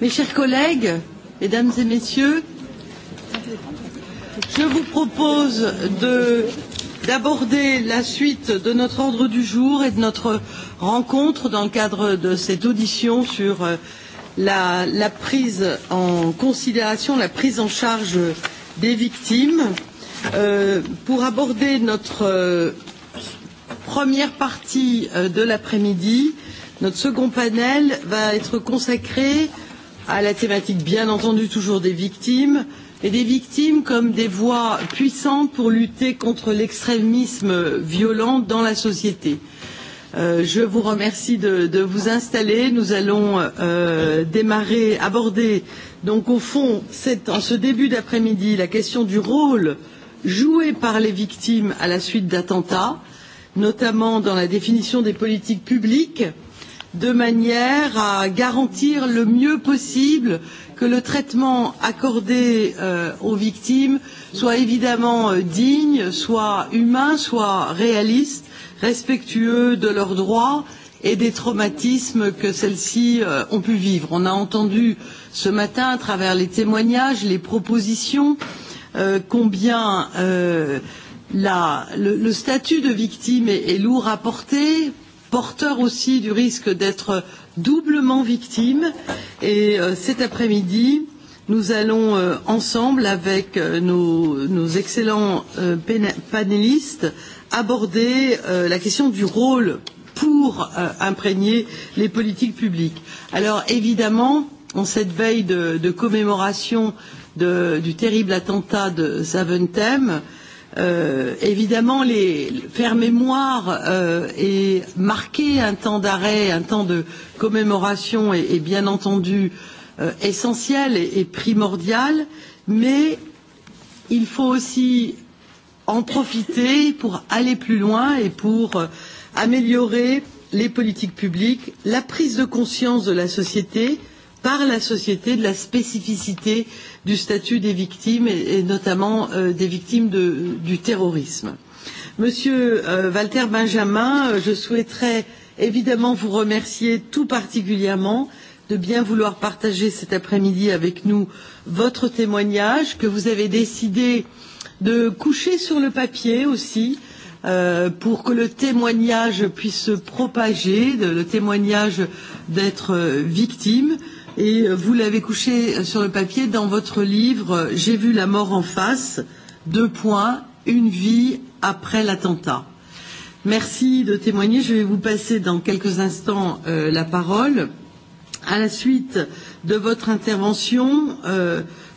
Mes chers collègues, mesdames et messieurs, je vous propose d'aborder la suite de notre ordre du jour et de notre rencontre dans le cadre de cette audition sur la prise en considération, la prise en charge des victimes. Pour aborder notre première partie de l'après-midi, Notre second panel va être consacré à la thématique, bien entendu, toujours des victimes, et des victimes comme des voix puissantes pour lutter contre l'extrémisme violent dans la société. Je vous remercie de vous installer. Nous allons démarrer, aborder, donc au fond, en ce début d'après-midi, la question du rôle joué par les victimes à la suite d'attentats, notamment dans la définition des politiques publiques de manière à garantir le mieux possible que le traitement accordé aux victimes soit évidemment digne, soit humain, soit réaliste, respectueux de leurs droits et des traumatismes que celles-ci ont pu vivre. On a entendu ce matin, à travers les témoignages, les propositions, combien le statut de victime est lourd à porter porteurs aussi du risque d'être doublement victime, Et cet après-midi, nous allons ensemble, avec nos excellents panélistes, aborder la question du rôle pour imprégner les politiques publiques. Alors évidemment, en cette veille de commémoration du terrible attentat de Zaventem, Évidemment, les faire mémoire et marquer un temps d'arrêt, un temps de commémoration est bien entendu essentiel et primordial, mais il faut aussi en profiter pour aller plus loin et pour améliorer les politiques publiques, la prise de conscience de la société par la société de la spécificité du statut des victimes et notamment des victimes du terrorisme. Monsieur Walter Benjamin, je souhaiterais évidemment vous remercier tout particulièrement de bien vouloir partager cet après-midi avec nous votre témoignage, que vous avez décidé de coucher sur le papier aussi, pour que le témoignage puisse se propager, le témoignage d'être victime et vous l'avez couché sur le papier dans votre livre J'ai vu la mort en face, deux points, une vie après l'attentat. Merci de témoigner. Je vais vous passer dans quelques instants la parole. À la suite de votre intervention,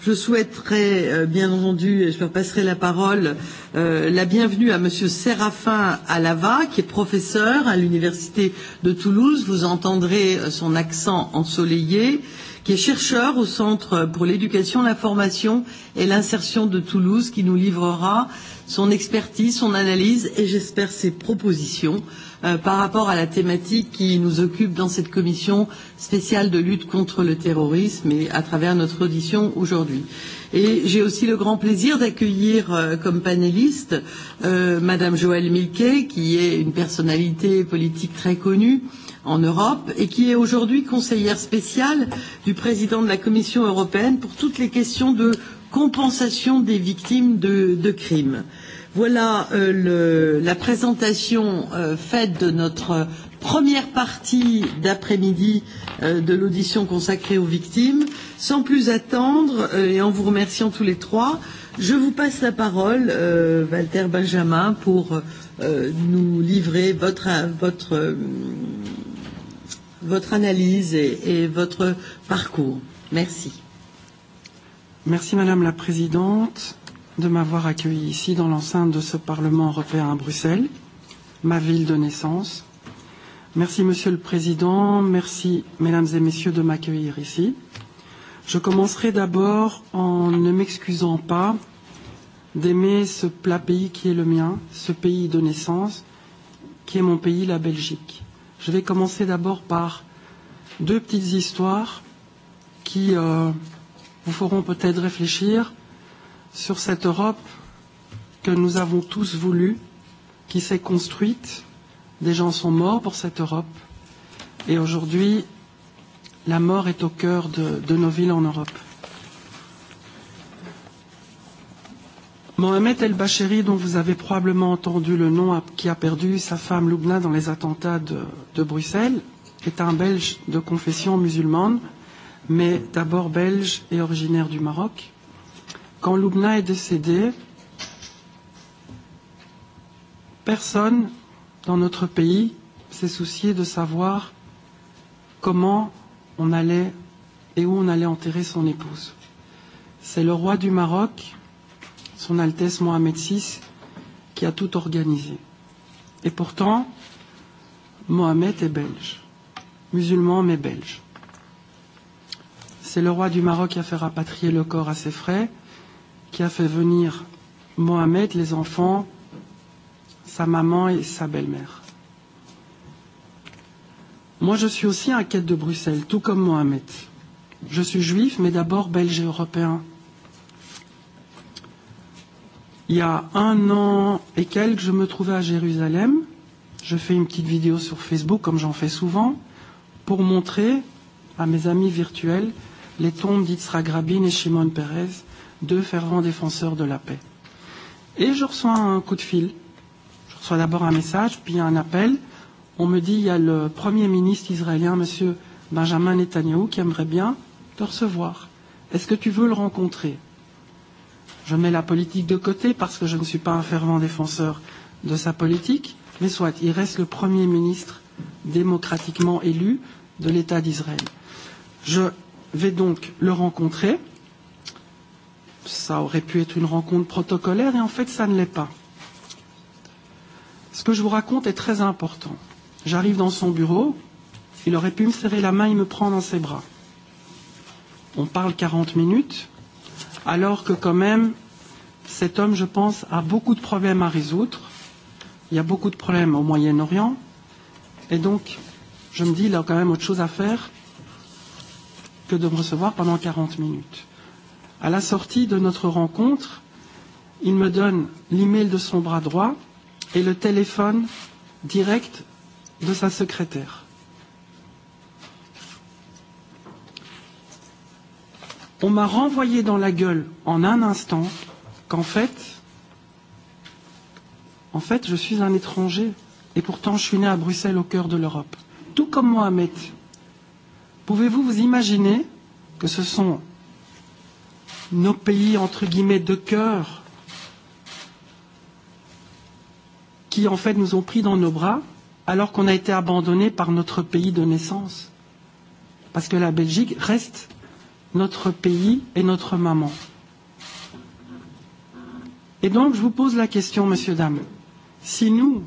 Je souhaiterais, bien entendu, et je leur passerai la parole, la bienvenue à Monsieur Séraphin Alava, qui est professeur à l'Université de Toulouse. Vous entendrez son accent ensoleillé qui est chercheur au Centre pour l'éducation, la formation et l'insertion de Toulouse, qui nous livrera son expertise, son analyse et j'espère ses propositions par rapport à la thématique qui nous occupe dans cette commission spéciale de lutte contre le terrorisme et à travers notre audition aujourd'hui. Et j'ai aussi le grand plaisir d'accueillir comme panéliste Madame Joëlle Milquet, qui est une personnalité politique très connue en Europe et qui est aujourd'hui conseillère spéciale du président de la Commission européenne pour toutes les questions de compensation des victimes de crimes. Voilà la présentation faite de notre première partie d'après-midi de l'audition consacrée aux victimes. Sans plus attendre, et en vous remerciant tous les trois, je vous passe la parole, Walter Benjamin, pour nous livrer votre, votre, votre analyse et, et votre parcours. Merci. Merci Madame la Présidente de m'avoir accueilli ici dans l'enceinte de ce Parlement européen à Bruxelles, ma ville de naissance. Merci, Monsieur le Président. Merci, Mesdames et Messieurs, de m'accueillir ici. Je commencerai d'abord en ne m'excusant pas d'aimer ce plat pays qui est le mien, ce pays de naissance, qui est mon pays, la Belgique. Je vais commencer d'abord par deux petites histoires qui vous feront peut-être réfléchir sur cette Europe que nous avons tous voulu, qui s'est construite. Des gens sont morts pour cette Europe. Et aujourd'hui, la mort est au cœur de, de nos villes en Europe. Mohamed El Bachiri, dont vous avez probablement entendu le nom, qui a perdu sa femme Loubna dans les attentats de, de Bruxelles, est un Belge de confession musulmane, mais d'abord belge et originaire du Maroc. Quand Loubna est décédée, personne dans notre pays s'est soucié de savoir comment on allait et où on allait enterrer son épouse. C'est le roi du Maroc, son Altesse Mohamed VI, qui a tout organisé. Et pourtant, Mohamed est belge, musulman mais belge. C'est le roi du Maroc qui a fait rapatrier le corps à ses frais qui a fait venir Mohamed, les enfants, sa maman et sa belle-mère. Moi, je suis aussi un quête de Bruxelles, tout comme Mohamed. Je suis juif, mais d'abord belge et européen. Il y a un an et quelques, je me trouvais à Jérusalem. Je fais une petite vidéo sur Facebook, comme j'en fais souvent, pour montrer à mes amis virtuels les tombes d'Itsra Grabin et Shimon Peres deux fervents défenseurs de la paix. Et je reçois un coup de fil. Je reçois d'abord un message, puis un appel. On me dit, il y a le Premier ministre israélien, M. Benjamin Netanyahu, qui aimerait bien te recevoir. Est-ce que tu veux le rencontrer Je mets la politique de côté parce que je ne suis pas un fervent défenseur de sa politique, mais soit, il reste le Premier ministre démocratiquement élu de l'État d'Israël. Je vais donc le rencontrer ça aurait pu être une rencontre protocolaire et en fait ça ne l'est pas. Ce que je vous raconte est très important. J'arrive dans son bureau, il aurait pu me serrer la main et me prendre dans ses bras. On parle 40 minutes, alors que quand même, cet homme, je pense, a beaucoup de problèmes à résoudre. Il y a beaucoup de problèmes au Moyen-Orient. Et donc, je me dis, il a quand même autre chose à faire que de me recevoir pendant 40 minutes. À la sortie de notre rencontre, il me donne l'email de son bras droit et le téléphone direct de sa secrétaire. On m'a renvoyé dans la gueule en un instant qu'en fait, en fait, je suis un étranger et pourtant je suis né à Bruxelles au cœur de l'Europe, tout comme Mohamed. Pouvez-vous vous imaginer que ce sont nos pays entre guillemets de cœur qui en fait nous ont pris dans nos bras alors qu'on a été abandonné par notre pays de naissance parce que la Belgique reste notre pays et notre maman. Et donc je vous pose la question monsieur Dames si nous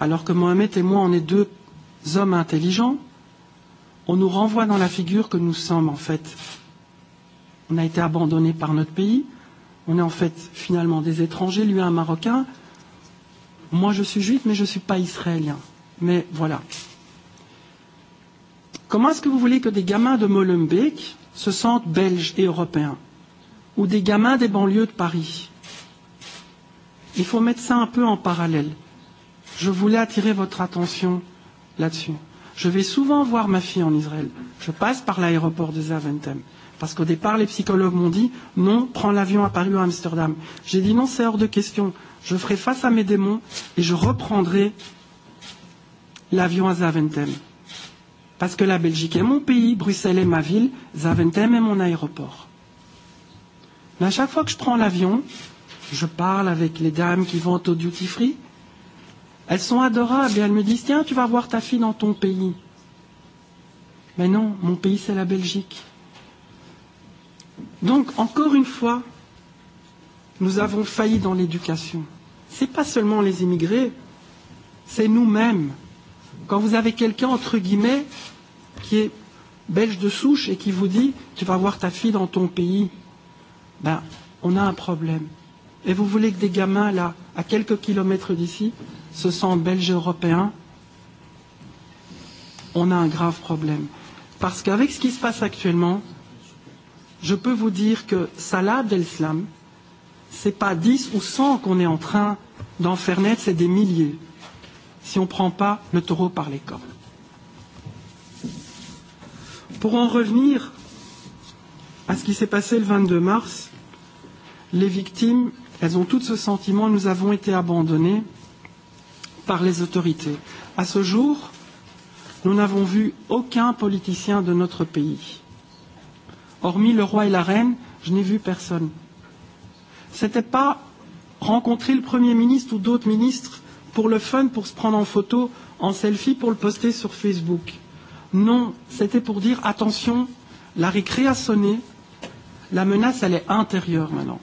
alors que Mohamed et moi on est deux hommes intelligents on nous renvoie dans la figure que nous sommes en fait on a été abandonné par notre pays, on est en fait finalement des étrangers, lui un Marocain. Moi je suis juif mais je ne suis pas israélien. Mais voilà. Comment est-ce que vous voulez que des gamins de Molenbeek se sentent belges et européens Ou des gamins des banlieues de Paris Il faut mettre ça un peu en parallèle. Je voulais attirer votre attention là-dessus. Je vais souvent voir ma fille en Israël. Je passe par l'aéroport de Zaventem. Parce qu'au départ, les psychologues m'ont dit non, prends l'avion à Paris ou à Amsterdam. J'ai dit non, c'est hors de question. Je ferai face à mes démons et je reprendrai l'avion à Zaventem. Parce que la Belgique est mon pays, Bruxelles est ma ville, Zaventem est mon aéroport. Mais à chaque fois que je prends l'avion, je parle avec les dames qui vont au duty free. Elles sont adorables et elles me disent Tiens, tu vas voir ta fille dans ton pays. Mais non, mon pays, c'est la Belgique. Donc, encore une fois, nous avons failli dans l'éducation. Ce n'est pas seulement les immigrés, c'est nous-mêmes. Quand vous avez quelqu'un, entre guillemets, qui est belge de souche et qui vous dit Tu vas voir ta fille dans ton pays, ben, on a un problème. Et vous voulez que des gamins, là, à quelques kilomètres d'ici, se sentent belges européens On a un grave problème. Parce qu'avec ce qui se passe actuellement, je peux vous dire que Salah d'El ce n'est pas 10 ou 100 qu'on est en train d'en faire naître, c'est des milliers, si on ne prend pas le taureau par les cornes. Pour en revenir à ce qui s'est passé le 22 mars, les victimes, elles ont tout ce sentiment, nous avons été abandonnés par les autorités. À ce jour, nous n'avons vu aucun politicien de notre pays hormis le roi et la reine, je n'ai vu personne. Ce n'était pas rencontrer le Premier ministre ou d'autres ministres pour le fun, pour se prendre en photo, en selfie, pour le poster sur Facebook. Non, c'était pour dire attention, la récré a sonné, la menace, elle est intérieure maintenant.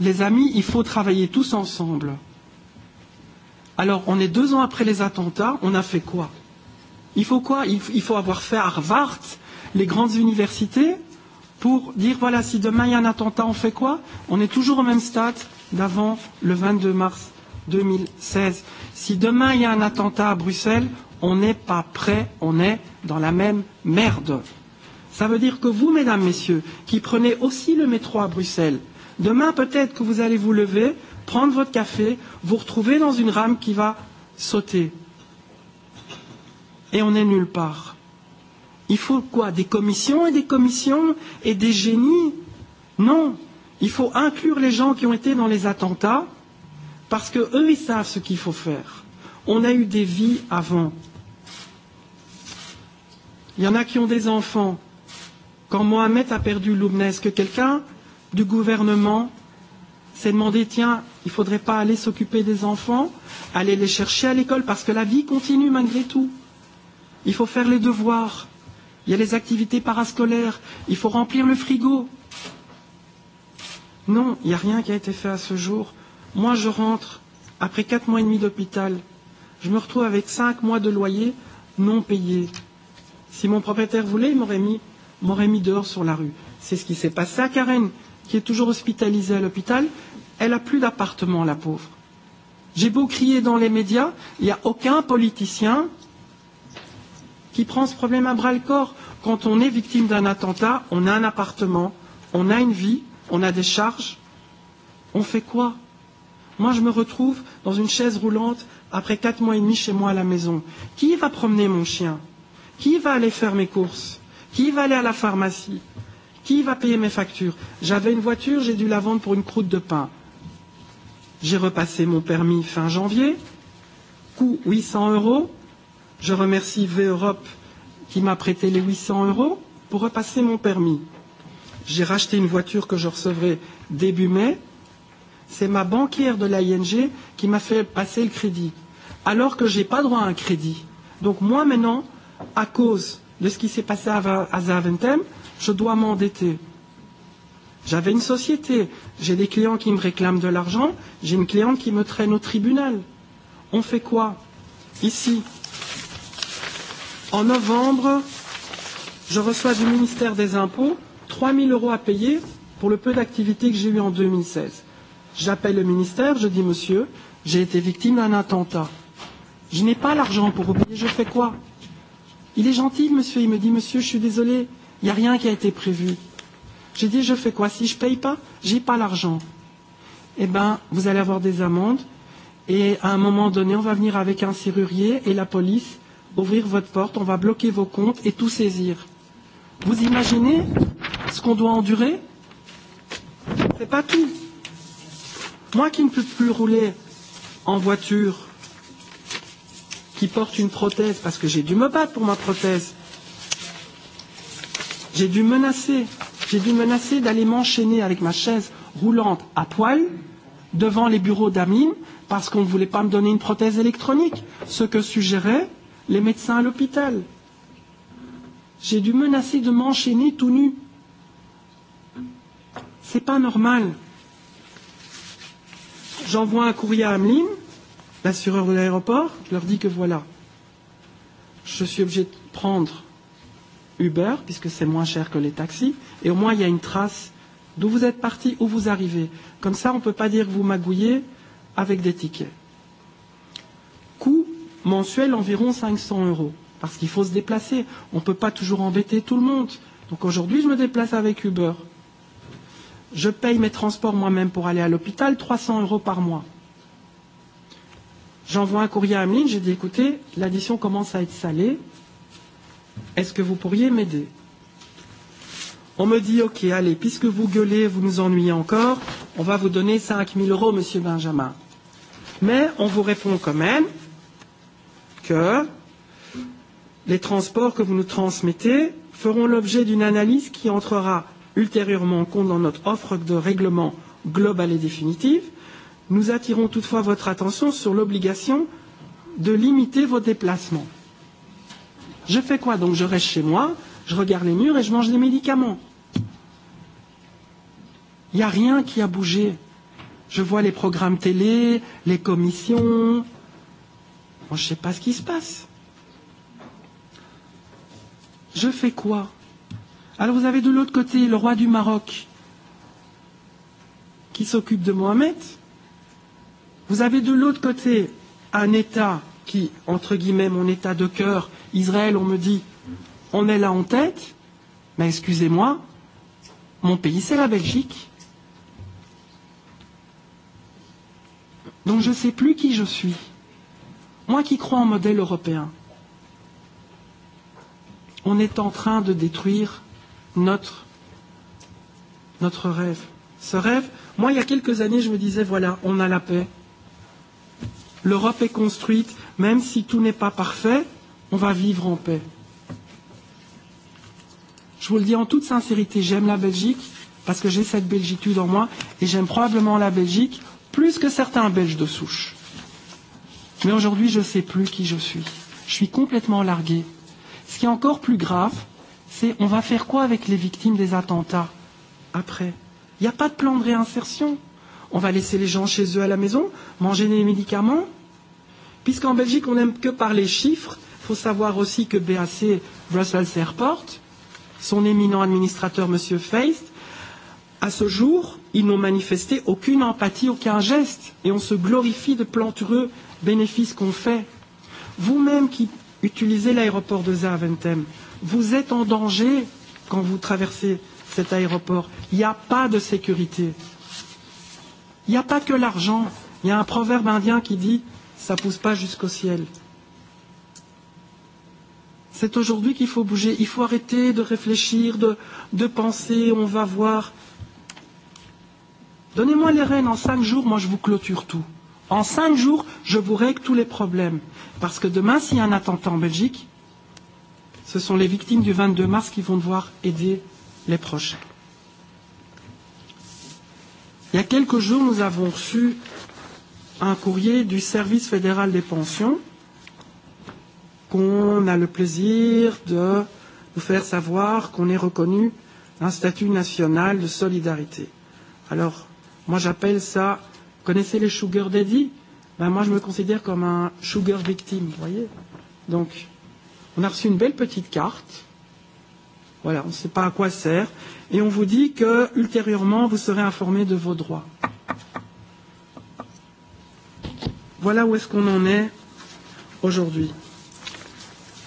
Les amis, il faut travailler tous ensemble. Alors, on est deux ans après les attentats, on a fait quoi Il faut quoi Il faut avoir fait Harvard les grandes universités pour dire voilà, si demain il y a un attentat, on fait quoi On est toujours au même stade d'avant le 22 mars 2016. Si demain il y a un attentat à Bruxelles, on n'est pas prêt, on est dans la même merde. Ça veut dire que vous, mesdames, messieurs, qui prenez aussi le métro à Bruxelles, demain peut-être que vous allez vous lever, prendre votre café, vous retrouver dans une rame qui va sauter. Et on n'est nulle part. Il faut quoi Des commissions et des commissions et des génies Non. Il faut inclure les gens qui ont été dans les attentats parce qu'eux, ils savent ce qu'il faut faire. On a eu des vies avant. Il y en a qui ont des enfants. Quand Mohamed a perdu Loubnes, que quelqu'un du gouvernement s'est demandé, tiens, il ne faudrait pas aller s'occuper des enfants, aller les chercher à l'école, parce que la vie continue malgré tout. Il faut faire les devoirs il y a les activités parascolaires, il faut remplir le frigo. Non, il n'y a rien qui a été fait à ce jour. Moi, je rentre après quatre mois et demi d'hôpital. Je me retrouve avec cinq mois de loyer non payé. Si mon propriétaire voulait, il m'aurait mis, m'aurait mis dehors sur la rue. C'est ce qui s'est passé à Karen, qui est toujours hospitalisée à l'hôpital. Elle n'a plus d'appartement, la pauvre. J'ai beau crier dans les médias, il n'y a aucun politicien qui prend ce problème à bras le corps. Quand on est victime d'un attentat, on a un appartement, on a une vie, on a des charges. On fait quoi Moi, je me retrouve dans une chaise roulante après quatre mois et demi chez moi à la maison. Qui va promener mon chien Qui va aller faire mes courses Qui va aller à la pharmacie Qui va payer mes factures J'avais une voiture, j'ai dû la vendre pour une croûte de pain. J'ai repassé mon permis fin janvier, coût 800 euros, Je remercie V Europe qui m'a prêté les 800 euros pour repasser mon permis. J'ai racheté une voiture que je recevrai début mai. C'est ma banquière de l'ING qui m'a fait passer le crédit, alors que je n'ai pas droit à un crédit. Donc moi maintenant, à cause de ce qui s'est passé à Zaventem, je dois m'endetter. J'avais une société, j'ai des clients qui me réclament de l'argent, j'ai une cliente qui me traîne au tribunal. On fait quoi Ici, En novembre, je reçois du ministère des Impôts 3 000 euros à payer pour le peu d'activité que j'ai eu en 2016. J'appelle le ministère, je dis Monsieur, j'ai été victime d'un attentat. Je n'ai pas l'argent pour oublier, je fais quoi Il est gentil, monsieur, il me dit Monsieur, je suis désolé, il n'y a rien qui a été prévu. J'ai dit Je fais quoi Si je ne paye pas, j'ai pas l'argent. Eh bien, vous allez avoir des amendes. Et à un moment donné, on va venir avec un serrurier et la police ouvrir votre porte, on va bloquer vos comptes et tout saisir. Vous imaginez ce qu'on doit endurer C'est pas tout. Moi qui ne peux plus rouler en voiture, qui porte une prothèse, parce que j'ai dû me battre pour ma prothèse, j'ai dû menacer, j'ai dû menacer d'aller m'enchaîner avec ma chaise roulante à poil devant les bureaux d'Amine parce qu'on ne voulait pas me donner une prothèse électronique. Ce que suggérait les médecins à l'hôpital. J'ai dû menacer de m'enchaîner tout nu. C'est pas normal. J'envoie un courrier à Ameline, l'assureur de l'aéroport, je leur dis que voilà, je suis obligé de prendre Uber, puisque c'est moins cher que les taxis, et au moins il y a une trace d'où vous êtes parti, où vous arrivez. Comme ça, on ne peut pas dire que vous magouillez avec des tickets mensuel environ 500 euros. Parce qu'il faut se déplacer. On ne peut pas toujours embêter tout le monde. Donc aujourd'hui, je me déplace avec Uber. Je paye mes transports moi-même pour aller à l'hôpital, 300 euros par mois. J'envoie un courrier à Ameline, j'ai dit écoutez, l'addition commence à être salée. Est-ce que vous pourriez m'aider On me dit ok, allez, puisque vous gueulez, vous nous ennuyez encore, on va vous donner 5000 euros, monsieur Benjamin. Mais on vous répond quand même que les transports que vous nous transmettez feront l'objet d'une analyse qui entrera ultérieurement en compte dans notre offre de règlement global et définitif. Nous attirons toutefois votre attention sur l'obligation de limiter vos déplacements. Je fais quoi donc Je reste chez moi, je regarde les murs et je mange des médicaments. Il n'y a rien qui a bougé. Je vois les programmes télé, les commissions, Moi, je ne sais pas ce qui se passe. Je fais quoi Alors vous avez de l'autre côté le roi du Maroc qui s'occupe de Mohamed. Vous avez de l'autre côté un État qui, entre guillemets, mon État de cœur, Israël, on me dit, on est là en tête, mais excusez-moi, mon pays, c'est la Belgique. Donc je ne sais plus qui je suis. Moi qui crois en modèle européen, on est en train de détruire notre, notre rêve. Ce rêve, moi il y a quelques années je me disais voilà, on a la paix. L'Europe est construite, même si tout n'est pas parfait, on va vivre en paix. Je vous le dis en toute sincérité, j'aime la Belgique parce que j'ai cette belgitude en moi et j'aime probablement la Belgique plus que certains Belges de souche. Mais aujourd'hui, je ne sais plus qui je suis. Je suis complètement largué. Ce qui est encore plus grave, c'est on va faire quoi avec les victimes des attentats après Il n'y a pas de plan de réinsertion. On va laisser les gens chez eux à la maison, manger des médicaments. Puisqu'en Belgique, on n'aime que par les chiffres, il faut savoir aussi que BAC, Brussels Airport, son éminent administrateur, M. Feist, À ce jour, ils n'ont manifesté aucune empathie, aucun geste, et on se glorifie de plantureux bénéfices qu'on fait. Vous-même qui utilisez l'aéroport de Zaventem, vous êtes en danger quand vous traversez cet aéroport. Il n'y a pas de sécurité. Il n'y a pas que l'argent. Il y a un proverbe indien qui dit « ça ne pousse pas jusqu'au ciel ». C'est aujourd'hui qu'il faut bouger. Il faut arrêter de réfléchir, de, de penser, on va voir. Donnez-moi les rênes, en cinq jours, moi je vous clôture tout. En cinq jours, je vous règle tous les problèmes. Parce que demain, s'il y a un attentat en Belgique, ce sont les victimes du 22 mars qui vont devoir aider les prochains. Il y a quelques jours, nous avons reçu un courrier du Service fédéral des pensions qu'on a le plaisir de nous faire savoir qu'on est reconnu un statut national de solidarité. Alors, Moi, j'appelle ça, vous connaissez les sugar daddy ben, Moi, je me considère comme un sugar victime, vous voyez Donc, on a reçu une belle petite carte. Voilà, on ne sait pas à quoi sert. Et on vous dit que, ultérieurement, vous serez informé de vos droits. Voilà où est-ce qu'on en est aujourd'hui.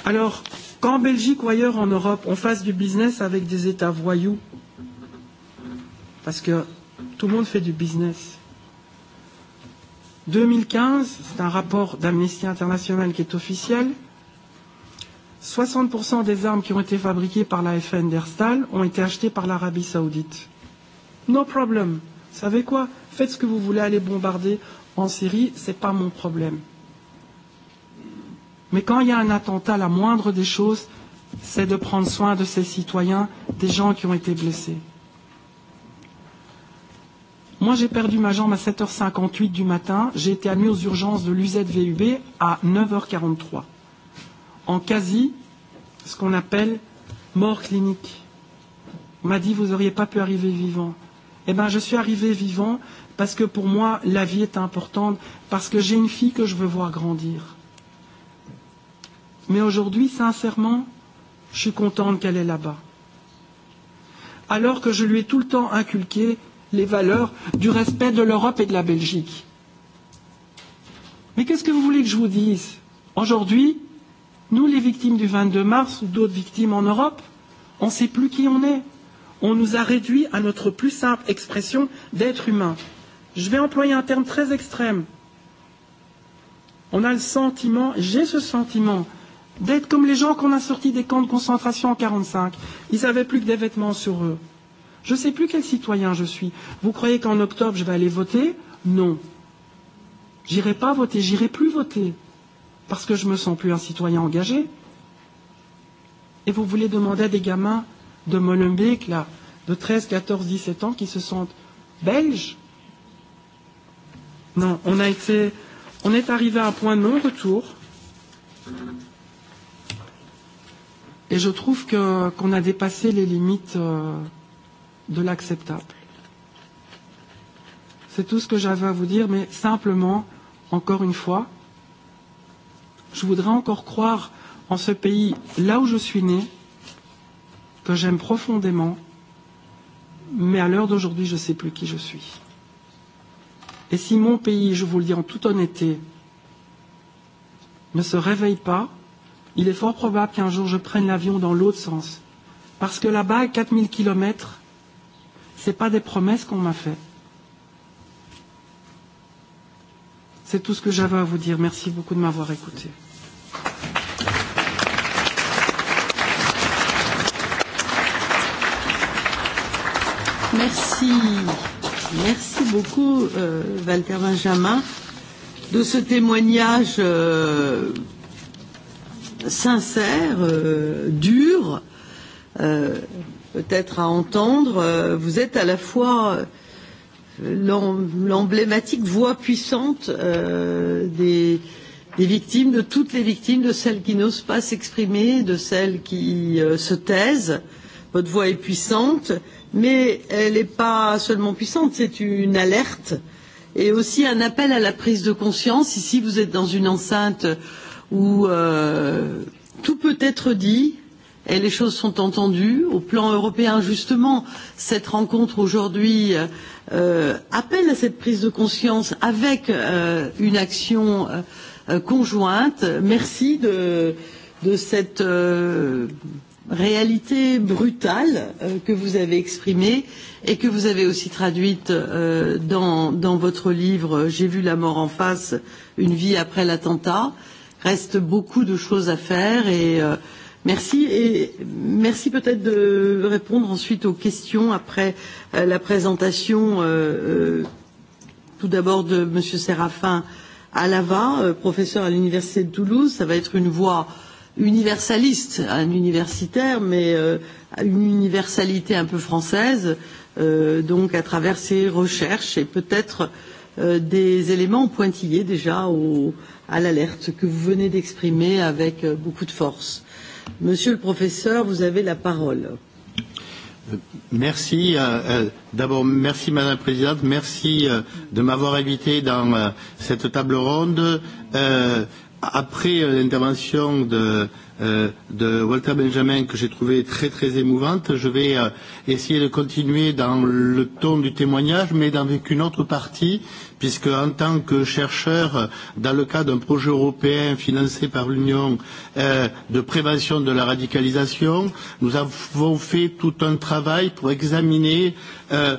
Alors, qu'en Belgique ou ailleurs en Europe, on fasse du business avec des États voyous, parce que tout le monde fait du business. 2015, c'est un rapport d'Amnesty International qui est officiel, 60% des armes qui ont été fabriquées par la FN d'Erstal ont été achetées par l'Arabie Saoudite. No problem. Vous savez quoi Faites ce que vous voulez, aller bombarder en Syrie, ce n'est pas mon problème. Mais quand il y a un attentat, la moindre des choses, c'est de prendre soin de ces citoyens, des gens qui ont été blessés. Moi, j'ai perdu ma jambe à 7h58 du matin. J'ai été admis aux urgences de l'UZVUB à 9h43. En quasi, ce qu'on appelle mort clinique. On m'a dit, vous n'auriez pas pu arriver vivant. Eh bien, je suis arrivé vivant parce que pour moi, la vie est importante, parce que j'ai une fille que je veux voir grandir. Mais aujourd'hui, sincèrement, je suis contente qu'elle est là-bas. Alors que je lui ai tout le temps inculqué les valeurs du respect de l'Europe et de la Belgique. Mais qu'est-ce que vous voulez que je vous dise Aujourd'hui, nous les victimes du 22 mars ou d'autres victimes en Europe, on ne sait plus qui on est. On nous a réduits à notre plus simple expression d'être humain. Je vais employer un terme très extrême. On a le sentiment, j'ai ce sentiment, d'être comme les gens qu'on a sortis des camps de concentration en 1945. Ils n'avaient plus que des vêtements sur eux. Je ne sais plus quel citoyen je suis. Vous croyez qu'en octobre, je vais aller voter Non. J'irai pas voter, j'irai plus voter. Parce que je ne me sens plus un citoyen engagé. Et vous voulez demander à des gamins de Molenbeek, là, de 13, 14, 17 ans, qui se sentent belges Non, on a été, on est arrivé à un point non-retour. Et je trouve qu'on a dépassé les limites de l'acceptable. C'est tout ce que j'avais à vous dire, mais simplement, encore une fois, je voudrais encore croire en ce pays, là où je suis né, que j'aime profondément, mais à l'heure d'aujourd'hui, je ne sais plus qui je suis. Et si mon pays, je vous le dis en toute honnêteté, ne se réveille pas, il est fort probable qu'un jour je prenne l'avion dans l'autre sens. Parce que là-bas, à 4000 kilomètres, Ce n'est pas des promesses qu'on m'a fait. C'est tout ce que j'avais à vous dire. Merci beaucoup de m'avoir écouté. Merci. Merci beaucoup, euh, Walter Benjamin, de ce témoignage sincère, dur. Euh, peut-être à entendre. Vous êtes à la fois l'emblématique voix puissante des victimes, de toutes les victimes, de celles qui n'osent pas s'exprimer, de celles qui se taisent. Votre voix est puissante, mais elle n'est pas seulement puissante, c'est une alerte et aussi un appel à la prise de conscience. Ici, vous êtes dans une enceinte où tout peut être dit et les choses sont entendues. Au plan européen, justement, cette rencontre aujourd'hui appelle à cette prise de conscience avec une action conjointe. Merci de cette réalité brutale que vous avez exprimée et que vous avez aussi traduite dans votre livre J'ai vu la mort en face, une vie après l'attentat. Reste beaucoup de choses à faire et Merci et merci peut-être de répondre ensuite aux questions après la présentation tout d'abord de M. Séraphin Alava, professeur à l'Université de Toulouse. Ça va être une voix universaliste, un universitaire, mais une universalité un peu française, donc à travers ses recherches et peut-être des éléments pointillés déjà à l'alerte que vous venez d'exprimer avec beaucoup de force. Monsieur le professeur, vous avez la parole. Merci. D'abord, merci Madame la Présidente. Merci de m'avoir invité dans cette table ronde. Après l'intervention de de Walter Benjamin que j'ai trouvé très très émouvante. Je vais essayer de continuer dans le ton du témoignage mais avec une autre partie puisque en tant que chercheur, dans le cadre d'un projet européen financé par l'Union euh, de prévention de la radicalisation, nous avons fait tout un travail pour examiner euh,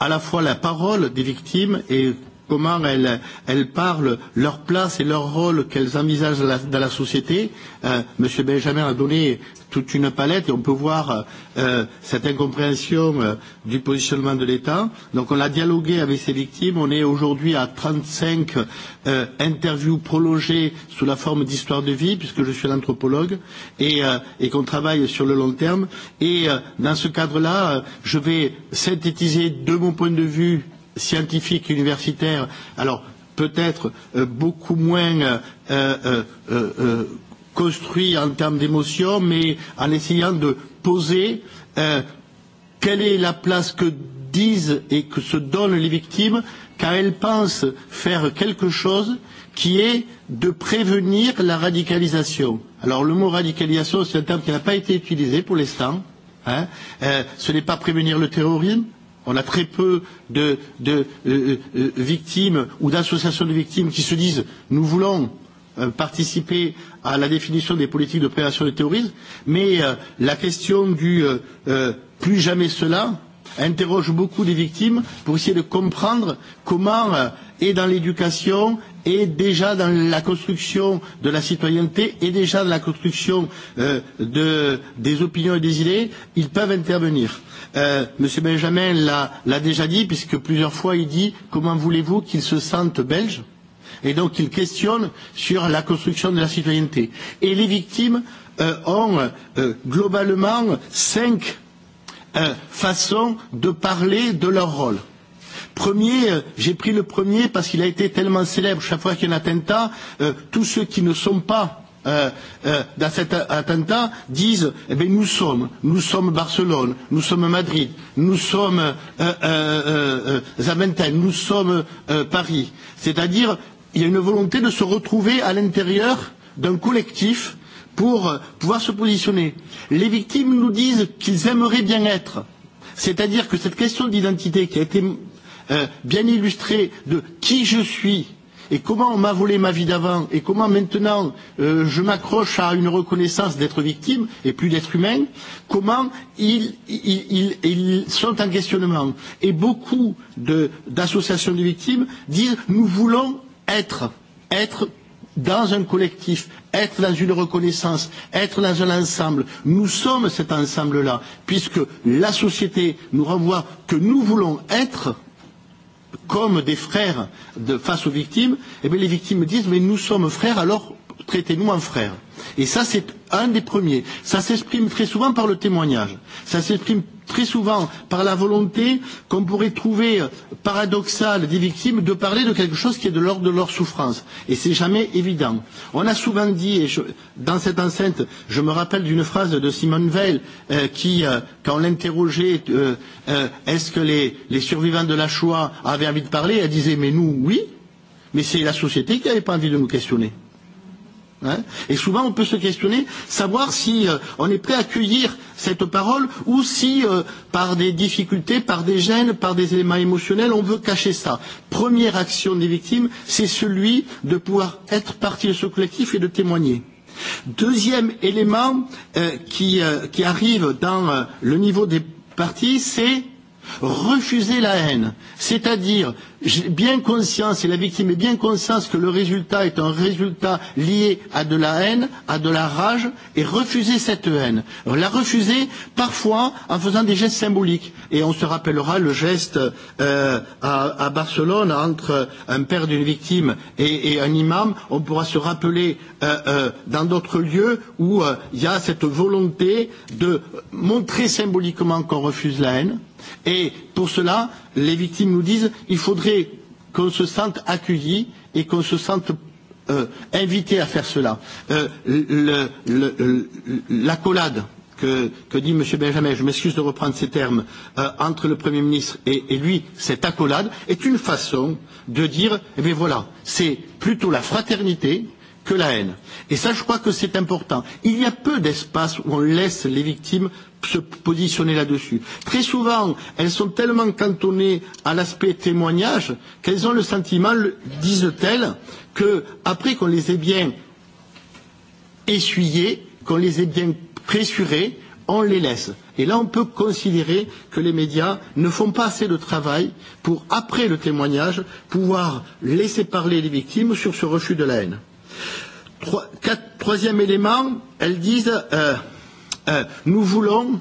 à la fois la parole des victimes et comment elles, elles parlent, leur place et leur rôle qu'elles envisagent dans la société. Monsieur Benjamin a donné toute une palette et on peut voir cette incompréhension du positionnement de l'État. Donc on a dialogué avec ces victimes. On est aujourd'hui à 35 interviews prolongées sous la forme d'histoire de vie, puisque je suis l'anthropologue, et, et qu'on travaille sur le long terme. Et dans ce cadre-là, je vais synthétiser de mon point de vue scientifique universitaire, alors peut-être beaucoup moins construit en termes d'émotion, mais en essayant de poser quelle est la place que disent et que se donnent les victimes quand elles pensent faire quelque chose qui est de prévenir la radicalisation. Alors le mot radicalisation, c'est un terme qui n'a pas été utilisé pour l'instant. Ce n'est pas prévenir le terrorisme, On a très peu de victimes ou d'associations de victimes qui se disent nous voulons participer à la définition des politiques de prévention du terrorisme, mais la question du plus jamais cela interroge beaucoup des victimes pour essayer de comprendre comment, et dans l'éducation, est déjà dans la construction de la citoyenneté, et déjà dans la construction de, des opinions et des idées, ils peuvent intervenir. Monsieur Benjamin l'a déjà dit, puisque plusieurs fois il dit comment voulez-vous qu'ils se sentent belges Et donc il questionne sur la construction de la citoyenneté. Et les victimes ont globalement cinq façons de parler de leur rôle. Premier, j'ai pris le premier parce qu'il a été tellement célèbre. Chaque fois qu'il y a un attentat, tous ceux qui ne sont pas dans cet attentat disent eh bien, nous sommes, nous sommes Barcelone, nous sommes Madrid, nous sommes euh, euh, Zaventem, nous sommes Paris. C'est-à-dire, il y a une volonté de se retrouver à l'intérieur d'un collectif pour pouvoir se positionner. Les victimes nous disent qu'ils aimeraient bien être. C'est-à-dire que cette question d'identité qui a été bien illustré de qui je suis et comment on m'a volé ma vie d'avant et comment maintenant je m'accroche à une reconnaissance d'être victime et plus d'être humain, comment ils, ils, ils sont en questionnement. Et beaucoup d'associations de victimes disent nous voulons être, être dans un collectif, être dans une reconnaissance, être dans un ensemble. Nous sommes cet ensemble-là, puisque la société nous renvoie que nous voulons être comme des frères de, face aux victimes, eh bien, les victimes disent mais nous sommes frères alors traitez-nous en frères. Et ça, c'est un des premiers. Ça s'exprime très souvent par le témoignage. Ça s'exprime très souvent par la volonté qu'on pourrait trouver paradoxale des victimes de parler de quelque chose qui est de l'ordre de leur souffrance. Et n'est jamais évident. On a souvent dit, dans cette enceinte, je me rappelle d'une phrase de Simone Veil, qui, quand on l'interrogeait, est-ce que les survivants de la Shoah avaient envie de parler, elle disait, mais nous, oui, mais c'est la société qui n'avait pas envie de nous questionner. Et souvent, on peut se questionner, savoir si on est prêt à accueillir cette parole ou si, par des difficultés, par des gènes, par des éléments émotionnels, on veut cacher ça. Première action des victimes, c'est celui de pouvoir être partie de ce collectif et de témoigner. Deuxième élément qui arrive dans le niveau des parties, c'est refuser la haine, c'est-à-dire bien conscience, et la victime est bien conscience que le résultat est un résultat lié à de la haine, à de la rage, et refuser cette haine. La refuser parfois en faisant des gestes symboliques. Et on se rappellera le geste à Barcelone entre un père d'une victime et un imam. On pourra se rappeler dans d'autres lieux où il y a cette volonté de montrer symboliquement qu'on refuse la haine Et pour cela, les victimes nous disent il faudrait qu'on se sente accueilli et qu'on se sente invités à faire cela. L'accolade que, que dit M. Benjamin, je m'excuse de reprendre ces termes, entre le Premier ministre et, lui, cette accolade, est une façon de dire, eh bien voilà, c'est plutôt la fraternité que la haine. Et ça, je crois que c'est important. Il y a peu d'espace où on laisse les victimes se positionner là-dessus. Très souvent, elles sont tellement cantonnées à l'aspect témoignage qu'elles ont le sentiment, disent-elles, qu'après qu'on les ait bien essuyées, qu'on les ait bien pressurées, on les laisse. Et là, on peut considérer que les médias ne font pas assez de travail pour, après le témoignage, pouvoir laisser parler les victimes sur ce refus de la haine. Troisième élément, elles disent nous voulons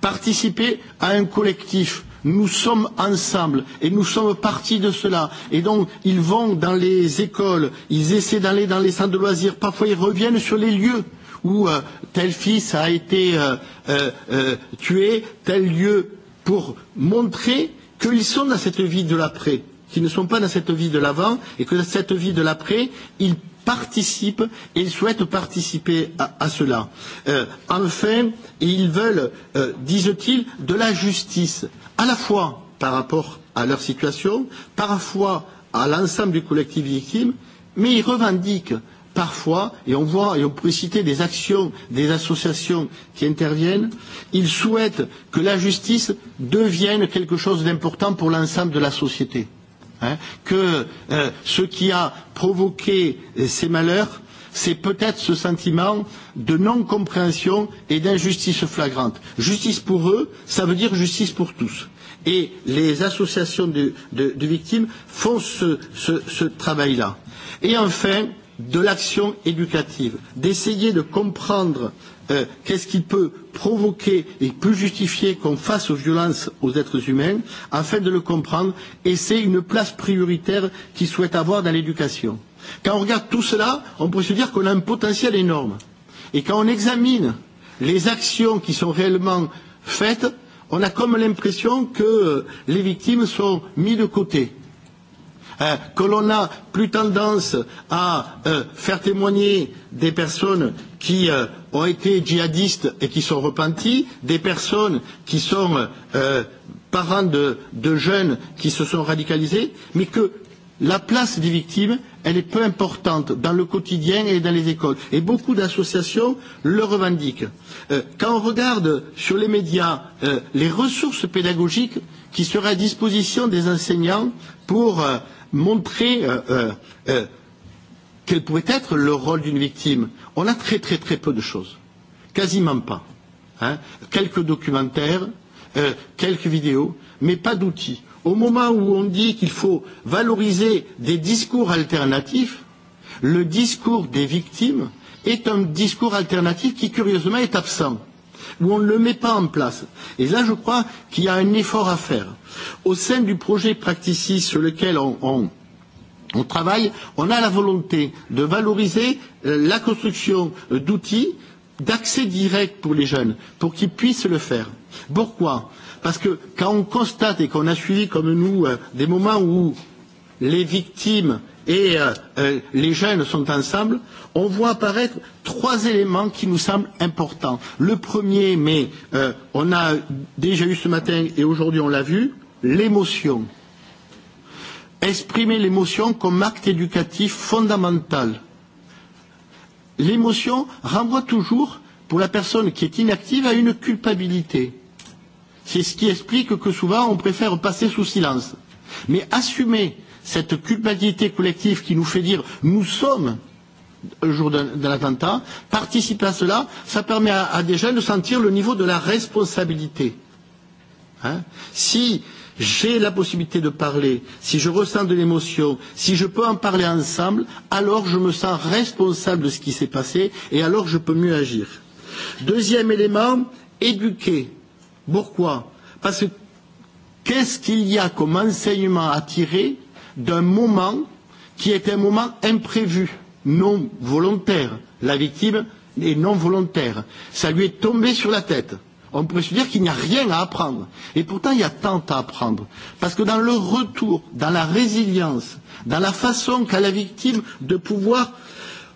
participer à un collectif nous sommes ensemble et nous sommes partis de cela et donc ils vont dans les écoles ils essaient d'aller dans les centres de loisirs parfois ils reviennent sur les lieux où tel fils a été tué tel lieu pour montrer qu'ils sont dans cette vie de l'après qu'ils ne sont pas dans cette vie de l'avant et que dans cette vie de l'après ils participent et ils souhaitent participer à cela. Enfin, ils veulent, disent-ils, de la justice, à la fois par rapport à leur situation, parfois à l'ensemble du collectif victime, mais ils revendiquent parfois, et on voit, et on peut citer des actions, des associations qui interviennent, ils souhaitent que la justice devienne quelque chose d'important pour l'ensemble de la société que ce qui a provoqué ces malheurs, c'est peut-être ce sentiment de non-compréhension et d'injustice flagrante. Justice pour eux, ça veut dire justice pour tous. Et les associations de victimes font ce travail-là. Et enfin, de l'action éducative, d'essayer de comprendre qu'est-ce qui peut provoquer et peut justifier qu'on fasse aux violences aux êtres humains, afin de le comprendre, et c'est une place prioritaire qu'il souhaite avoir dans l'éducation. Quand on regarde tout cela, on peut se dire qu'on a un potentiel énorme. Et quand on examine les actions qui sont réellement faites, on a comme l'impression que les victimes sont mises de côté que l'on a plus tendance à faire témoigner des personnes qui ont été djihadistes et qui sont repentis, des personnes qui sont parents de jeunes qui se sont radicalisés, mais que la place des victimes, elle est peu importante dans le quotidien et dans les écoles. Et beaucoup d'associations le revendiquent. Quand on regarde sur les médias les ressources pédagogiques qui seraient à disposition des enseignants pour montrer quel pourrait être le rôle d'une victime. On a très très très peu de choses, quasiment pas. Quelques documentaires, quelques vidéos, mais pas d'outils. Au moment où on dit qu'il faut valoriser des discours alternatifs, le discours des victimes est un discours alternatif qui, curieusement, est absent, où on ne le met pas en place. Et là, je crois qu'il y a un effort à faire. Au sein du projet Practicis sur lequel on travaille, on a la volonté de valoriser la construction d'outils d'accès direct pour les jeunes, pour qu'ils puissent le faire. Pourquoi Parce que quand on constate et qu'on a suivi comme nous des moments où les victimes et les jeunes sont ensemble, on voit apparaître trois éléments qui nous semblent importants. Le premier, mais on a déjà eu ce matin et aujourd'hui on l'a vu, l'émotion. Exprimer l'émotion comme acte éducatif fondamental. L'émotion renvoie toujours, pour la personne qui est inactive, à une culpabilité. C'est ce qui explique que souvent on préfère passer sous silence. Mais assumer cette culpabilité collective qui nous fait dire nous sommes le jour de l'attentat, participer à cela, ça permet à des jeunes de sentir le niveau de la responsabilité. Si j'ai la possibilité de parler, si je ressens de l'émotion, si je peux en parler ensemble, alors je me sens responsable de ce qui s'est passé et alors je peux mieux agir. Deuxième élément, éduquer. Pourquoi Parce que qu'est-ce qu'il y a comme enseignement à tirer d'un moment qui est un moment imprévu, non volontaire La victime est non volontaire. Ça lui est tombé sur la tête on pourrait se dire qu'il n'y a rien à apprendre. Et pourtant, il y a tant à apprendre. Parce que dans le retour, dans la résilience, dans la façon qu'a la victime de pouvoir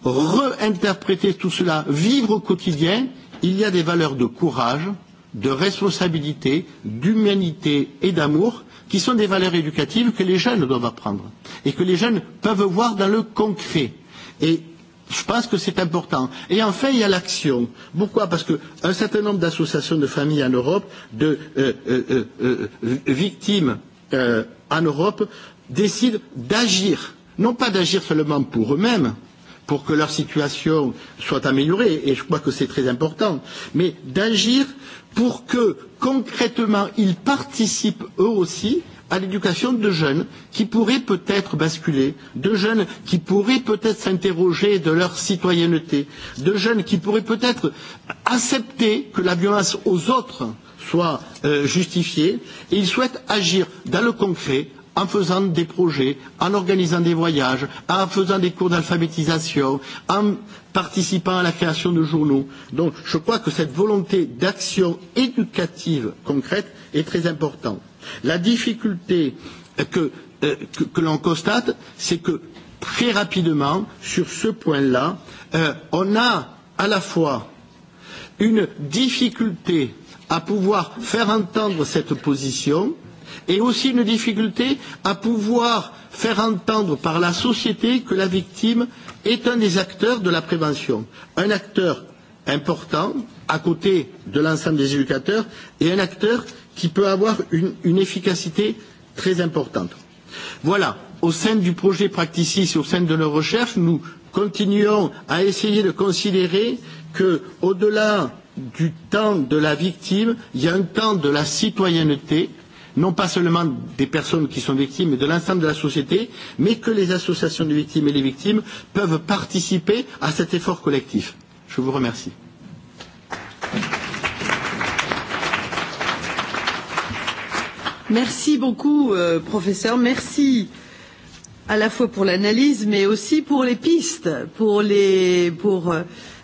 réinterpréter tout cela, vivre au quotidien, il y a des valeurs de courage, de responsabilité, d'humanité et d'amour qui sont des valeurs éducatives que les jeunes doivent apprendre et que les jeunes peuvent voir dans le concret. Et Je pense que c'est important. Et enfin, il y a l'action. Pourquoi Parce qu'un certain nombre d'associations de familles en Europe, de victimes en Europe, décident d'agir. Non pas d'agir seulement pour eux-mêmes, pour que leur situation soit améliorée, et je crois que c'est très important, mais d'agir pour que concrètement ils participent eux aussi à l'éducation de jeunes qui pourraient peut-être basculer, de jeunes qui pourraient peut-être s'interroger de leur citoyenneté, de jeunes qui pourraient peut-être accepter que la violence aux autres soit justifiée, et ils souhaitent agir dans le concret en faisant des projets, en organisant des voyages, en faisant des cours d'alphabétisation, en participant à la création de journaux. Donc je crois que cette volonté d'action éducative concrète est très importante. La difficulté que, l'on constate, c'est que très rapidement, sur ce point-là, on a à la fois une difficulté à pouvoir faire entendre cette position et aussi une difficulté à pouvoir faire entendre par la société que la victime est un des acteurs de la prévention, un acteur important à côté de l'ensemble des éducateurs et un acteur qui peut avoir une efficacité très importante. Voilà, au sein du projet Practicis et au sein de nos recherches, nous continuons à essayer de considérer qu'au delà du temps de la victime, il y a un temps de la citoyenneté, non pas seulement des personnes qui sont victimes, mais de l'ensemble de la société, mais que les associations de victimes et les victimes peuvent participer à cet effort collectif. Je vous remercie. Merci beaucoup, professeur. Merci à la fois pour l'analyse, mais aussi pour les pistes, pour les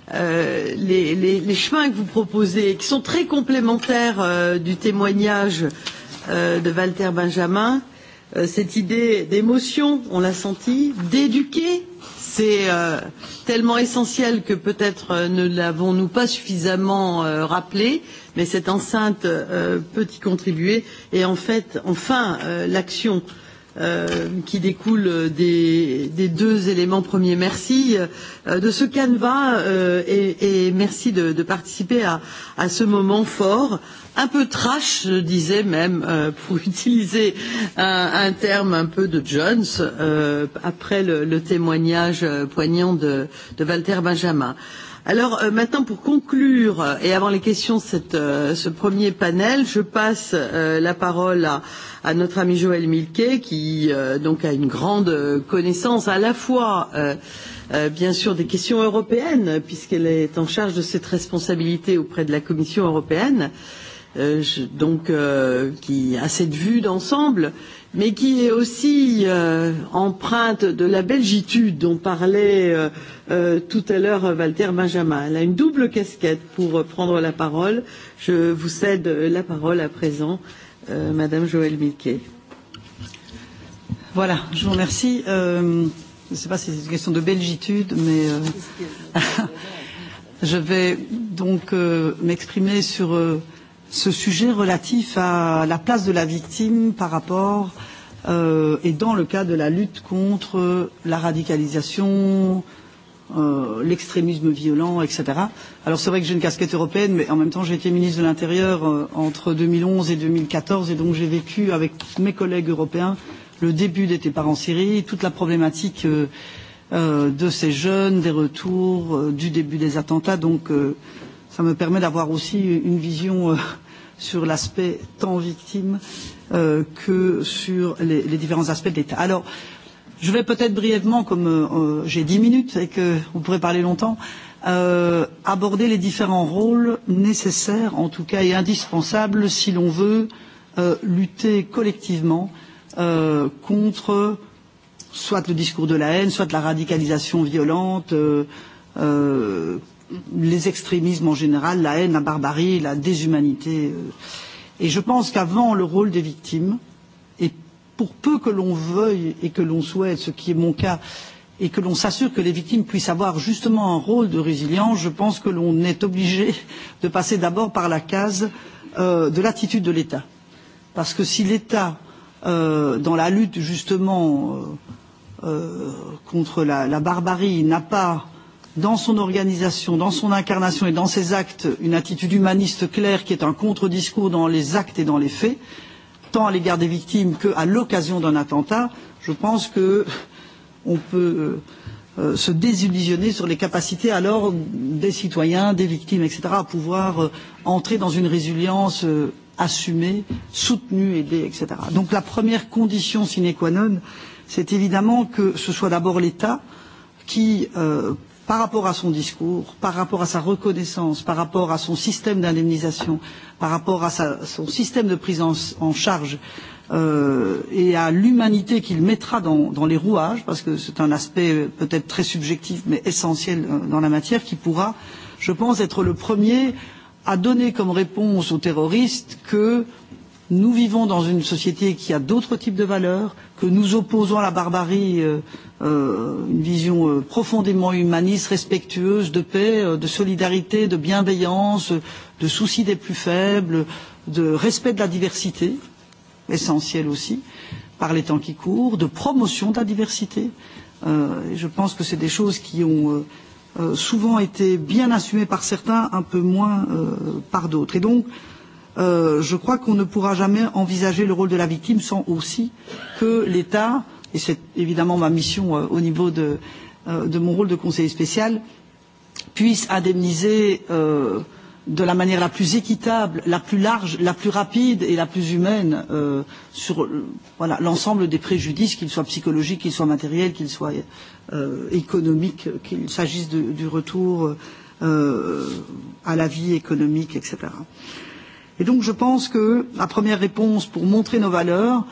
chemins que vous proposez, qui sont très complémentaires du témoignage de Walter Benjamin. Cette idée d'émotion, on l'a senti, d'éduquer c'est tellement essentiel que peut-être ne l'avons-nous pas suffisamment rappelé, mais cette enceinte peut y contribuer. Et en fait, enfin, l'action qui découle des deux éléments premiers. Merci de ce canevas et merci de participer à ce moment fort, un peu trash, je disais même, pour utiliser un terme un peu de Jones, après le témoignage poignant de Walter Benjamin. Alors maintenant, pour conclure, et avant les questions de ce premier panel, je passe la parole à notre ami Joël Milquet, qui donc a une grande connaissance à la fois, bien sûr, des questions européennes, puisqu'elle est en charge de cette responsabilité auprès de la Commission européenne, donc qui a cette vue d'ensemble mais qui est aussi empreinte de la belgitude dont parlait tout à l'heure Walter Benjamin. Elle a une double casquette pour prendre la parole. Je vous cède la parole à présent, Madame Joëlle Milquet. Voilà, je vous remercie. Je ne sais pas si c'est une question de belgitude, mais je vais donc m'exprimer sur ce sujet relatif à la place de la victime par rapport et dans le cas de la lutte contre la radicalisation, l'extrémisme violent, etc. Alors c'est vrai que j'ai une casquette européenne, mais en même temps j'ai été ministre de l'Intérieur entre 2011 et 2014, et donc j'ai vécu avec mes collègues européens le début des départs en Syrie, toute la problématique de ces jeunes, des retours, du début des attentats. Donc ça me permet d'avoir aussi une vision sur l'aspect tant victime que sur les différents aspects de l'État. Alors, je vais peut-être brièvement, comme j'ai dix minutes et que qu'on pourrait parler longtemps, aborder les différents rôles nécessaires, en tout cas, et indispensables si l'on veut lutter collectivement contre soit le discours de la haine, soit la radicalisation violente les extrémismes en général, la haine, la barbarie, la déshumanité. Et je pense qu'avant, le rôle des victimes, et pour peu que l'on veuille et que l'on souhaite, ce qui est mon cas, et que l'on s'assure que les victimes puissent avoir justement un rôle de résilience, je pense que l'on est obligé de passer d'abord par la case de l'attitude de l'État. Parce que si l'État, dans la lutte justement contre la barbarie, n'a pas dans son organisation, dans son incarnation et dans ses actes, une attitude humaniste claire qui est un contre-discours dans les actes et dans les faits, tant à l'égard des victimes qu'à l'occasion d'un attentat, je pense qu'on peut se désillusionner sur les capacités alors des citoyens, des victimes, etc., à pouvoir entrer dans une résilience assumée, soutenue, aidée, etc. Donc la première condition sine qua non, c'est évidemment que ce soit d'abord l'État qui par rapport à son discours, par rapport à sa reconnaissance, par rapport à son système d'indemnisation, par rapport à son système de prise en charge et à l'humanité qu'il mettra dans les rouages, parce que c'est un aspect peut-être très subjectif mais essentiel dans la matière, qui pourra, je pense, être le premier à donner comme réponse aux terroristes que Nous vivons dans une société qui a d'autres types de valeurs, que nous opposons à la barbarie une vision profondément humaniste, respectueuse, de paix, de solidarité, de bienveillance, de souci des plus faibles, de respect de la diversité, essentielle aussi, par les temps qui courent, de promotion de la diversité. Je pense que c'est des choses qui ont souvent été bien assumées par certains, un peu moins par d'autres. Et donc, je crois qu'on ne pourra jamais envisager le rôle de la victime sans aussi que l'État, et c'est évidemment ma mission au niveau de mon rôle de conseiller spécial, puisse indemniser de la manière la plus équitable, la plus large, la plus rapide et la plus humaine sur l'ensemble des préjudices, qu'ils soient psychologiques, qu'ils soient matériels, qu'ils soient économiques, qu'il s'agisse du retour à la vie économique, etc. Et donc je pense que la première réponse pour montrer nos valeurs,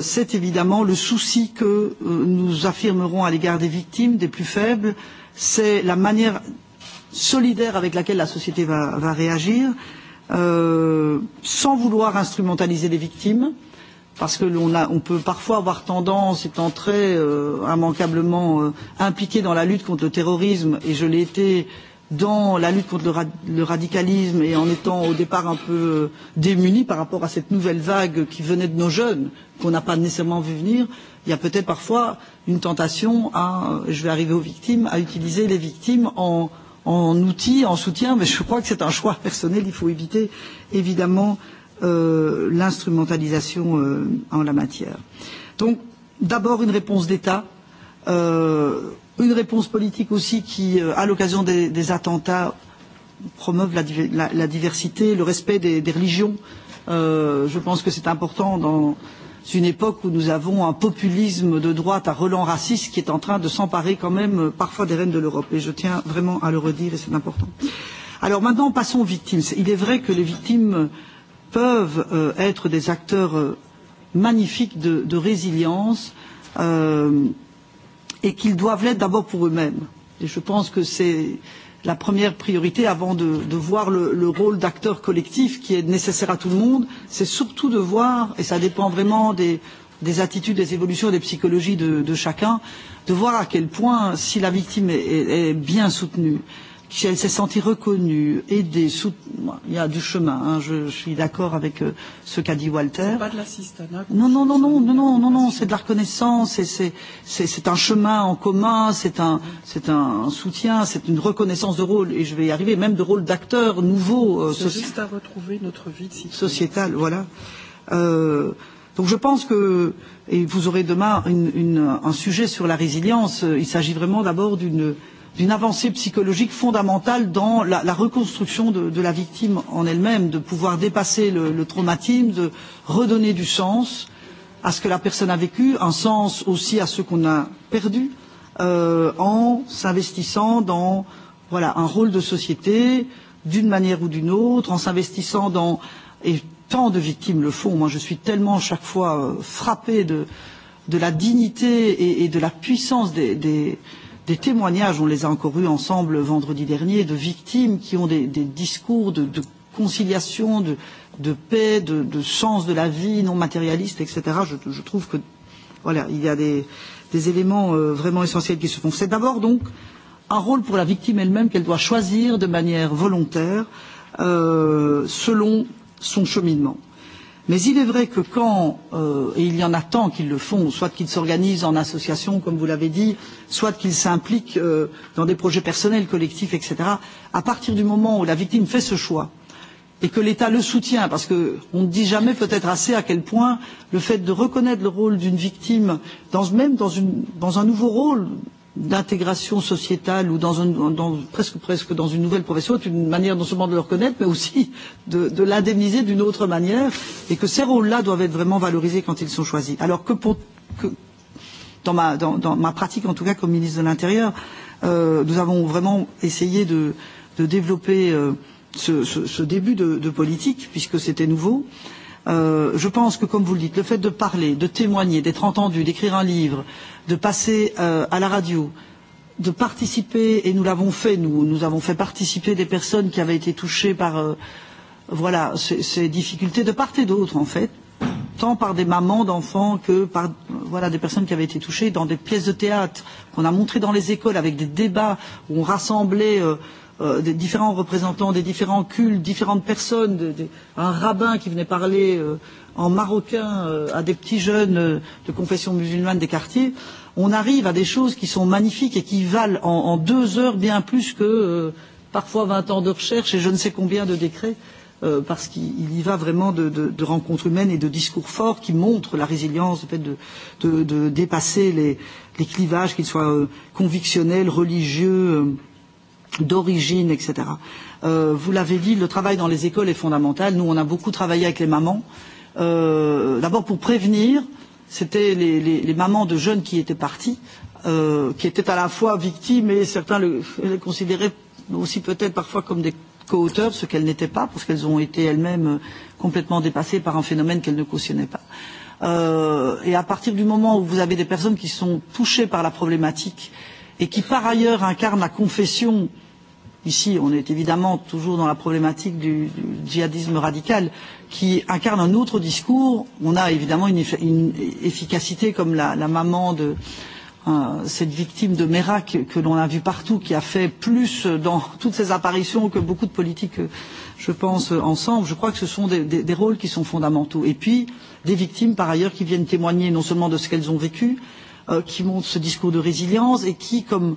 c'est évidemment le souci que nous affirmerons à l'égard des victimes, des plus faibles, c'est la manière solidaire avec laquelle la société va réagir, sans vouloir instrumentaliser les victimes, parce qu'on l'on peut parfois avoir tendance, étant très immanquablement impliqué dans la lutte contre le terrorisme, et je l'ai été dans la lutte contre le radicalisme et en étant au départ un peu démunis par rapport à cette nouvelle vague qui venait de nos jeunes, qu'on n'a pas nécessairement vu venir, il y a peut-être parfois une tentation à, je vais arriver aux victimes, à utiliser les victimes en outil, en soutien, mais je crois que c'est un choix personnel, il faut éviter évidemment l'instrumentalisation en la matière. Donc, d'abord une réponse d'État une réponse politique aussi qui, à l'occasion des attentats, promeuve la diversité, le respect des religions. Je pense que c'est important dans une époque où nous avons un populisme de droite à relents racistes qui est en train de s'emparer quand même parfois des rênes de l'Europe. Et je tiens vraiment à le redire et c'est important. Alors maintenant, passons aux victimes. Il est vrai que les victimes peuvent être des acteurs magnifiques de résilience et qu'ils doivent l'être d'abord pour eux-mêmes. Et je pense que c'est la première priorité avant de, voir le, rôle d'acteur collectif qui est nécessaire à tout le monde, c'est surtout de voir, et cela dépend vraiment des, attitudes, des évolutions, des psychologies de, chacun, de voir à quel point si la victime est bien soutenue, elle s'est sentie reconnue, aidée, il y a du chemin, je suis d'accord avec ce qu'a dit Walter. Pas de non, non, non, non, non, non, non, c'est de la reconnaissance, c'est un chemin en commun, c'est un, un soutien, c'est une reconnaissance de rôle, et je vais y arriver, même de rôle d'acteur nouveau. C'est juste à retrouver notre vie de sociétale. Voilà. Donc je pense que, et vous aurez demain une, un sujet sur la résilience, il s'agit vraiment d'abord d'une d'une avancée psychologique fondamentale dans la reconstruction de la victime en elle-même, de pouvoir dépasser le traumatisme, de redonner du sens à ce que la personne a vécu, un sens aussi à ce qu'on a perdu, en s'investissant dans voilà, un rôle de société, d'une manière ou d'une autre, en s'investissant dans... Et tant de victimes le font. Moi, je suis tellement chaque fois frappée de, de la dignité et, et de la puissance des, des, des témoignages, on les a encore eus ensemble vendredi dernier, de victimes qui ont des discours de conciliation, de paix, de sens de la vie non matérialiste, etc. Je trouve que, voilà, il y a des éléments vraiment essentiels qui se font. C'est d'abord donc un rôle pour la victime elle-même qu'elle doit choisir de manière volontaire selon son cheminement. Mais il est vrai que quand, et il y en a tant qu'ils le font, soit qu'ils s'organisent en association, comme vous l'avez dit, soit qu'ils s'impliquent dans des projets personnels, collectifs, etc., à partir du moment où la victime fait ce choix, et que l'État le soutient, parce qu'on ne dit jamais peut-être assez à quel point le fait de reconnaître le rôle d'une victime, même dans un nouveau rôle d'intégration sociétale ou dans un, dans, presque, presque dans une nouvelle profession est une manière non seulement de le reconnaître, mais aussi de, de l'indemniser d'une autre manière, et que ces rôles-là doivent être vraiment valorisés quand ils sont choisis. Alors que, pour, que dans, ma, dans, dans ma pratique, en tout cas comme ministre de l'Intérieur, euh, nous avons vraiment essayé de, de développer ce, ce, ce début de, de politique, puisque c'était nouveau je pense que comme vous le dites le fait de parler de témoigner d'être entendu d'écrire un livre de passer à la radio de participer et nous l'avons fait nous nous avons fait participer des personnes qui avaient été touchées par voilà ces difficultés de part et d'autre en fait tant par des mamans d'enfants que par voilà des personnes qui avaient été touchées dans des pièces de théâtre qu'on a montrées dans les écoles avec des débats où on rassemblait des différents représentants des différents cultes, différentes personnes, un rabbin qui venait parler en marocain à des petits jeunes de confession musulmane des quartiers, on arrive à des choses qui sont magnifiques et qui valent en deux heures bien plus que parfois 20 ans de recherche et je ne sais combien de décrets, parce qu'il y va vraiment de rencontres humaines et de discours forts qui montrent la résilience, le fait de dépasser les clivages, qu'ils soient convictionnels, religieux d'origine, etc. Vous l'avez dit, le travail dans les écoles est fondamental. Nous, on a beaucoup travaillé avec les mamans. D'abord pour prévenir, c'était les mamans de jeunes qui étaient partis, qui étaient à la fois victimes et certains les considéraient aussi peut-être parfois comme des co-auteurs, ce qu'elles n'étaient pas, parce qu'elles ont été elles-mêmes complètement dépassées par un phénomène qu'elles ne cautionnaient pas. Et à partir du moment où vous avez des personnes qui sont touchées par la problématique et qui par ailleurs incarnent la confession Ici, on est évidemment toujours dans la problématique du djihadisme radical qui incarne un autre discours. On a évidemment une efficacité comme la maman de cette victime de Merak que l'on a vue partout, qui a fait plus dans toutes ses apparitions que beaucoup de politiques, je pense, ensemble. Je crois que ce sont des rôles qui sont fondamentaux. Et puis, des victimes, par ailleurs, qui viennent témoigner non seulement de ce qu'elles ont vécu, qui montrent ce discours de résilience et qui, comme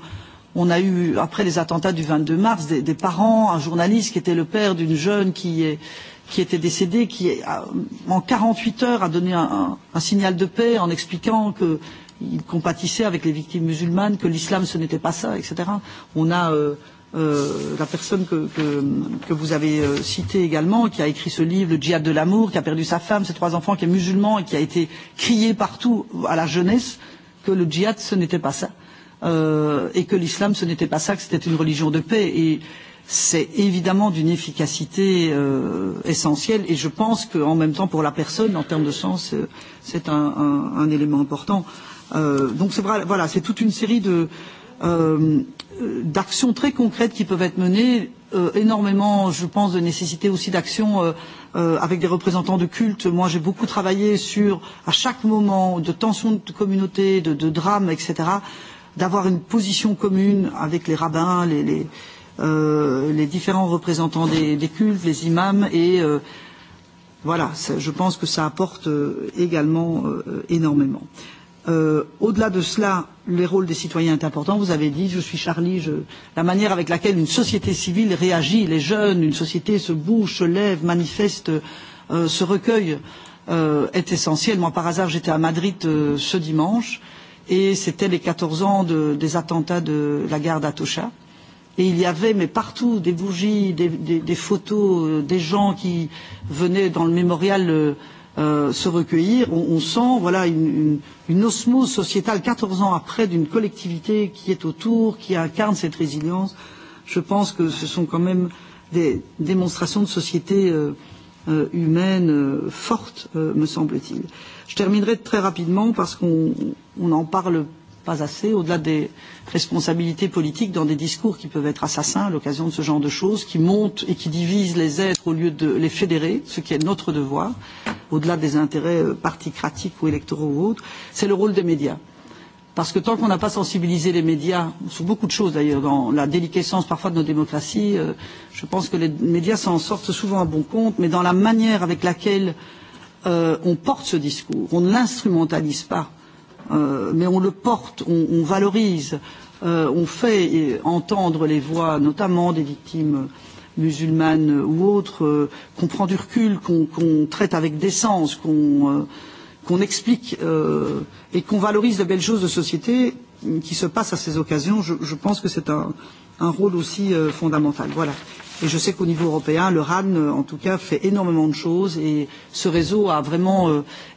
On a eu, après les attentats du 22 mars, des parents, un journaliste qui était le père d'une jeune qui était décédée, qui, en 48 heures, a donné un signal de paix en expliquant qu'il compatissait avec les victimes musulmanes, que l'islam ce n'était pas ça, etc. On a la personne que, que vous avez citée également, qui a écrit ce livre, Le djihad de l'amour, qui a perdu sa femme, ses trois enfants, qui est musulman et qui a été crié partout à la jeunesse que le djihad ce n'était pas ça et que l'islam ce n'était pas ça, que c'était une religion de paix. Et c'est évidemment d'une efficacité essentielle et je pense qu'en même temps pour la personne, en termes de sens, c'est un élément important. Donc voilà, c'est toute une série d'actions très concrètes qui peuvent être menées énormément, je pense, de nécessité aussi d'action avec des représentants de culte. Moi, j'ai beaucoup travaillé sur, à chaque moment, de tensions de communauté, de drames, etc., d'avoir une position commune avec les rabbins, les, les, euh, les différents représentants des, des cultes, les imams. Et euh, voilà, je pense que ça apporte également énormément. Euh, Au-delà de cela, le rôle des citoyens est important. Vous avez dit, je suis Charlie, je... la manière avec laquelle une société civile réagit, les jeunes, une société se bouge, se lève, manifeste, euh, se recueille, est essentielle. Moi, par hasard, j'étais à Madrid ce dimanche et c'était les 14 ans des attentats de la gare d'Atocha. Et il y avait, mais partout, des bougies, des photos, des gens qui venaient dans le mémorial se recueillir. On sent voilà, une osmose sociétale 14 ans après d'une collectivité qui est autour, qui incarne cette résilience. Je pense que ce sont quand même des démonstrations de société humaine fortes, me semble-t-il. Je terminerai très rapidement parce qu'on n'en parle pas assez, au-delà des responsabilités politiques, dans des discours qui peuvent être assassins à l'occasion de ce genre de choses, qui montent et qui divisent les êtres au lieu de les fédérer, ce qui est notre devoir, au-delà des intérêts particratiques ou électoraux ou autres. C'est le rôle des médias. Parce que tant qu'on n'a pas sensibilisé les médias, sur beaucoup de choses d'ailleurs, dans la déliquescence parfois de nos démocraties, je pense que les médias s'en sortent souvent à bon compte, mais dans la manière avec laquelle on porte ce discours, on ne l'instrumentalise pas, mais on le porte, on valorise, on fait entendre les voix, notamment des victimes musulmanes ou autres, qu'on prend du recul, qu'on traite avec décence, qu'on explique et qu'on valorise de belles choses de société qui se passent à ces occasions. Je pense que c'est un rôle aussi fondamental. Voilà. Et je sais qu'au niveau européen, le RAN, en tout cas, fait énormément de choses. Et ce réseau a vraiment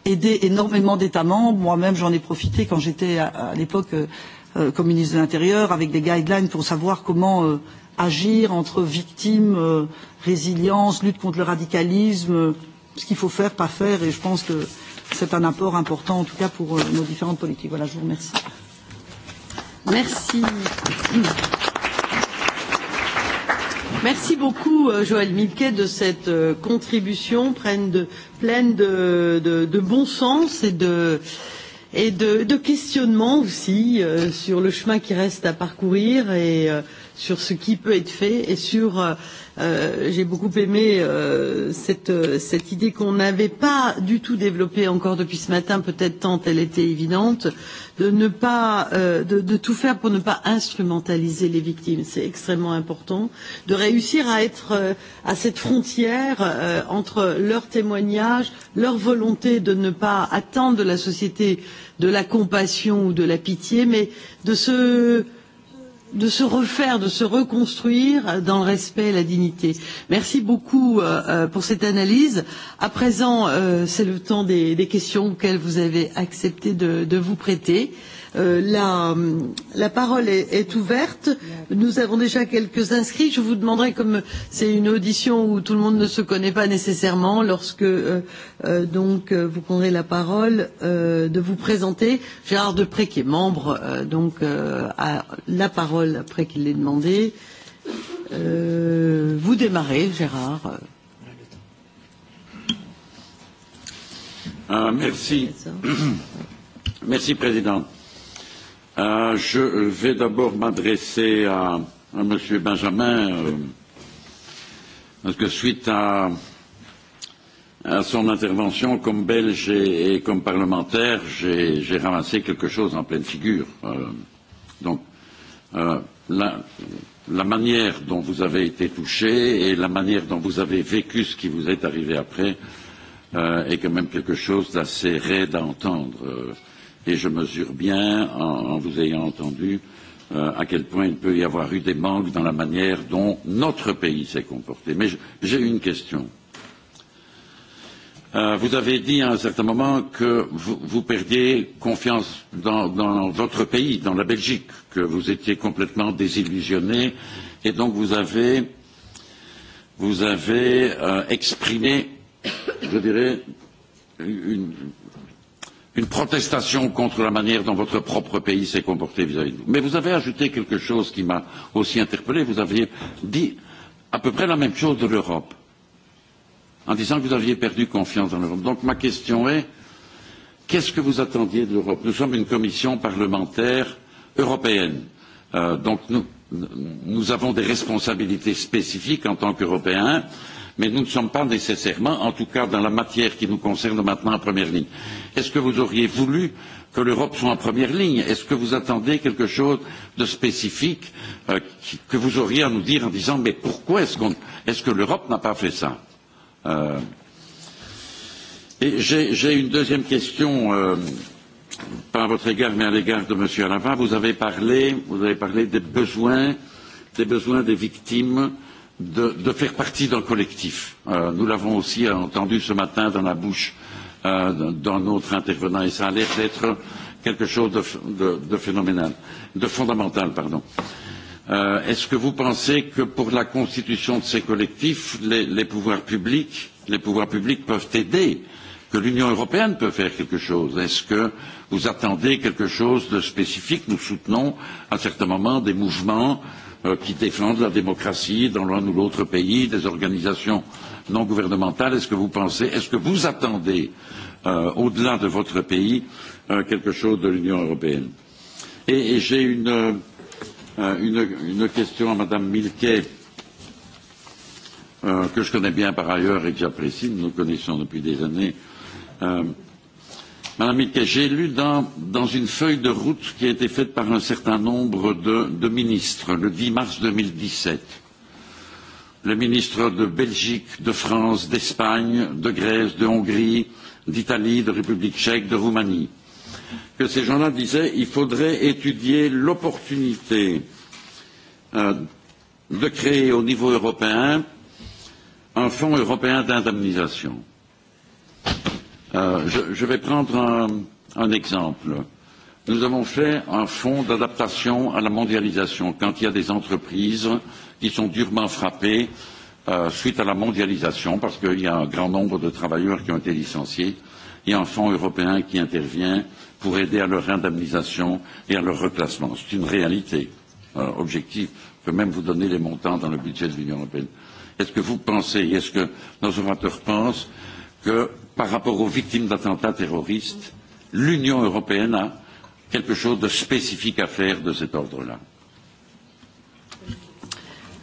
aidé énormément d'États membres. Moi-même, j'en ai profité quand j'étais à l'époque comme ministre de l'Intérieur, avec des guidelines pour savoir comment agir entre victimes, résilience, lutte contre le radicalisme, ce qu'il faut faire, pas faire. Et je pense que c'est un apport important, en tout cas, pour nos différentes politiques. Voilà, je vous remercie. Merci. Merci beaucoup, Joël Milquet, de cette contribution pleine de, pleine de, de, de bon sens et de, et de, de questionnement aussi sur le chemin qui reste à parcourir et sur ce qui peut être fait et sur j'ai beaucoup aimé cette, cette idée qu'on n'avait pas du tout développée encore depuis ce matin, peut-être tant elle était évidente, de ne pas de tout faire pour ne pas instrumentaliser les victimes c'est extrêmement important de réussir à être à cette frontière entre leur témoignage leur volonté de ne pas attendre de la société de la compassion ou de la pitié mais de se de se refaire, de se reconstruire dans le respect et la dignité. Merci beaucoup pour cette analyse. À présent, c'est le temps des questions auxquelles vous avez accepté de vous prêter. La parole est ouverte. Nous avons déjà quelques inscrits. Je vous demanderai, comme c'est une audition où tout le monde ne se connaît pas nécessairement, lorsque vous prendrez la parole, de vous présenter. Gérard Depré, qui est membre, donc a la parole après qu'il l'ait demandé. Vous démarrez, Gérard. Merci. Merci, Présidente. Je vais d'abord m'adresser à M. Benjamin, parce que suite à son intervention comme Belge et comme parlementaire, j'ai ramassé quelque chose en pleine figure. Donc, la manière dont vous avez été touché et la manière dont vous avez vécu ce qui vous est arrivé après est quand même quelque chose d'assez raide à entendre et je mesure bien, en vous ayant entendu, à quel point il peut y avoir eu des manques dans la manière dont notre pays s'est comporté. Mais j'ai une question. Vous avez dit à un certain moment que vous perdiez confiance dans votre pays, dans la Belgique, que vous étiez complètement désillusionné et donc vous avez vous avez exprimé, je dirais, une une protestation contre la manière dont votre propre pays s'est comporté vis à vis de vous. Mais vous avez ajouté quelque chose qui m'a aussi interpellé vous aviez dit à peu près la même chose de l'Europe, en disant que vous aviez perdu confiance en l'Europe. Donc ma question est qu'est ce que vous attendiez de l'Europe? Nous sommes une commission parlementaire européenne, donc nous avons des responsabilités spécifiques en tant qu'Européens mais nous ne sommes pas nécessairement en tout cas dans la matière qui nous concerne maintenant en première ligne. Est-ce que vous auriez voulu que l'Europe soit en première ligne Est-ce que vous attendez quelque chose de spécifique que vous auriez à nous dire en disant mais pourquoi est-ce que l'Europe n'a pas fait ça J'ai une deuxième question, pas à votre égard mais à l'égard de M. Alava. Vous avez parlé des besoins des besoins des victimes de faire partie d'un collectif. Nous l'avons aussi entendu ce matin dans la bouche dans notre intervenant et ça a l'air d'être quelque chose de phénoménal, de fondamental, pardon. Est-ce que vous pensez que pour la constitution de ces collectifs, les pouvoirs publics, les pouvoirs publics peuvent aider, que l'Union européenne peut faire quelque chose Est-ce que vous attendez quelque chose de spécifique Nous soutenons à certains moments des mouvements qui défendent la démocratie dans l'un ou l'autre pays, des organisations non gouvernementales. Est-ce que vous pensez, est-ce que vous attendez, au-delà de votre pays, quelque chose de l'Union européenne Et j'ai une question à Madame Milquet, que je connais bien par ailleurs et que j'apprécie, nous connaissons depuis des années. Madame Milquet, j'ai lu dans une feuille de route qui a été faite par un certain nombre de ministres le 10 mars 2017 le ministre de Belgique, de France, d'Espagne, de Grèce, de Hongrie, d'Italie, de République tchèque, de Roumanie, que ces gens-là disaient il faudrait étudier l'opportunité de créer au niveau européen un fonds européen d'indemnisation. Je vais prendre un exemple. Nous avons fait un fonds d'adaptation à la mondialisation. Quand il y a des entreprises qui sont durement frappées suite à la mondialisation, parce qu'il y a un grand nombre de travailleurs qui ont été licenciés, il y a un fonds européen qui intervient pour aider à leur indemnisation et à leur reclassement. C'est une réalité objective. Je peux même vous donner les montants dans le budget de l'Union européenne. Est-ce que vous pensez, est-ce que nos orateurs pensent que par rapport aux victimes d'attentats terroristes, l'Union européenne a quelque chose de spécifique à faire de cet ordre-là.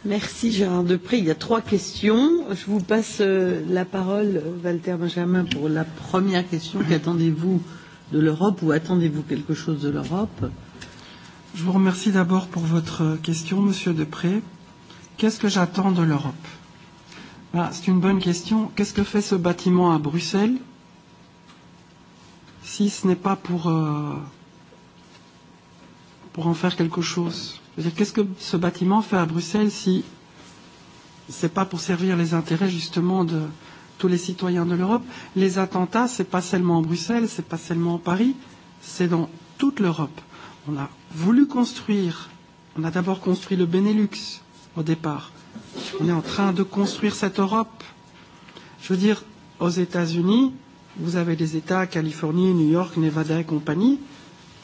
Merci Gérard Depré. Il y a trois questions. Je vous passe la parole, Walter Benjamin, pour la première question. Qu'attendez-vous de l'Europe ou attendez-vous quelque chose de l'Europe Je vous remercie d'abord pour votre question, Monsieur Depré. Qu'est-ce que j'attends de l'Europe C'est une bonne question. Qu'est-ce que fait ce bâtiment à Bruxelles si ce n'est pas pour pour en faire quelque chose. Qu'est-ce que ce bâtiment fait à Bruxelles si ce n'est pas pour servir les intérêts justement de tous les citoyens de l'Europe Les attentats, ce n'est pas seulement en Bruxelles, ce n'est pas seulement en Paris, c'est dans toute l'Europe. On a voulu construire, on a d'abord construit le Benelux au départ. On est en train de construire cette Europe. Je veux dire, aux États-Unis, vous avez des États, Californie, New York, Nevada et compagnie,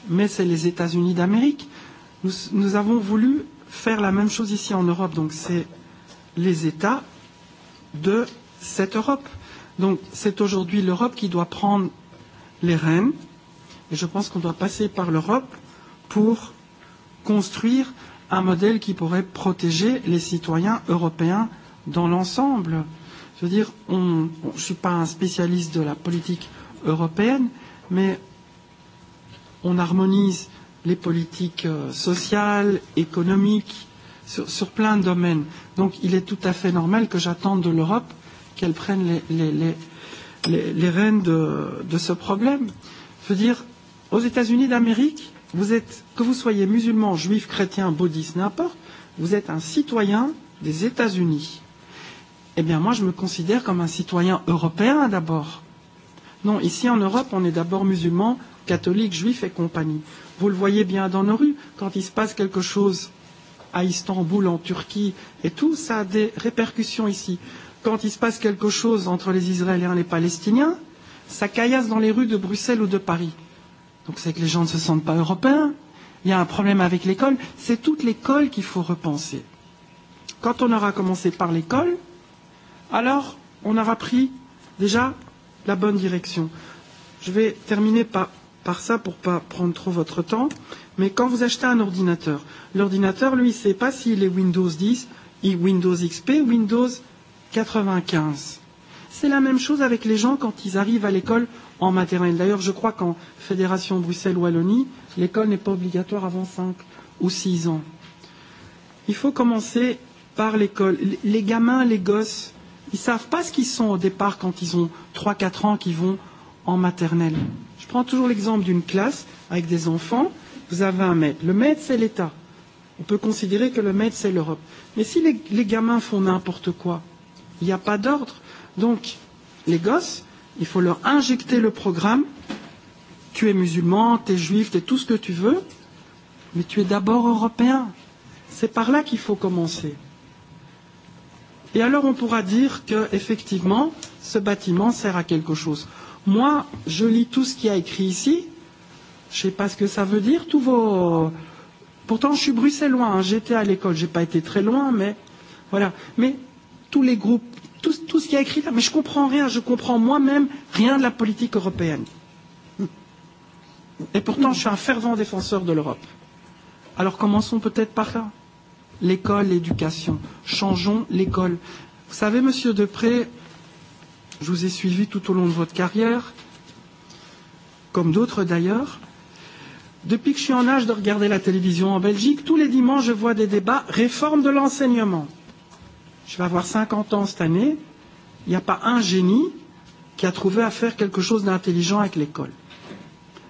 mais c'est les États-Unis d'Amérique. Nous, nous avons voulu faire la même chose ici en Europe, donc c'est les États de cette Europe. Donc c'est aujourd'hui l'Europe qui doit prendre les rênes, et je pense qu'on doit passer par l'Europe pour construire un modèle qui pourrait protéger les citoyens européens dans l'ensemble. Je veux dire, on, je ne suis pas un spécialiste de la politique européenne, mais on harmonise les politiques sociales, économiques, sur plein de domaines. Donc il est tout à fait normal que j'attende de l'Europe qu'elle prenne les rênes de ce problème. Je veux dire, aux États-Unis d'Amérique, vous êtes, que vous soyez musulman, juif, chrétien, bouddhiste, n'importe, vous êtes un citoyen des États-Unis. Eh bien, moi, je me considère comme un citoyen européen d'abord. Non, ici en Europe, on est d'abord musulman, catholiques, juifs et compagnie. Vous le voyez bien dans nos rues, quand il se passe quelque chose à Istanbul, en Turquie et tout, ça a des répercussions ici. Quand il se passe quelque chose entre les Israéliens et les Palestiniens, ça caillasse dans les rues de Bruxelles ou de Paris. Donc c'est que les gens ne se sentent pas européens, il y a un problème avec l'école, c'est toute l'école qu'il faut repenser. Quand on aura commencé par l'école, alors on aura pris déjà la bonne direction. Je vais terminer par par ça pour ne pas prendre trop votre temps. Mais quand vous achetez un ordinateur, l'ordinateur, lui, ne sait pas s'il est Windows 10, Windows XP, Windows 95. C'est la même chose avec les gens quand ils arrivent à l'école en maternelle. D'ailleurs, je crois qu'en Fédération Bruxelles-Wallonie, l'école n'est pas obligatoire avant 5 ou 6 ans. Il faut commencer par l'école. Les gamins, les gosses, ils ne savent pas ce qu'ils sont au départ quand ils ont 3-4 ans qu'ils vont en maternelle. Je prends toujours l'exemple d'une classe avec des enfants. Vous avez un maître. Le maître, c'est l'État. On peut considérer que le maître, c'est l'Europe. Mais si les, gamins font n'importe quoi, il n'y a pas d'ordre. Donc, les gosses, il faut leur injecter le programme. Tu es musulman, tu es juif, tu es tout ce que tu veux, mais tu es d'abord européen. C'est par là qu'il faut commencer. Et alors on pourra dire qu'effectivement, ce bâtiment sert à quelque chose. Moi, je lis tout ce qui a écrit ici. Je ne sais pas ce que ça veut dire, tous vos... Pourtant, je suis bruxellois, j'étais à l'école, je n'ai pas été très loin, mais voilà. Mais tous les groupes, tout, tout ce qui a écrit là, mais je comprends rien, je comprends moi-même rien de la politique européenne. Et pourtant, je suis un fervent défenseur de l'Europe. Alors commençons peut-être par là. L'école, l'éducation. Changeons l'école. Vous savez, Monsieur Depré, Je vous ai suivi tout au long de votre carrière, comme d'autres d'ailleurs. Depuis que je suis en âge de regarder la télévision en Belgique, tous les dimanches, je vois des débats réforme de l'enseignement. Je vais avoir 50 ans cette année. Il n'y a pas un génie qui a trouvé à faire quelque chose d'intelligent avec l'école.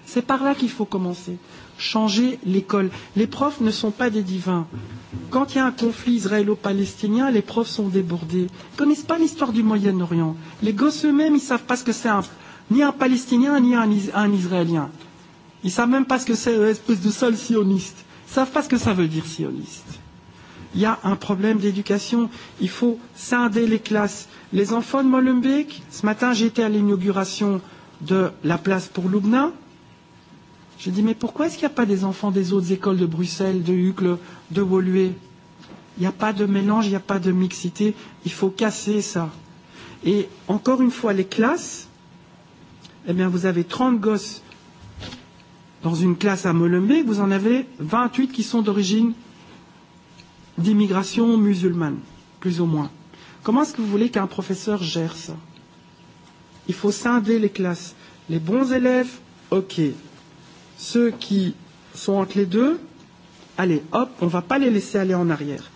C'est par là qu'il faut commencer changer l'école. Les profs ne sont pas des divins. Quand il y a un conflit israélo-palestinien, les profs sont débordés. Ils ne connaissent pas l'histoire du Moyen-Orient. Les gosses eux-mêmes, ils ne savent pas ce que c'est ni un Palestinien, ni un Israélien. Ils ne savent même pas ce que c'est une espèce de sol sioniste. Ils ne savent pas ce que ça veut dire sioniste. Il y a un problème d'éducation. Il faut scinder les classes. Les enfants de Molenbeek, ce matin j'étais à l'inauguration de la place pour Loubna, Je dis mais pourquoi est-ce qu'il n'y a pas des enfants des autres écoles de Bruxelles, de Hucle, de Woluwe Il n'y a pas de mélange, il n'y a pas de mixité. Il faut casser ça. Et encore une fois, les classes, eh bien, vous avez 30 gosses dans une classe à Molenbeek, vous en avez 28 qui sont d'origine d'immigration musulmane, plus ou moins. Comment est-ce que vous voulez qu'un professeur gère ça Il faut scinder les classes. Les bons élèves, ok. Ceux qui sont entre les deux, allez, hop, on ne va pas les laisser aller en arrière.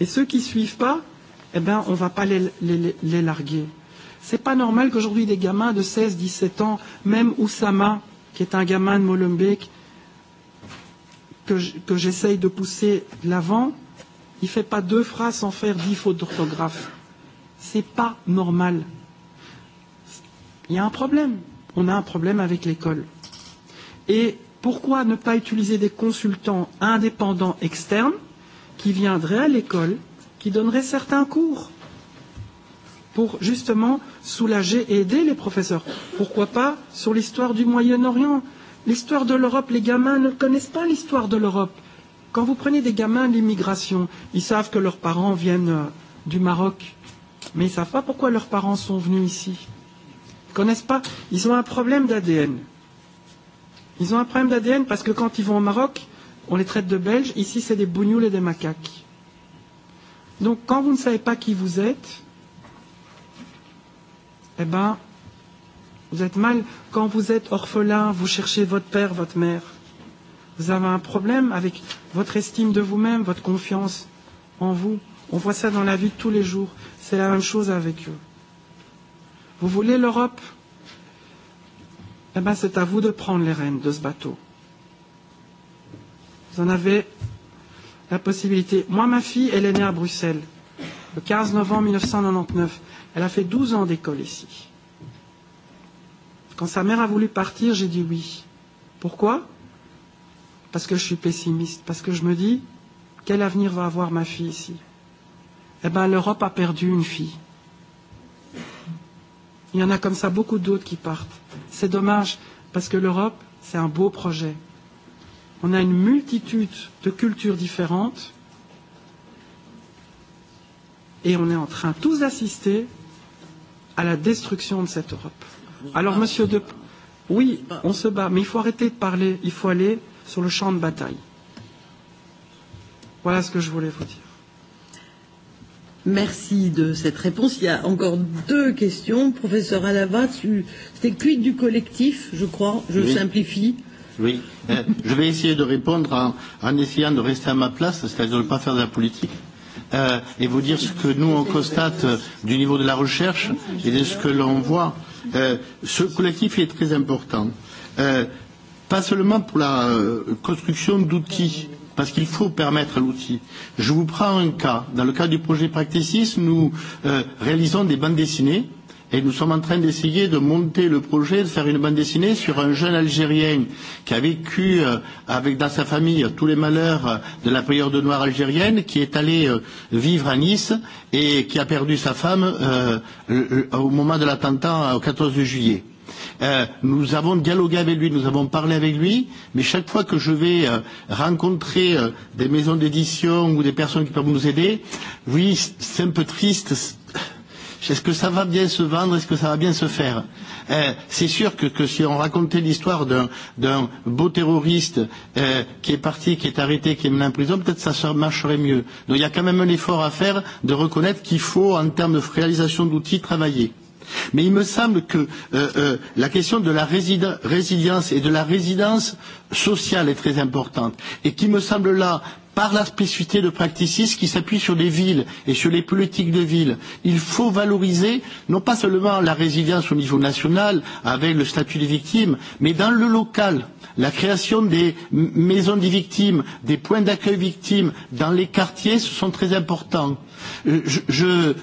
Et ceux qui ne suivent pas, eh ben, on ne va pas les, les, les larguer. C'est pas normal qu'aujourd'hui des gamins de 16, 17 ans, même Oussama, qui est un gamin de Molenbeek, que j'essaye de pousser de l'avant, il ne fait pas deux phrases sans faire dix fautes d'orthographe. Ce n'est pas normal. Il y a un problème. On a un problème avec l'école. Et pourquoi ne pas utiliser des consultants indépendants externes qui viendraient à l'école, qui donneraient certains cours pour justement soulager et aider les professeurs Pourquoi pas sur l'histoire du Moyen-Orient L'histoire de l'Europe, les gamins ne connaissent pas l'histoire de l'Europe. Quand vous prenez des gamins de l'immigration, ils savent que leurs parents viennent du Maroc, mais ils ne savent pas pourquoi leurs parents sont venus ici. Ils ne connaissent pas. Ils ont un problème d'ADN. Ils ont un problème d'ADN parce que quand ils vont au Maroc, on les traite de Belges. Ici, c'est des bougnoules et des macaques. Donc, quand vous ne savez pas qui vous êtes, eh ben, vous êtes mal. Quand vous êtes orphelin, vous cherchez votre père, votre mère. Vous avez un problème avec votre estime de vous-même, votre confiance en vous. On voit ça dans la vie de tous les jours. C'est la même chose avec eux. Vous voulez l'Europe eh ben, c'est à vous de prendre les rênes de ce bateau. Vous en avez la possibilité. Moi, ma fille, elle est née à Bruxelles, le 15 novembre 1999. Elle a fait 12 ans d'école ici. Quand sa mère a voulu partir, j'ai dit oui. Pourquoi Parce que je suis pessimiste, parce que je me dis, quel avenir va avoir ma fille ici Eh bien, l'Europe a perdu une fille. Il y en a comme ça beaucoup d'autres qui partent. C'est dommage, parce que l'Europe, c'est un beau projet. On a une multitude de cultures différentes et on est en train tous d'assister à la destruction de cette Europe. Alors, monsieur De... Oui, on se bat, mais il faut arrêter de parler, il faut aller sur le champ de bataille. Voilà ce que je voulais vous dire. Merci de cette réponse. Il y a encore deux questions. Professeur Alava, c'était cuite du collectif, je crois. Je simplifie. Oui. Je vais essayer de répondre en essayant de rester à ma place, c'est-à-dire de ne pas faire de la politique et vous dire ce que nous on constate du niveau de la recherche et de ce que l'on voit. Ce collectif est très important, pas seulement pour la construction d'outils parce qu'il faut permettre l'outil. Je vous prends un cas. Dans le cas du projet Practicis, nous réalisons des bandes dessinées et nous sommes en train d'essayer de monter le projet, de faire une bande dessinée sur un jeune Algérien qui a vécu avec dans sa famille tous les malheurs de la période noire algérienne, qui est allé vivre à Nice et qui a perdu sa femme au moment de l'attentat au 14 juillet Nous avons dialogué avec lui, nous avons parlé avec lui, mais chaque fois que je vais rencontrer des maisons d'édition ou des personnes qui peuvent nous aider, oui, c'est un peu triste. Est-ce que ça va bien se vendre Est-ce que ça va bien se faire C'est sûr que si on racontait l'histoire d'un beau terroriste qui est parti, qui est arrêté, qui est mené en prison, peut-être ça marcherait mieux. Donc il y a quand même un effort à faire de reconnaître qu'il faut, en termes de réalisation d'outils, travailler. Mais il me semble que la question de la résilience et de la résidence sociale est très importante et qui me semble là, par la spécificité de Practicis qui s'appuie sur les villes et sur les politiques de ville, il faut valoriser non pas seulement la résilience au niveau national avec le statut des victimes, mais dans le local La création des maisons des victimes, des points d'accueil victimes dans les quartiers, ce sont très importants. Je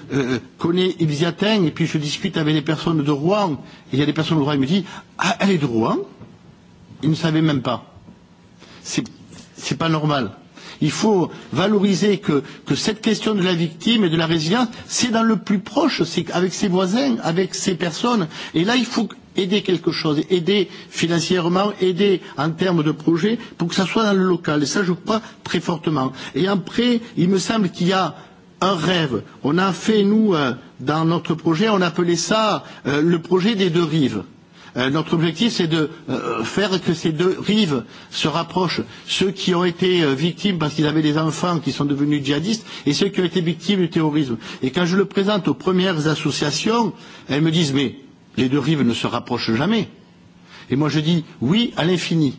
connais Ibizatin et puis je discute avec des personnes de Rouen. Il y a des personnes de Rouen qui me disent Ah, elle est de Rouen Ils ne savaient même pas. Ce n'est pas normal. Il faut valoriser que cette question de la victime et de la résilience, c'est dans le plus proche, c'est avec ses voisins, avec ses personnes. Et là, il faut aider quelque chose, aider financièrement, aider en termes de projet, pour que ça soit dans le local. Et ça, je crois très fortement. Et après, il me semble qu'il y a un rêve. On a fait, nous, dans notre projet, on appelait ça le projet des deux rives. Notre objectif, c'est de faire que ces deux rives se rapprochent. Ceux qui ont été victimes parce qu'ils avaient des enfants qui sont devenus djihadistes et ceux qui ont été victimes du terrorisme. Et quand je le présente aux premières associations, elles me disent, mais Les deux rives ne se rapprochent jamais. Et moi je dis oui à l'infini.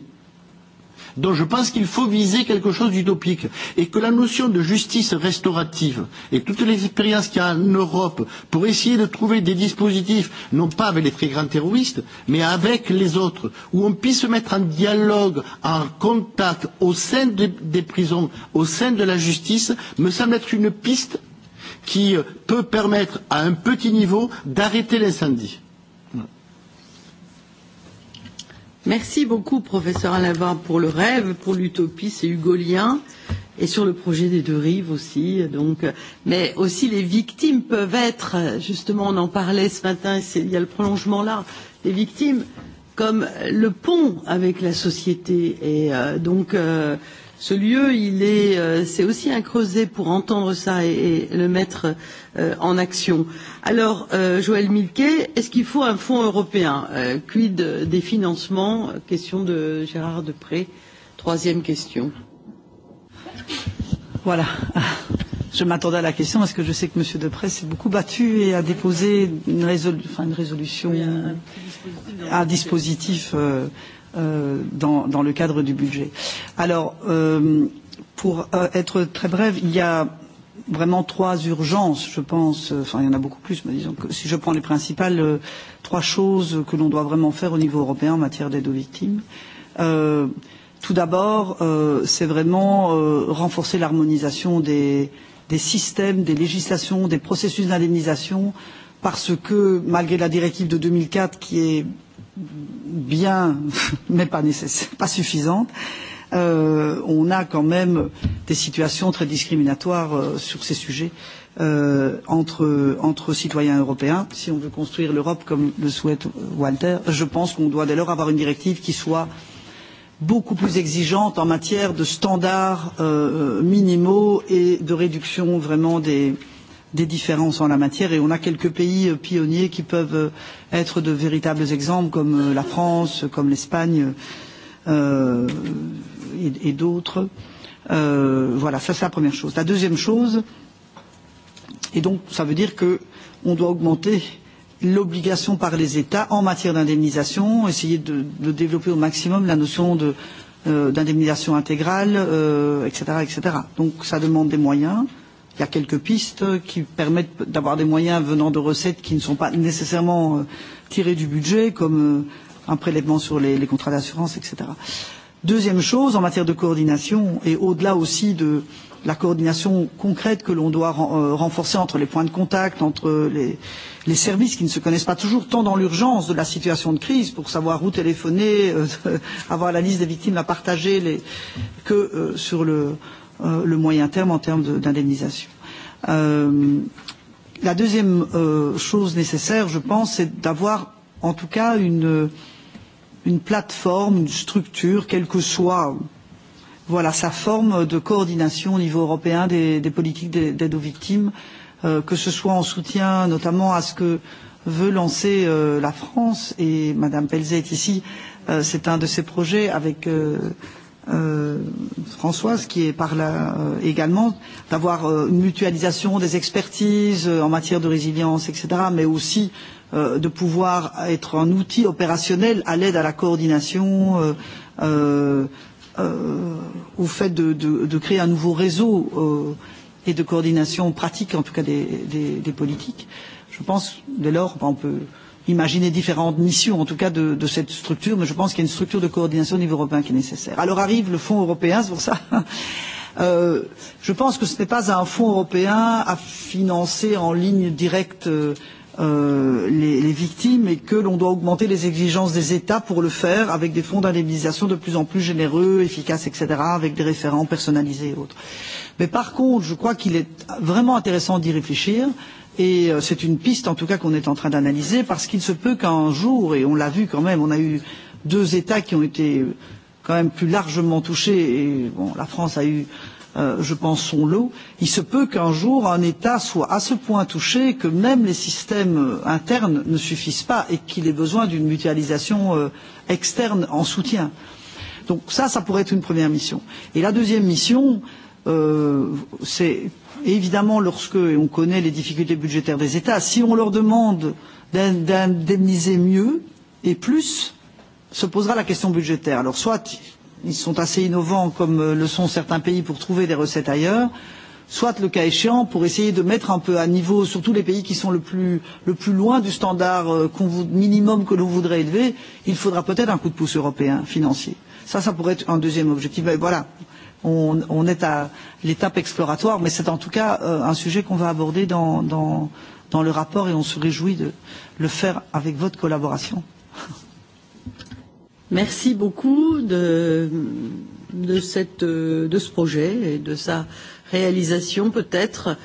Donc je pense qu'il faut viser quelque chose d'utopique et que la notion de justice restaurative et toutes les expériences qu'il y a en Europe pour essayer de trouver des dispositifs, non pas avec les très grands terroristes, mais avec les autres, où on puisse se mettre en dialogue, en contact au sein des prisons, au sein de la justice, me semble être une piste qui peut permettre à un petit niveau d'arrêter l'incendie. Merci beaucoup, professeur Alava, pour le rêve, pour l'utopie, c'est hugolien, et sur le projet des deux rives aussi. Donc, mais aussi les victimes peuvent être, justement, on en parlait ce matin, il y a le prolongement là, les victimes comme le pont avec la société. Et donc, Ce lieu, il est, c'est aussi un creuset pour entendre ça et le mettre en action. Alors, Joël Milquet, est-ce qu'il faut un fonds européen Quid des financements Question de Gérard Depré. Troisième question. Voilà. Je m'attendais à la question parce que je sais que M. Depré s'est beaucoup battu et a déposé une résolution, un dispositif dans, dans le cadre du budget. Alors, pour être très brève, il y a vraiment trois urgences, je pense, enfin il y en a beaucoup plus, mais disons que si je prends les principales, trois choses que l'on doit vraiment faire au niveau européen en matière d'aide aux victimes. Tout d'abord, c'est vraiment renforcer l'harmonisation des systèmes, des législations, des processus d'indemnisation, parce que malgré la directive de 2004 qui est bien, mais pas, nécessaire, pas suffisante. Euh, on a quand même des situations très discriminatoires sur ces sujets euh, entre, entre citoyens européens. Si on veut construire l'Europe comme le souhaite Walter, je pense qu'on doit dès lors avoir une directive qui soit beaucoup plus exigeante en matière de standards euh, minimaux et de réduction vraiment des, des différences en la matière et on a quelques pays pionniers qui peuvent être de véritables exemples comme la France, comme l'Espagne et d'autres. Voilà, ça c'est la première chose. La deuxième chose, et donc ça veut dire qu'on doit augmenter l'obligation par les États en matière d'indemnisation, essayer de développer au maximum la notion d'indemnisation intégrale, etc. Donc ça demande des moyens il y a quelques pistes qui permettent d'avoir des moyens venant de recettes qui ne sont pas nécessairement tirées du budget, comme un prélèvement sur les contrats d'assurance, etc. Deuxième chose, en matière de coordination, et au-delà aussi de la coordination concrète que l'on doit renforcer entre les points de contact, entre les services qui ne se connaissent pas toujours, tant dans l'urgence de la situation de crise, pour savoir où téléphoner, avoir la liste des victimes à partager, que sur le le moyen terme en termes d'indemnisation. La deuxième chose nécessaire, je pense, c'est d'avoir en tout cas une plateforme, une structure, quelle que soit sa forme de coordination au niveau européen des politiques d'aide aux victimes, que ce soit en soutien notamment à ce que veut lancer la France, et Mme Pelzet est ici, c'est un de ses projets avec Françoise, qui est par là également, d'avoir une mutualisation des expertises en matière de résilience, etc., mais aussi de pouvoir être un outil opérationnel à l'aide à la coordination, au fait de créer un nouveau réseau et de coordination pratique, en tout cas des politiques. Je pense, dès lors, on peut imaginer différentes missions, en tout cas, de cette structure, mais je pense qu'il y a une structure de coordination au niveau européen qui est nécessaire. Alors arrive le Fonds européen, c'est pour ça. Je pense que ce n'est pas un Fonds européen à financer en ligne directe les victimes et que l'on doit augmenter les exigences des États pour le faire avec des fonds d'indemnisation de plus en plus généreux, efficaces, etc., avec des référents personnalisés et autres. Mais par contre, je crois qu'il est vraiment intéressant d'y réfléchir Et c'est une piste, en tout cas, qu'on est en train d'analyser, parce qu'il se peut qu'un jour, et on l'a vu quand même, on a eu deux États qui ont été quand même plus largement touchés, et bon, la France a eu, je pense, son lot, il se peut qu'un jour, un État soit à ce point touché que même les systèmes internes ne suffisent pas et qu'il ait besoin d'une mutualisation externe en soutien. Donc ça, ça pourrait être une première mission. Et la deuxième mission, c'est évidemment lorsque, et on connaît les difficultés budgétaires des États, si on leur demande d'indemniser mieux et plus, se posera la question budgétaire. Alors soit ils sont assez innovants comme le sont certains pays pour trouver des recettes ailleurs, soit le cas échéant pour essayer de mettre un peu à niveau surtout les pays qui sont le plus loin du standard minimum que l'on voudrait élever, il faudra peut-être un coup de pouce européen financier. Ça, ça pourrait être un deuxième objectif. Voilà, on est à l'étape exploratoire, mais c'est en tout cas un sujet qu'on va aborder dans le rapport et on se réjouit de le faire avec votre collaboration. Merci beaucoup de ce projet et de sa réalisation peut-être.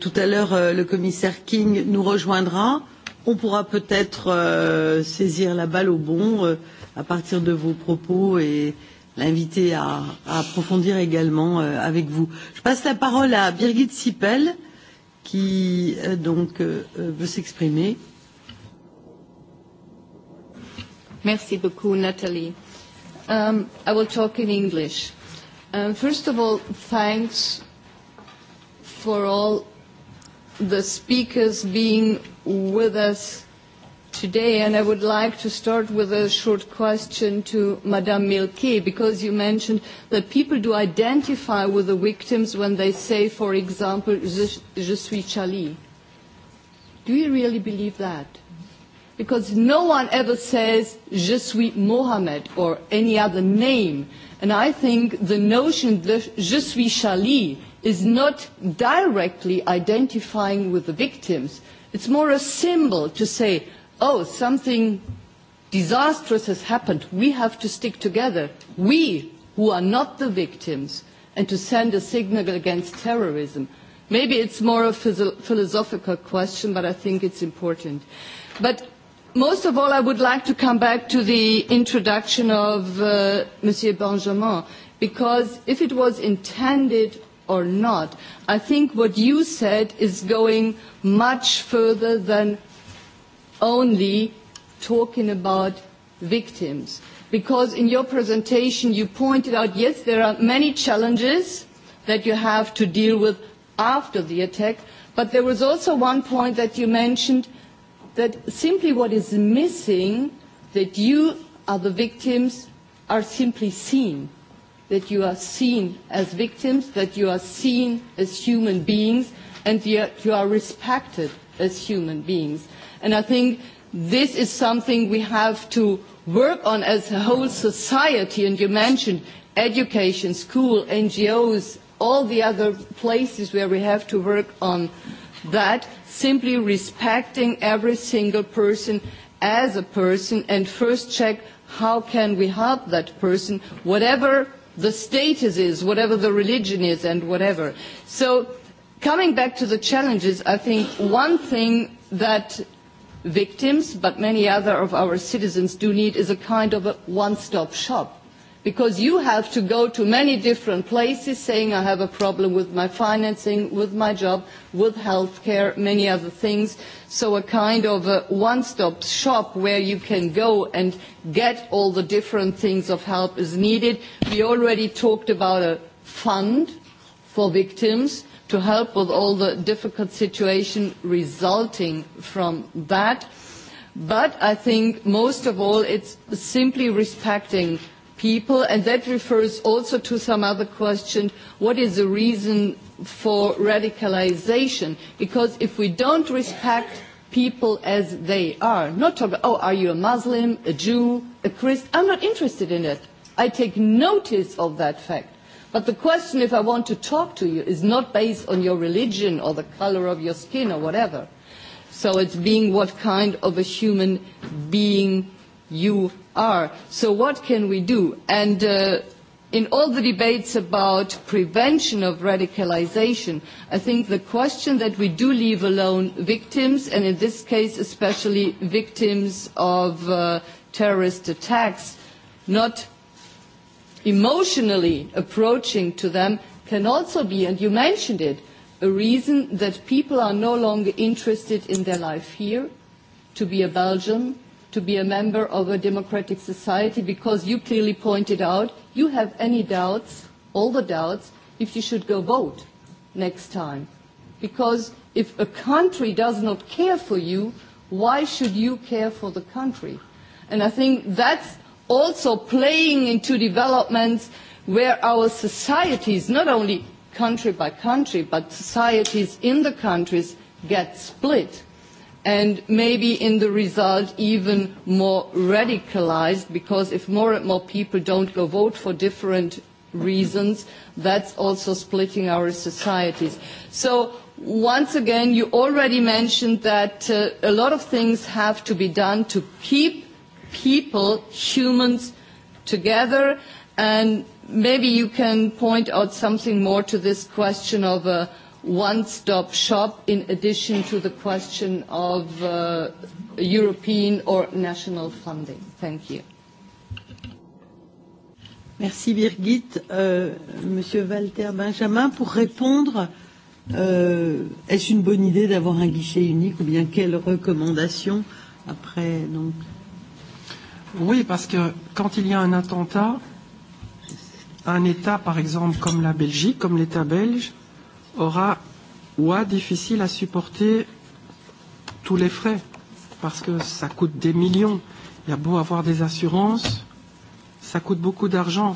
Tout à l'heure, le commissaire King nous rejoindra. On pourra peut-être saisir la balle au bon à partir de vos propos et l'inviter à approfondir également avec vous. Je passe la parole à Birgit Sipel qui donc veut s'exprimer. Merci beaucoup Nathalie. Um, I will talk in English. Um, first of all, thanks for all the speakers being with us today, and I would like to start with a short question to Madame Milquet, because you mentioned that people do identify with the victims when they say, for example, Je suis Charlie. Do you really believe that? Because no one ever says Je suis Mohammed or any other name. And I think the notion that Je suis Charlie is not directly identifying with the victims. It's more a symbol to say oh, something disastrous has happened, we have to stick together, we who are not the victims, and to send a signal against terrorism. Maybe it's more a philosophical question, but I think it's important. But most of all, I would like to come back to the introduction of Monsieur Benjamin, because if it was intended or not, I think what you said is going much further than only talking about victims. Because in your presentation you pointed out, yes, there are many challenges that you have to deal with after the attack, but there was also one point that you mentioned that simply what is missing, that you are the victims, are simply seen. That you are seen as victims, that you are seen as human beings, and you are respected as human beings. And I think this is something we have to work on as a whole society. And you mentioned education, school, NGOs, all the other places where we have to work on that, simply respecting every single person as a person and first check how can we help that person, whatever the status is, whatever the religion is and whatever. So coming back to the challenges, I think one thing that victims, but many other of our citizens do need is a kind of a one-stop shop. Because you have to go to many different places saying I have a problem with my financing, with my job, with health care, many other things. So a kind of a one-stop shop where you can go and get all the different things of help is needed. We already talked about a fund for victims to help with all the difficult situation resulting from that. But I think most of all it's simply respecting people and that refers also to some other question what is the reason for radicalization? Because if we don't respect people as they are, not talk oh are you a Muslim, a Jew, a Christ I'm not interested in it. I take notice of that fact. But the question, if I want to talk to you, is not based on your religion or the color of your skin or whatever. So it's being what kind of a human being you are. So what can we do? And in all the debates about prevention of radicalization, I think the question that we do leave alone victims, and in this case especially victims of terrorist attacks, not emotionally approaching to them can also be, and you mentioned it, a reason that people are no longer interested in their life here, to be a Belgian, to be a member of a democratic society, because you clearly pointed out you have any doubts, all the doubts, if you should go vote next time. Because if a country does not care for you, why should you care for the country? And I think that's also playing into developments where our societies, not only country by country, but societies in the countries get split and maybe in the result even more radicalized because if more and more people don't go vote for different reasons, that's also splitting our societies. So once again, you already mentioned that a lot of things have to be done to keep people, humans, together. And maybe you can point out something more to this question of a one-stop shop in addition to the question of European or national funding. Thank you. Merci Birgit. Monsieur Walter Benjamin, pour répondre, est-ce une bonne idée d'avoir un guichet unique ou bien quelles recommandations après donc Oui, parce que quand il y a un attentat, un État, par exemple, comme la Belgique, comme l'État belge, aura ou a difficile à supporter tous les frais, parce que ça coûte des millions. Il y a beau avoir des assurances, ça coûte beaucoup d'argent.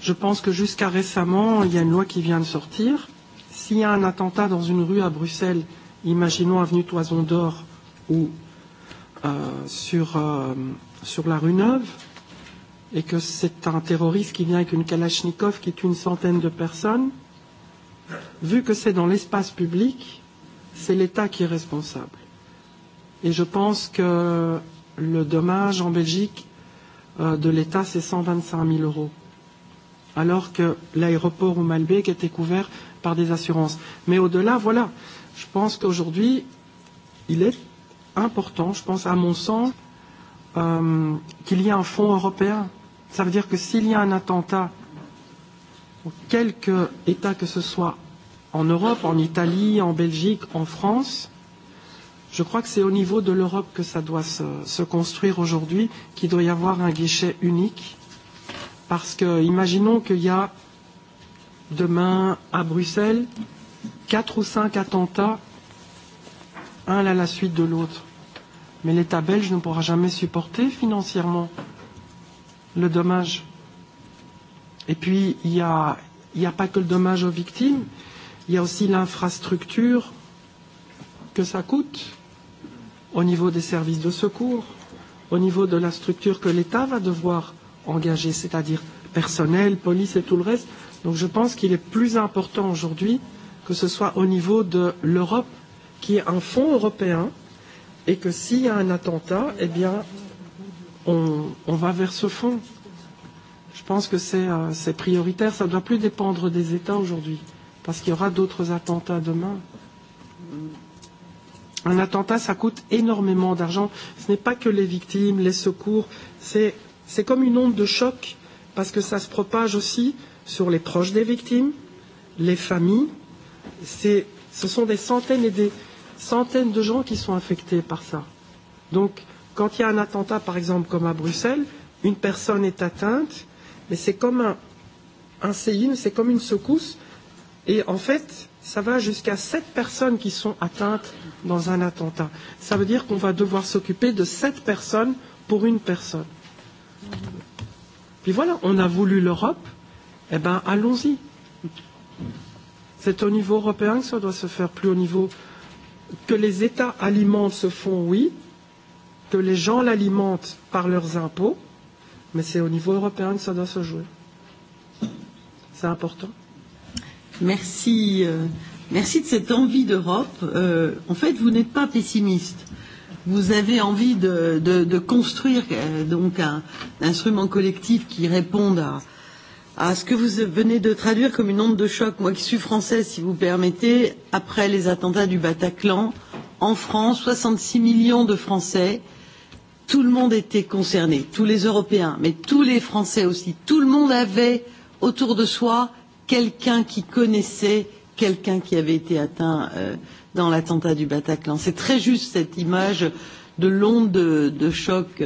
Je pense que jusqu'à récemment, il y a une loi qui vient de sortir. S'il y a un attentat dans une rue à Bruxelles, imaginons avenue Toison d'Or ou sur sur la rue Neuve et que c'est un terroriste qui vient avec une kalachnikov qui tue une centaine de personnes, vu que c'est dans l'espace public, c'est l'État qui est responsable. Et je pense que le dommage en Belgique de l'État, c'est 125 000 euros, alors que l'aéroport au Malbec était couvert par des assurances. Mais au-delà, voilà, je pense qu'aujourd'hui, il est important, je pense, à mon sens, qu'il y ait un fonds européen. Ça veut dire que s'il y a un attentat, quelque État que ce soit, en Europe, en Italie, en Belgique, en France, je crois que c'est au niveau de l'Europe que ça doit se construire aujourd'hui, qu'il doit y avoir un guichet unique. Parce que, imaginons qu'il y a demain à Bruxelles, quatre ou cinq attentats, un à la suite de l'autre mais l'État belge ne pourra jamais supporter financièrement le dommage. Et puis, il n'y a, a pas que le dommage aux victimes, il y a aussi l'infrastructure que ça coûte au niveau des services de secours, au niveau de la structure que l'État va devoir engager, c'est-à-dire personnel, police et tout le reste. Donc je pense qu'il est plus important aujourd'hui que ce soit au niveau de l'Europe, qui est un fonds européen et que s'il y a un attentat, eh bien, on, on va vers ce fond. Je pense que c'est, prioritaire. Ça ne doit plus dépendre des États aujourd'hui, parce qu'il y aura d'autres attentats demain. Un attentat, ça coûte énormément d'argent. Ce n'est pas que les victimes, les secours. C'est, comme une onde de choc, parce que ça se propage aussi sur les proches des victimes, les familles. ce sont des centaines et des, centaines de gens qui sont affectés par ça. Donc, quand il y a un attentat, par exemple, comme à Bruxelles, une personne est atteinte, mais c'est comme un, un séisme, c'est comme une secousse. Et en fait, ça va jusqu'à sept personnes qui sont atteintes dans un attentat. Ça veut dire qu'on va devoir s'occuper de sept personnes pour une personne. Puis voilà, on a voulu l'Europe, eh bien allons-y. C'est au niveau européen que ça doit se faire, plus au niveau que les États alimentent ce fonds, oui, que les gens l'alimentent par leurs impôts, mais c'est au niveau européen que ça doit se jouer. C'est important. Merci. Merci de cette envie d'Europe. En fait, vous n'êtes pas pessimiste. Vous avez envie de construire donc un instrument collectif qui réponde à à ce que vous venez de traduire comme une onde de choc. Moi qui suis française, si vous permettez, après les attentats du Bataclan, en France, 66 millions de Français, tout le monde était concerné, tous les Européens, mais tous les Français aussi. Tout le monde avait autour de soi quelqu'un qui connaissait quelqu'un qui avait été atteint dans l'attentat du Bataclan. C'est très juste cette image de l'onde de choc,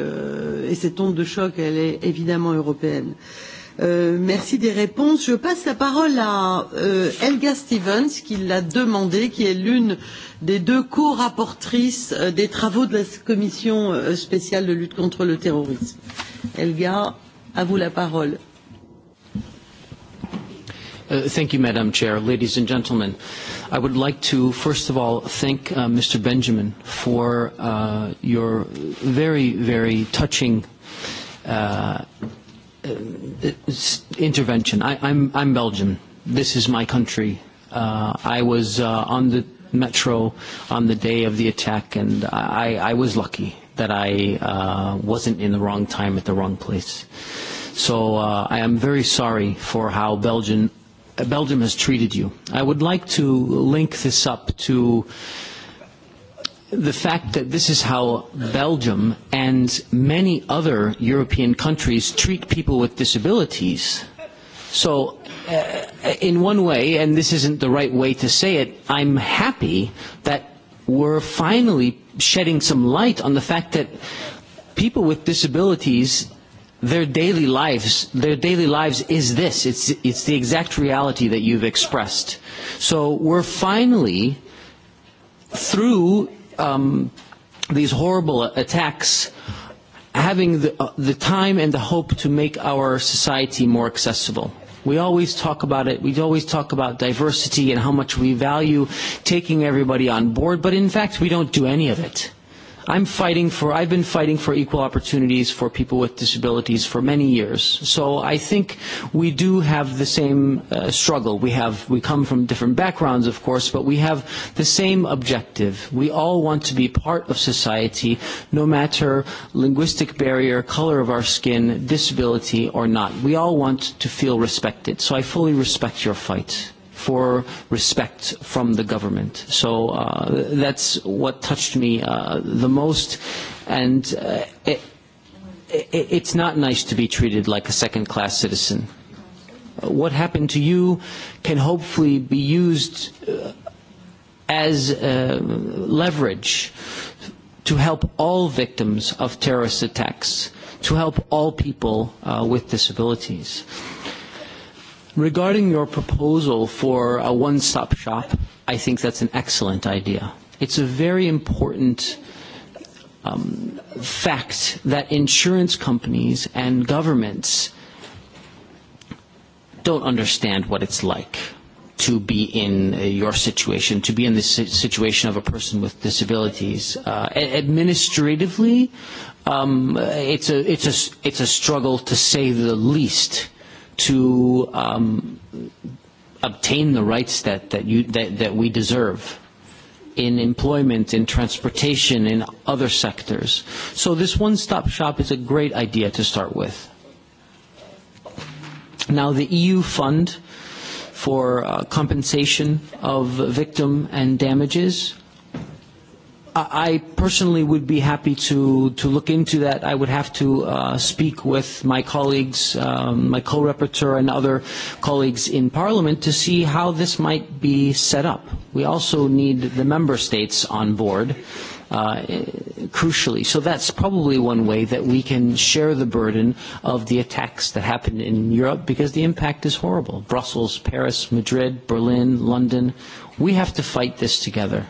et cette onde de choc, elle est évidemment européenne. Merci des réponses. Je passe la parole à Elga Stevens, qui l'a demandé, qui est l'une des deux co-rapportrices des travaux de la Commission spéciale de lutte contre le terrorisme. Elga, à vous la parole. Thank you, Madam Chair. Ladies and gentlemen, I would like to, first of all, thank Mr. Benjamin for your very, very touching intervention. I'm I'm Belgian. This is my country. I was on the metro on the day of the attack, and I I was lucky that I wasn't in the wrong time at the wrong place. So I am very sorry for how Belgium has treated you. I would like to link this up to the fact that this is how Belgium and many other European countries treat people with disabilities. So in one way, and this isn't the right way to say it, I'm happy that we're finally shedding some light on the fact that people with disabilities their daily lives their daily lives is this it's it's the exact reality that you've expressed so we're finally through these horrible attacks having the time and the hope to make our society more accessible. We always talk about it. We always talk about diversity and how much we value taking everybody on board, but in fact we don't do any of it. I'm fighting for, I've been fighting for equal opportunities for people with disabilities for many years. So I think we do have the same struggle. We have, we come from different backgrounds, of course, but we have the same objective. We all want to be part of society, no matter linguistic barrier, color of our skin, disability or not. We all want to feel respected. So I fully respect your fight for respect from the government. So that's what touched me the most. And it's not nice to be treated like a second-class citizen. What happened to you can hopefully be used as leverage to help all victims of terrorist attacks, to help all people with disabilities. Regarding your proposal for a one-stop shop, I think that's an excellent idea. It's a very important fact that insurance companies and governments don't understand what it's like to be in your situation, to be in the situation of a person with disabilities. Administratively, it's a struggle to say the least to um, obtain the rights that, that, you, that, that we deserve in employment, in transportation, in other sectors. So this one-stop shop is a great idea to start with. Now the EU fund for compensation of victim and damages I personally would be happy to to look into that. I would have to speak with my colleagues, my co-rapporteur and other colleagues in Parliament to see how this might be set up. We also need the member states on board, crucially. So that's probably one way that we can share the burden of the attacks that happened in Europe because the impact is horrible. Brussels, Paris, Madrid, Berlin, London. We have to fight this together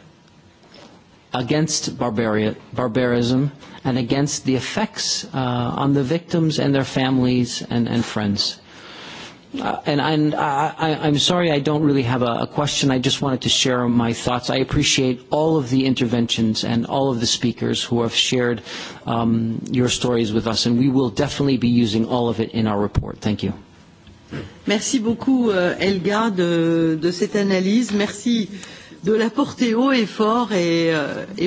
against barbarism and against the effects on the victims and their families and friends. And I'm sorry I don't really have a question. I just wanted to share my thoughts. I appreciate all of the interventions and all of the speakers who have shared your stories with us, and we will definitely be using all of it in our report. Thank you. Merci beaucoup, Elga, de cette analyse. Merci de la portée haut et fort et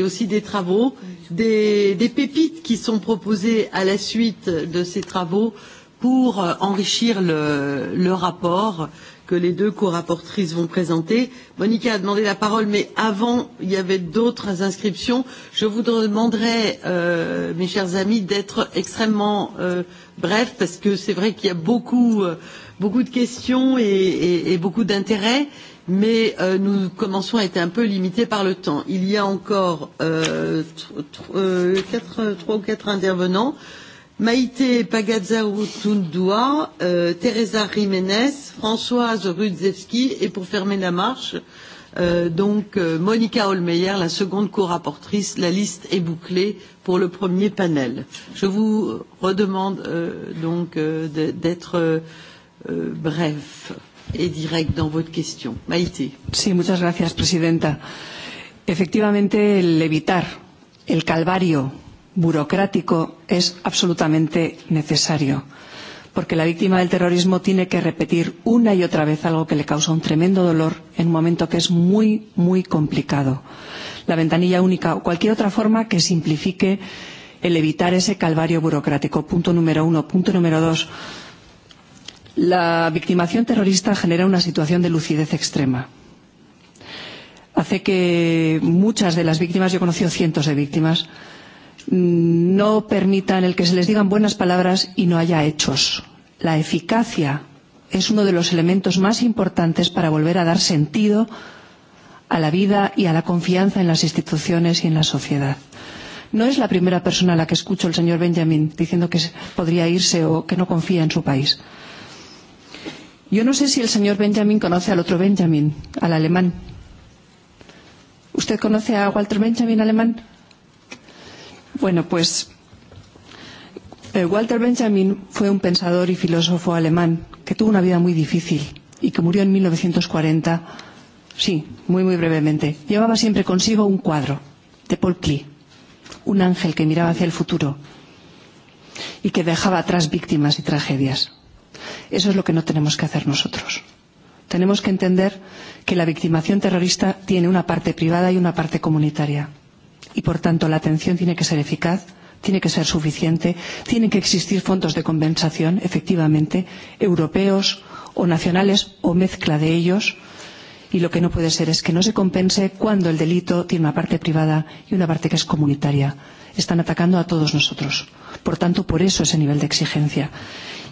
aussi des travaux, des pépites qui sont proposées à la suite de ces travaux pour enrichir le rapport que les deux co-rapportrices vont présenter. Monica a demandé la parole, mais avant, il y avait d'autres inscriptions. Je vous demanderai, mes chers amis, d'être extrêmement bref, parce que c'est vrai qu'il y a beaucoup de questions et beaucoup d'intérêts mais nous commençons à être un peu limités par le temps. Il y a encore trois ou quatre intervenants. Maïté Pagazzaoutundua, Teresa Jiménez, Françoise Rudzewski et pour fermer la marche, donc Monica Holmeyer, la seconde co-rapportrice. La liste est bouclée pour le premier panel. Je vous redemande donc d'être bref. Señora Presidenta. Efectivamente, el evitar el calvario burocrático es absolutamente necesario, porque la víctima del terrorismo tiene que repetir una y otra vez algo que le causa un tremendo dolor en un momento que es muy, muy complicado. La ventanilla única o cualquier otra forma que simplifique el evitar ese calvario burocrático. Punto número uno. Punto número dos La victimación terrorista genera una situación de lucidez extrema. Hace que muchas de las víctimas, yo he conocido cientos de víctimas, no permitan el que se les digan buenas palabras y no haya hechos. La eficacia es uno de los elementos más importantes para volver a dar sentido a la vida y a la confianza en las instituciones y en la sociedad. No es la primera persona a la que escucho el señor Benjamin diciendo que podría irse o que no confía en su país. Yo no sé si el señor Benjamin conoce al otro Benjamin, al alemán. ¿Usted conoce a Walter Benjamin alemán? Bueno, pues Walter Benjamin fue un pensador y filósofo alemán que tuvo una vida muy difícil y que murió en 1940. Sí, muy, muy brevemente. Llevaba siempre consigo un cuadro de Paul Klee, un ángel que miraba hacia el futuro y que dejaba atrás víctimas y tragedias. Eso es lo que no tenemos que hacer nosotros. Tenemos que entender que la victimación terrorista tiene una parte privada y una parte comunitaria. Y, por tanto, la atención tiene que ser eficaz, tiene que ser suficiente, tienen que existir fondos de compensación, efectivamente, europeos o nacionales o mezcla de ellos. Y lo que no puede ser es que no se compense cuando el delito tiene una parte privada y una parte que es comunitaria. Están atacando a todos nosotros. Por tanto, por eso ese nivel de exigencia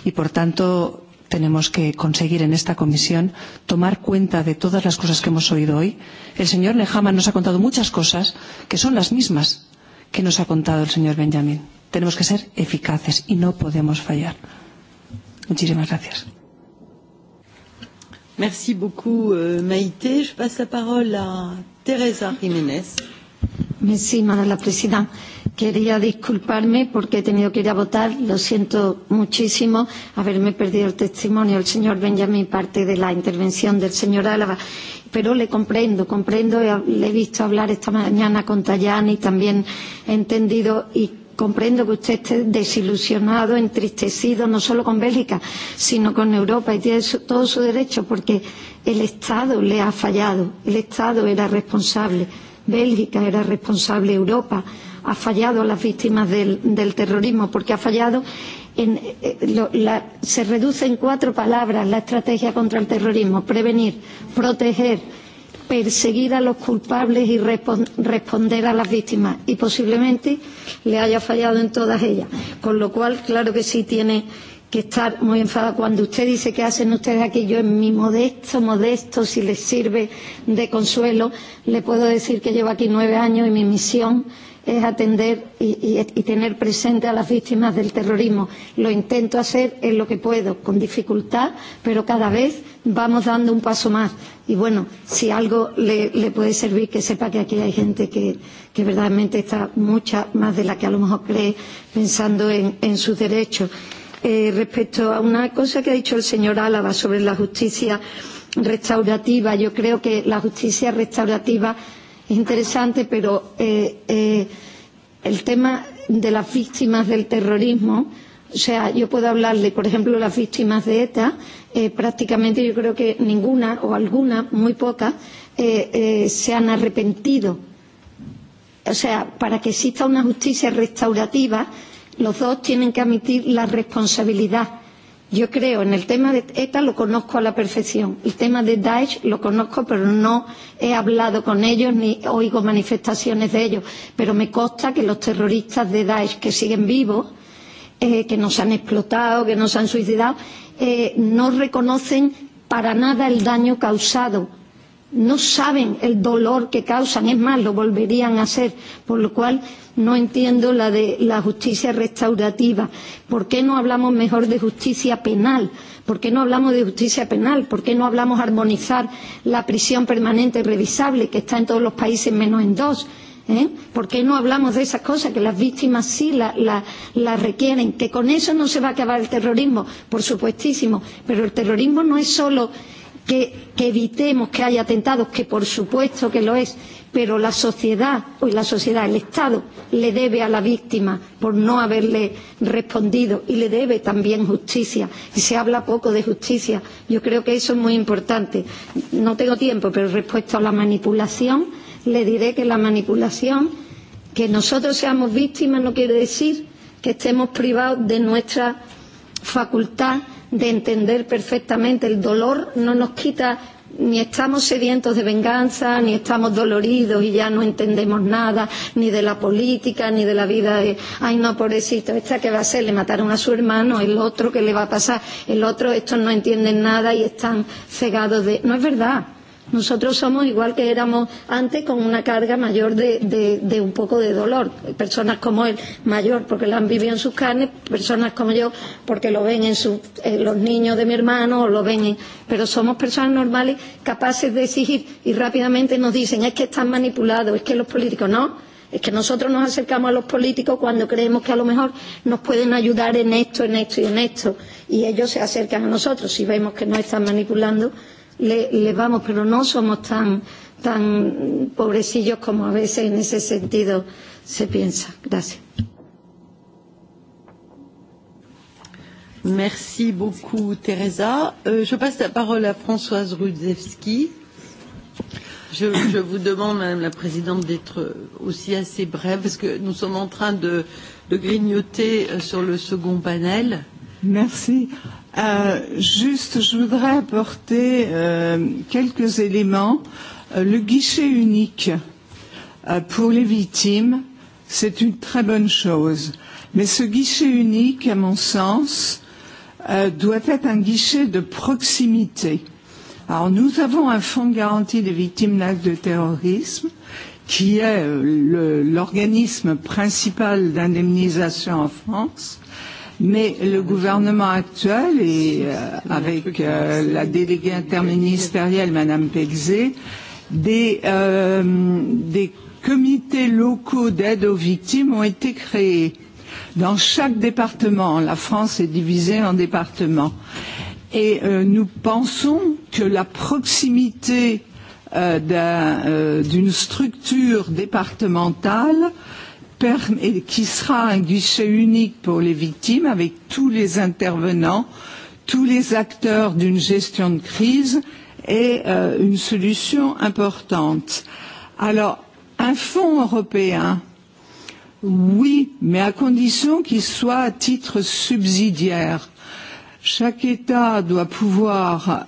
y por tanto tenemos que conseguir en esta comisión tomar cuenta de todas las cosas que hemos oído hoy. El señor Nehama nos ha contado muchas cosas que son las mismas que nos ha contado el señor Benjamin. Tenemos que ser eficaces y no podemos fallar. Muchísimas gracias. Merci Teresa Jiménez. Sí, la presidenta. Quería disculparme porque he tenido que ir a votar. Lo siento muchísimo haberme perdido el testimonio del señor Benjamin, parte de la intervención del señor Álava. Pero le comprendo, comprendo, le he visto hablar esta mañana con Tajani, también he entendido y comprendo que usted esté desilusionado, entristecido, no solo con Bélgica, sino con Europa, y tiene todo su derecho porque el Estado le ha fallado, el Estado era responsable Bélgica era responsable Europa, ha fallado a las víctimas del terrorismo porque ha fallado se reduce en cuatro palabras la estrategia contra el terrorismo prevenir, proteger, perseguir a los culpables y responder a las víctimas y posiblemente le haya fallado en todas ellas, con lo cual claro que sí tiene que estar muy enfadada cuando usted dice que hacen ustedes aquí, yo en mi modesto, modesto, si les sirve de consuelo, le puedo decir que llevo aquí nueve años y mi misión es atender y, tener presente a las víctimas del terrorismo. Lo intento hacer en lo que puedo, con dificultad, pero cada vez vamos dando un paso más. Y bueno, si algo le, le puede servir, que sepa que aquí hay gente que, que verdaderamente está mucha más de la que a lo mejor cree pensando en, en sus derechos. Respecto a una cosa que ha dicho el señor Álava sobre la justicia restaurativa, yo creo que la justicia restaurativa es interesante, pero el tema de las víctimas del terrorismo, o sea, yo puedo hablarle, por ejemplo, las víctimas de ETA, prácticamente yo creo que ninguna o alguna, muy pocas, se han arrepentido. O sea, para que exista una justicia restaurativa los dos tienen que admitir la responsabilidad. Yo creo, en el tema de ETA lo conozco a la perfección, el tema de Daesh lo conozco, pero no he hablado con ellos ni oigo manifestaciones de ellos. Pero me consta que los terroristas de Daesh que siguen vivos, que nos han explotado, que nos han suicidado, no reconocen para nada el daño causado no saben el dolor que causan, es más, lo volverían a hacer, por lo cual no entiendo la de la justicia restaurativa. ¿Por qué no hablamos mejor de justicia penal? ¿Por qué no hablamos de justicia penal? ¿Por qué no hablamos de armonizar la prisión permanente revisable, que está en todos los países menos en dos? ¿Por qué no hablamos de esas cosas? Que las víctimas sí las requieren. Que con eso no se va a acabar el terrorismo, por supuestísimo. Pero el terrorismo no es solo que evitemos que haya atentados, que por supuesto que lo es, pero la sociedad, hoy la sociedad, el Estado, le debe a la víctima por no haberle respondido y le debe también justicia. Y se habla poco de justicia. Yo creo que eso es muy importante. No tengo tiempo, pero respecto a la manipulación, le diré que la manipulación, que nosotros seamos víctimas no quiere decir que estemos privados de nuestra facultad de entender perfectamente el dolor no nos quita ni estamos sedientos de venganza, ni estamos doloridos y ya no entendemos nada, ni de la política, ni de la vida de, ay no, pobrecito, esta que va a ser, le mataron a su hermano, el otro que le va a pasar, el otro, estos no entienden nada y están cegados de, no es verdad Nosotros somos igual que éramos antes con una carga mayor de, de, de un poco de dolor. Personas como él, mayor porque lo han vivido en sus carnes, personas como yo porque lo ven en, sus los niños de mi hermano o lo ven en... Pero somos personas normales capaces de exigir y rápidamente nos dicen es que están manipulados, es que los políticos no. Es que nosotros nos acercamos a los políticos cuando creemos que a lo mejor nos pueden ayudar en esto, en esto y en esto. Y ellos se acercan a nosotros si vemos que nos están manipulando le, le vamos, pero no somos tan, tan pobrecillos como a veces en ese sentido se piensa. Gracias. Merci beaucoup, Teresa. Euh, je passe la parole à Françoise Rudzewski. Je, je vous demande, Madame la Présidente, d'être aussi assez brève, parce que nous sommes en train de, de grignoter sur le second panel. Merci. Euh, Juste, je voudrais apporter quelques éléments. Le guichet unique pour les victimes, c'est une très bonne chose. Mais ce guichet unique, à mon sens, doit être un guichet de proximité. Alors, nous avons un fonds de garantie des victimes d'actes de terrorisme qui est l'organisme principal d'indemnisation en France Mais le gouvernement actuel, et avec la déléguée interministérielle, Madame Pegzé, des comités locaux d'aide aux victimes ont été créés. Dans chaque département, la France est divisée en départements. Et nous pensons que la proximité d'une structure départementale qui sera un guichet unique pour les victimes avec tous les intervenants, tous les acteurs d'une gestion de crise et une solution importante. Alors, un fonds européen, oui, mais à condition qu'il soit à titre subsidiaire. Chaque État doit pouvoir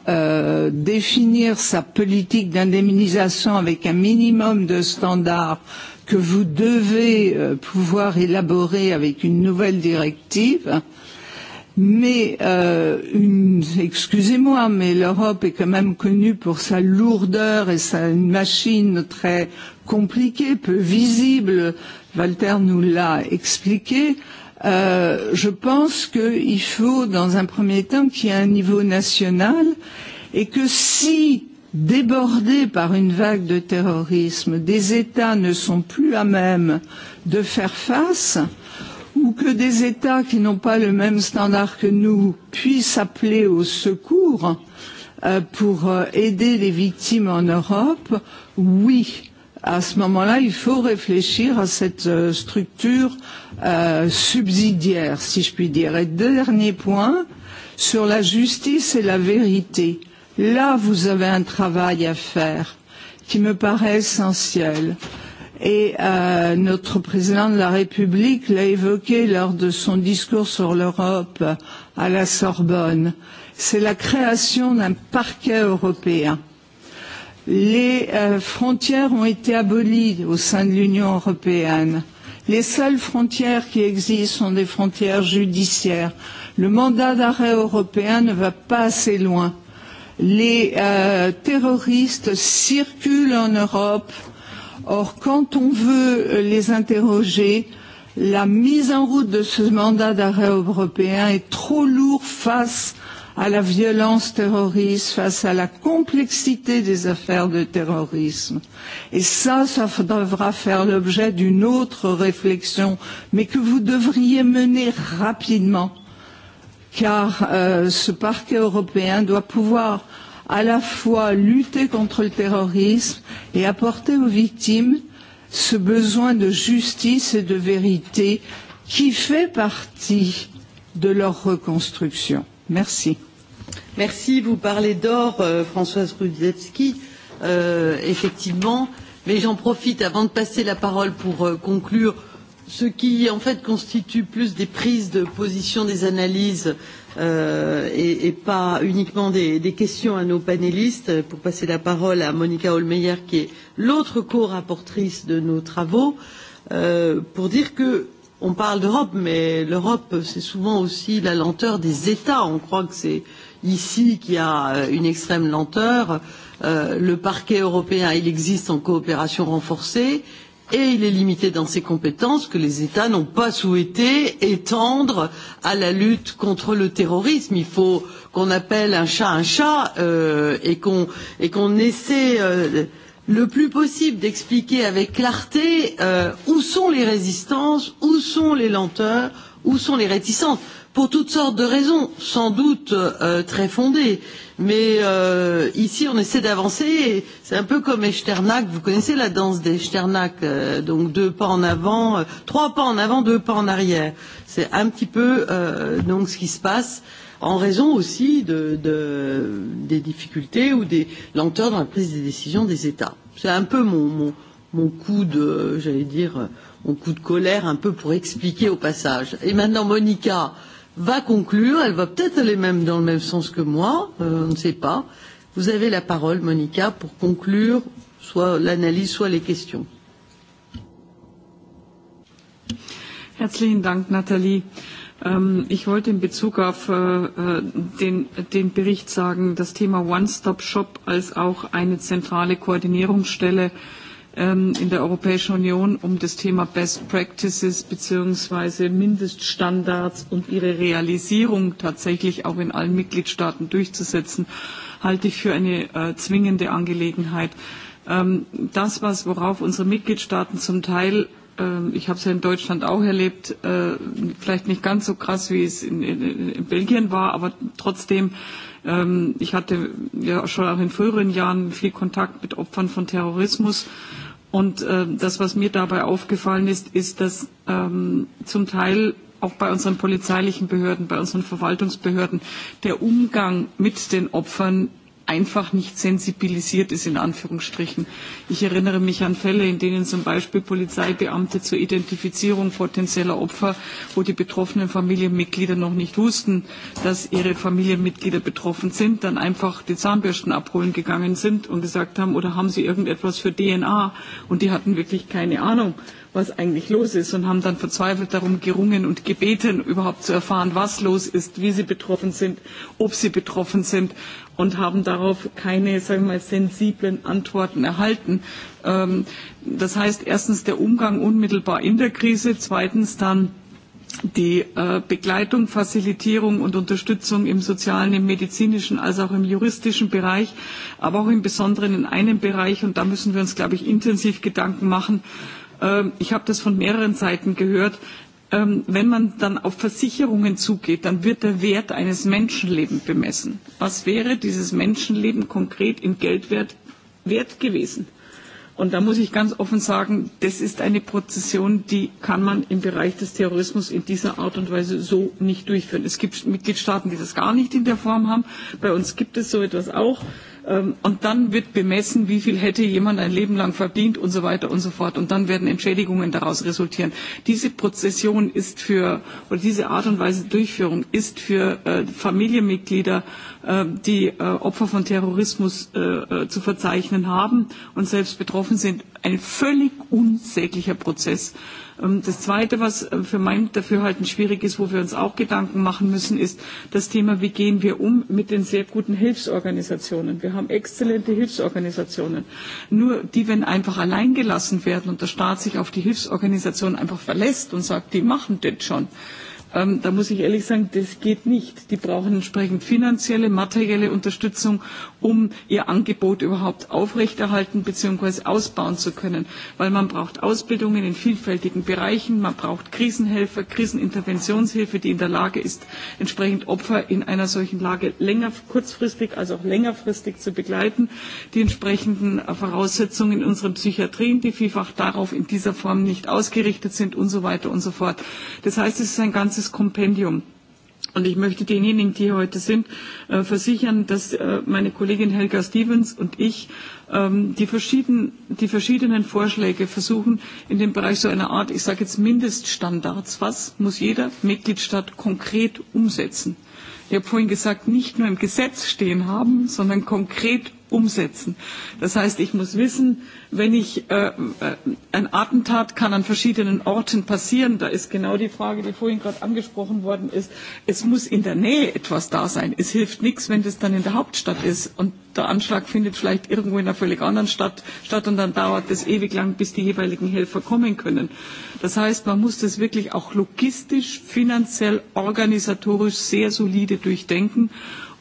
définir sa politique d'indemnisation avec un minimum de standards que vous devez pouvoir élaborer avec une nouvelle directive mais excusez-moi mais l'Europe est quand même connue pour sa lourdeur et sa machine très compliquée peu visible Walter nous l'a expliqué je pense qu'il faut dans un premier temps qu'il y ait un niveau national et que si débordés par une vague de terrorisme, des États ne sont plus à même de faire face, ou que des États qui n'ont pas le même standard que nous puissent appeler au secours pour aider les victimes en Europe, oui, à ce moment-là, il faut réfléchir à cette structure subsidiaire, si je puis dire. Et dernier point, sur la justice et la vérité. Là, vous avez un travail à faire qui me paraît essentiel. Et notre président de la République l'a évoqué lors de son discours sur l'Europe à la Sorbonne. C'est la création d'un parquet européen. Les frontières ont été abolies au sein de l'Union européenne. Les seules frontières qui existent sont des frontières judiciaires. Le mandat d'arrêt européen ne va pas assez loin les terroristes circulent en Europe. Or, quand on veut les interroger, la mise en route de ce mandat d'arrêt européen est trop lourde face à la violence terroriste, face à la complexité des affaires de terrorisme. Et ça, ça devra faire l'objet d'une autre réflexion, mais que vous devriez mener rapidement car ce parquet européen doit pouvoir à la fois lutter contre le terrorisme et apporter aux victimes ce besoin de justice et de vérité qui fait partie de leur reconstruction. Merci. Merci. Vous parlez d'or, Françoise Rudzewski, effectivement. Mais j'en profite avant de passer la parole pour conclure ce qui en fait constitue plus des prises de position des analyses et pas uniquement des questions à nos panélistes pour passer la parole à Monica Holmeyer qui est l'autre co-rapportrice de nos travaux pour dire que on parle d'Europe mais l'Europe c'est souvent aussi la lenteur des États on croit que c'est ici qu'il y a une extrême lenteur le parquet européen il existe en coopération renforcée et il est limité dans ses compétences que les États n'ont pas souhaité étendre à la lutte contre le terrorisme. Il faut qu'on appelle un chat un chat euh, et qu'on essaie le plus possible d'expliquer avec clarté où sont les résistances, où sont les lenteurs où sont les réticences pour toutes sortes de raisons sans doute très fondées mais ici on essaie d'avancer c'est un peu comme Echternach vous connaissez la danse d'Echternach donc deux pas en avant trois pas en avant deux pas en arrière c'est un petit peu donc ce qui se passe en raison aussi des difficultés ou des lenteurs dans la prise des décisions des états c'est un peu mon coup de j'allais dire mon coup de colère un peu pour expliquer au passage. Et maintenant, Monica va conclure. Elle va peut-être aller même dans le même sens que moi. On ne sait pas. Vous avez la parole, Monica, pour conclure soit l'analyse, soit les questions. Herzlichen Dank, Nathalie. Ich wollte in Bezug auf den Bericht sagen, das Thema One-Stop-Shop als auch eine zentrale Koordinierungsstelle in der Europäischen Union um das Thema Best Practices bzw. Mindeststandards und ihre Realisierung tatsächlich auch in allen Mitgliedstaaten durchzusetzen, halte ich für eine zwingende Angelegenheit. Das, worauf unsere Mitgliedstaaten zum Teil ich habe es ja in Deutschland auch erlebt, vielleicht nicht ganz so krass, wie es in Belgien war, aber trotzdem, ich hatte ja schon auch in früheren Jahren viel Kontakt mit Opfern von Terrorismus Und das, was mir dabei aufgefallen ist, ist, dass zum Teil auch bei unseren polizeilichen Behörden, bei unseren Verwaltungsbehörden der Umgang mit den Opfern einfach nicht sensibilisiert ist, in Anführungsstrichen. Ich erinnere mich an Fälle, in denen zum Beispiel Polizeibeamte zur Identifizierung potenzieller Opfer, wo die betroffenen Familienmitglieder noch nicht wussten, dass ihre Familienmitglieder betroffen sind, dann einfach die Zahnbürsten abholen gegangen sind und gesagt haben, oder haben sie irgendetwas für DNA? Und die hatten wirklich keine Ahnung was eigentlich los ist und haben dann verzweifelt darum gerungen und gebeten, überhaupt zu erfahren, was los ist, wie sie betroffen sind, ob sie betroffen sind und haben darauf keine sagen wir mal, sensiblen Antworten erhalten. Das heißt erstens der Umgang unmittelbar in der Krise, zweitens dann die Begleitung, Facilitierung und Unterstützung im sozialen, im medizinischen als auch im juristischen Bereich, aber auch im Besonderen in einem Bereich. Und da müssen wir uns, glaube ich, intensiv Gedanken machen, ich habe das von mehreren Seiten gehört, wenn man dann auf Versicherungen zugeht, dann wird der Wert eines Menschenlebens bemessen. Was wäre dieses Menschenleben konkret in Geldwert wert gewesen? Und da muss ich ganz offen sagen, das ist eine Prozession, die kann man im Bereich des Terrorismus in dieser Art und Weise so nicht durchführen. Es gibt Mitgliedstaaten, die das gar nicht in der Form haben. Bei uns gibt es so etwas auch und dann wird bemessen wie viel hätte jemand ein leben lang verdient und so weiter und so fort und dann werden entschädigungen daraus resultieren. diese prozession ist für oder diese art und weise durchführung ist für familienmitglieder die opfer von terrorismus zu verzeichnen haben und selbst betroffen sind ein völlig unsäglicher prozess Das Zweite, was für mein Dafürhalten schwierig ist, wo wir uns auch Gedanken machen müssen, ist das Thema, wie gehen wir um mit den sehr guten Hilfsorganisationen. Wir haben exzellente Hilfsorganisationen. Nur die, wenn einfach allein gelassen werden und der Staat sich auf die Hilfsorganisation einfach verlässt und sagt, die machen das schon, da muss ich ehrlich sagen, das geht nicht. Die brauchen entsprechend finanzielle, materielle Unterstützung um ihr Angebot überhaupt aufrechterhalten bzw. ausbauen zu können. Weil man braucht Ausbildungen in vielfältigen Bereichen, man braucht Krisenhelfer, Kriseninterventionshilfe, die in der Lage ist, entsprechend Opfer in einer solchen Lage länger, kurzfristig als auch längerfristig zu begleiten, die entsprechenden Voraussetzungen in unseren Psychiatrien, die vielfach darauf in dieser Form nicht ausgerichtet sind und so weiter und so fort. Das heißt, es ist ein ganzes Kompendium. Und ich möchte denjenigen, die hier heute sind, versichern, dass meine Kollegin Helga Stevens und ich die verschiedenen Vorschläge versuchen, in dem Bereich so einer Art, ich sage jetzt Mindeststandards, was muss jeder Mitgliedstaat konkret umsetzen. Ich habe vorhin gesagt, nicht nur im Gesetz stehen haben, sondern konkret umsetzen. Das heißt, ich muss wissen, wenn ich ein Attentat kann an verschiedenen Orten passieren, da ist genau die Frage, die vorhin gerade angesprochen worden ist, es muss in der Nähe etwas da sein. Es hilft nichts, wenn das dann in der Hauptstadt ist und der Anschlag findet vielleicht irgendwo in einer völlig anderen Stadt statt und dann dauert es ewig lang, bis die jeweiligen Helfer kommen können. Das heißt, man muss das wirklich auch logistisch, finanziell, organisatorisch sehr solide durchdenken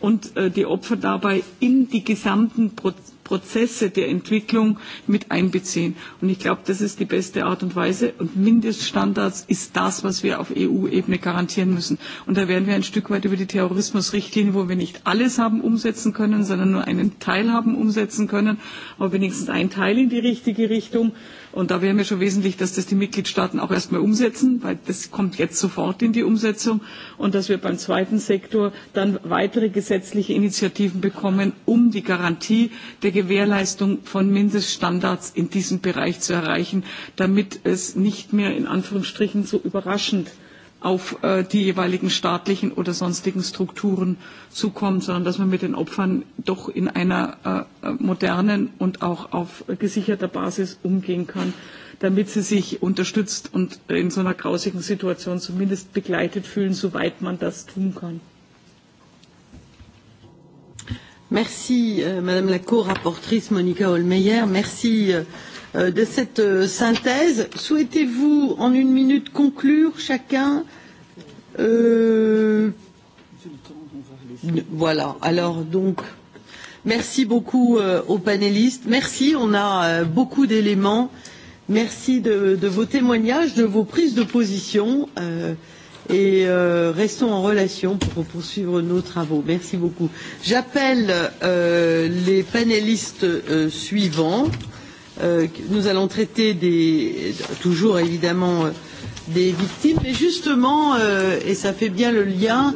und die Opfer dabei in die gesamten Prozesse der Entwicklung mit einbeziehen. Und ich glaube, das ist die beste Art und Weise. Und Mindeststandards ist das, was wir auf EU-Ebene garantieren müssen. Und da werden wir ein Stück weit über die Terrorismusrichtlinie, wo wir nicht alles haben umsetzen können, sondern nur einen Teil haben umsetzen können, aber wenigstens einen Teil in die richtige Richtung. Und da wäre mir schon wesentlich, dass das die Mitgliedstaaten auch erstmal umsetzen, denn das kommt jetzt sofort in die Umsetzung und dass wir beim zweiten Sektor dann weitere gesetzliche Initiativen bekommen, um die Garantie der Gewährleistung von Mindeststandards in diesem Bereich zu erreichen, damit es nicht mehr in Anführungsstrichen so überraschend auf die jeweiligen staatlichen oder sonstigen Strukturen zukommen, sondern dass man mit den Opfern doch in einer modernen und auch auf gesicherter Basis umgehen kann, damit sie sich unterstützt und in so einer grausigen Situation zumindest begleitet fühlen, soweit man das tun kann. Merci, Madame la co Monika Merci de cette synthèse. Souhaitez-vous, en une minute, conclure chacun Voilà. Alors, donc, merci beaucoup aux panélistes. Merci, on a beaucoup d'éléments. Merci de vos témoignages, de vos prises de position et restons en relation pour poursuivre nos travaux. Merci beaucoup. J'appelle les panélistes suivants. Nous allons traiter des, toujours évidemment des victimes, mais justement, et ça fait bien le lien,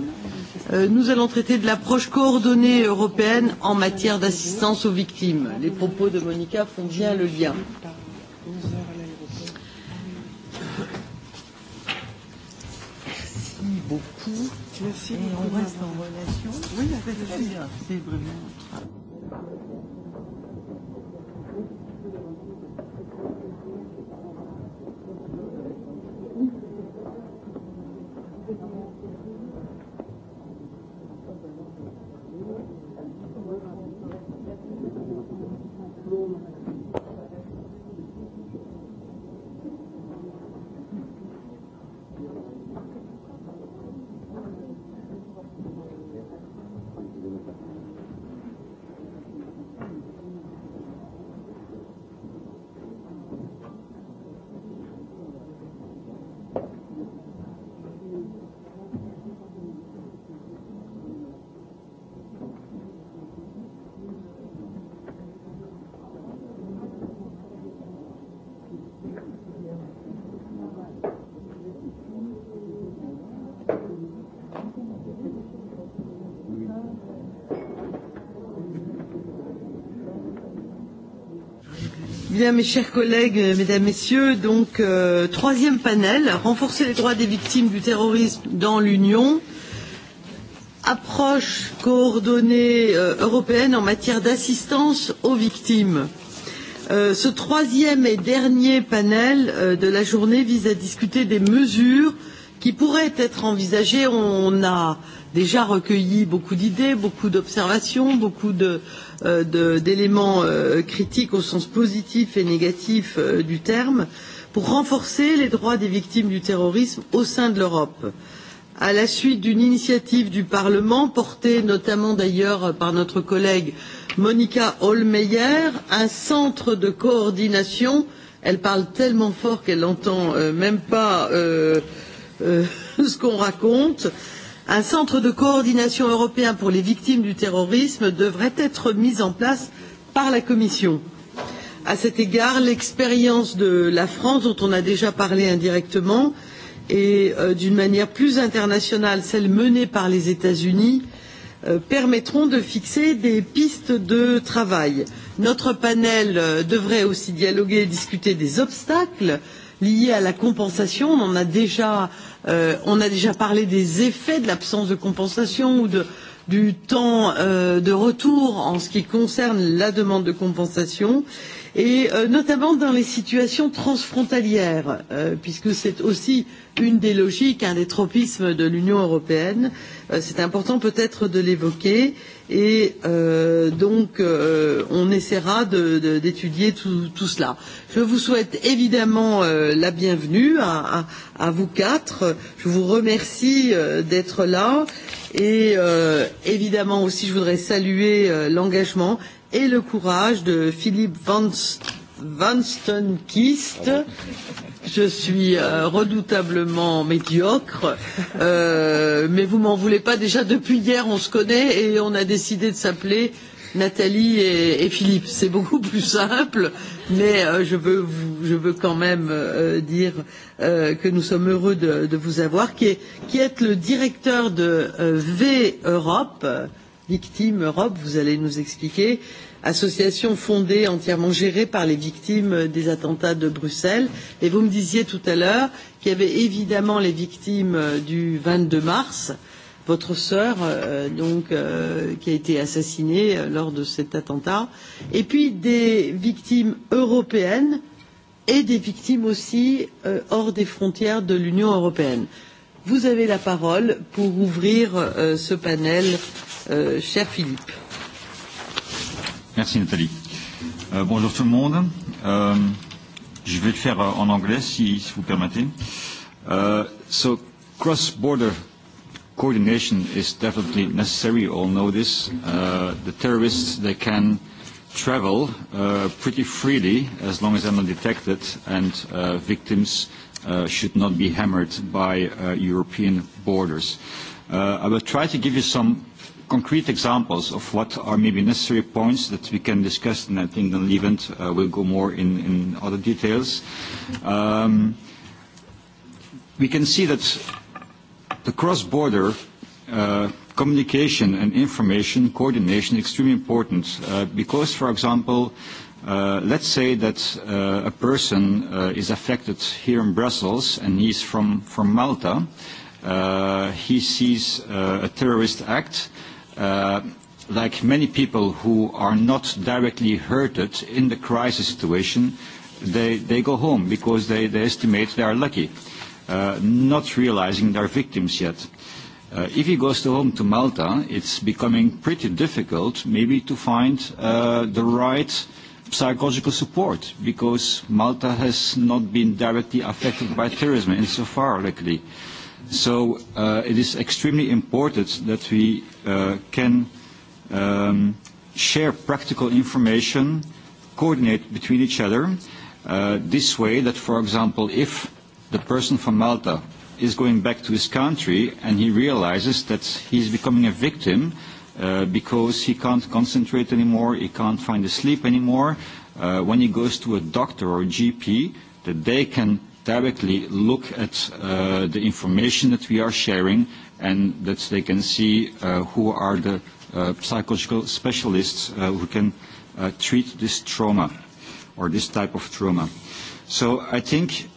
nous allons traiter de l'approche coordonnée européenne en matière d'assistance aux victimes. Les propos de Monica font bien le lien. beaucoup. reste en vraiment. Bien, mes chers collègues, mesdames, messieurs, donc euh, troisième panel, renforcer les droits des victimes du terrorisme dans l'Union, approche coordonnée européenne en matière d'assistance aux victimes. Ce troisième et dernier panel de la journée vise à discuter des mesures qui pourrait être envisagée, On a déjà recueilli beaucoup d'idées, beaucoup d'observations, beaucoup d'éléments critiques au sens positif et négatif du terme pour renforcer les droits des victimes du terrorisme au sein de l'Europe. À la suite d'une initiative du Parlement, portée notamment d'ailleurs par notre collègue Monica Holmeyer, un centre de coordination, elle parle tellement fort qu'elle n'entend même pas ce qu'on raconte. Un centre de coordination européen pour les victimes du terrorisme devrait être mis en place par la Commission. À cet égard, l'expérience de la France, dont on a déjà parlé indirectement, et d'une manière plus internationale, celle menée par les États-Unis, permettront de fixer des pistes de travail. Notre panel devrait aussi dialoguer et discuter des obstacles liée à la compensation. On a déjà, on a déjà parlé des effets de l'absence de compensation ou de, du temps de retour en ce qui concerne la demande de compensation et notamment dans les situations transfrontalières puisque c'est aussi une des logiques un des tropismes de l'union européenne c'est important peut-être de l'évoquer et donc on essaiera d'étudier tout cela. Je vous souhaite évidemment la bienvenue à vous quatre. Je vous remercie d'être là et évidemment aussi je voudrais saluer l'engagement et le courage de Philippe Vance Vanstenkiste. Je suis redoutablement médiocre, mais vous m'en voulez pas. Déjà, depuis hier, on se connaît et on a décidé de s'appeler Nathalie et Philippe. C'est beaucoup plus simple, mais je veux quand même dire que nous sommes heureux de vous avoir, qui est le directeur de V Europe, Victime Europe, vous allez nous expliquer association fondée, entièrement gérée par les victimes des attentats de Bruxelles. Et vous me disiez tout à l'heure qu'il y avait évidemment les victimes du 22 mars, votre sœur, donc, qui a été assassinée lors de cet attentat, et puis des victimes européennes et des victimes aussi hors des frontières de l'Union européenne. Vous avez la parole pour ouvrir ce panel, cher Philippe. Merci Nathalie. Euh, bonjour tout le monde. Euh, je vais le faire en anglais si, si vous permettez. so cross-border coordination is definitely necessary. You all know this. Uh, the terrorists, they can travel pretty freely as long as they're not detected and victims should not be hammered by European borders. Uh, I will try to give you some concrete examples of what are maybe necessary points that we can discuss, and I think then Levent will go more in other details. We can see that the cross-border communication and information coordination is extremely important because, for example, let's say that a person is affected here in Brussels and he's from Malta. He sees a terrorist act like many people who are not directly hurted in the crisis situation, they go home because they estimate they are lucky, not realizing they are victims yet. If he goes home to Malta, it's becoming pretty difficult maybe to find the right psychological support because Malta has not been directly affected by terrorism insofar, luckily. So it is extremely important that we can share practical information, coordinate between each other, this way that, for example, if the person from Malta is going back to his country and he realizes that he's becoming a victim because he can't concentrate anymore, he can't find a sleep anymore, when he goes to a doctor or a GP, that they can directly look at the information that we are sharing and that they can see who are the psychological specialists who can treat this trauma or this type of trauma. So I think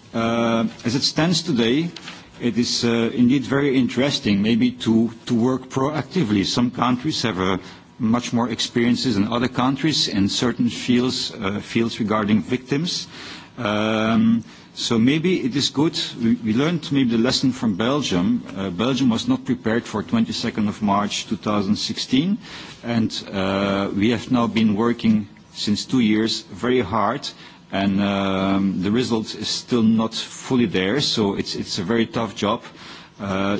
as it stands today, it is indeed very interesting maybe to to work proactively. Some countries have much more experiences than other countries in certain fields regarding victims. So maybe it is good. We learned maybe the lesson from Belgium. Belgium was not prepared for 22nd of March 2016, and we have now been working since two years very hard, and the result is still not fully there. So it's it's a very tough job.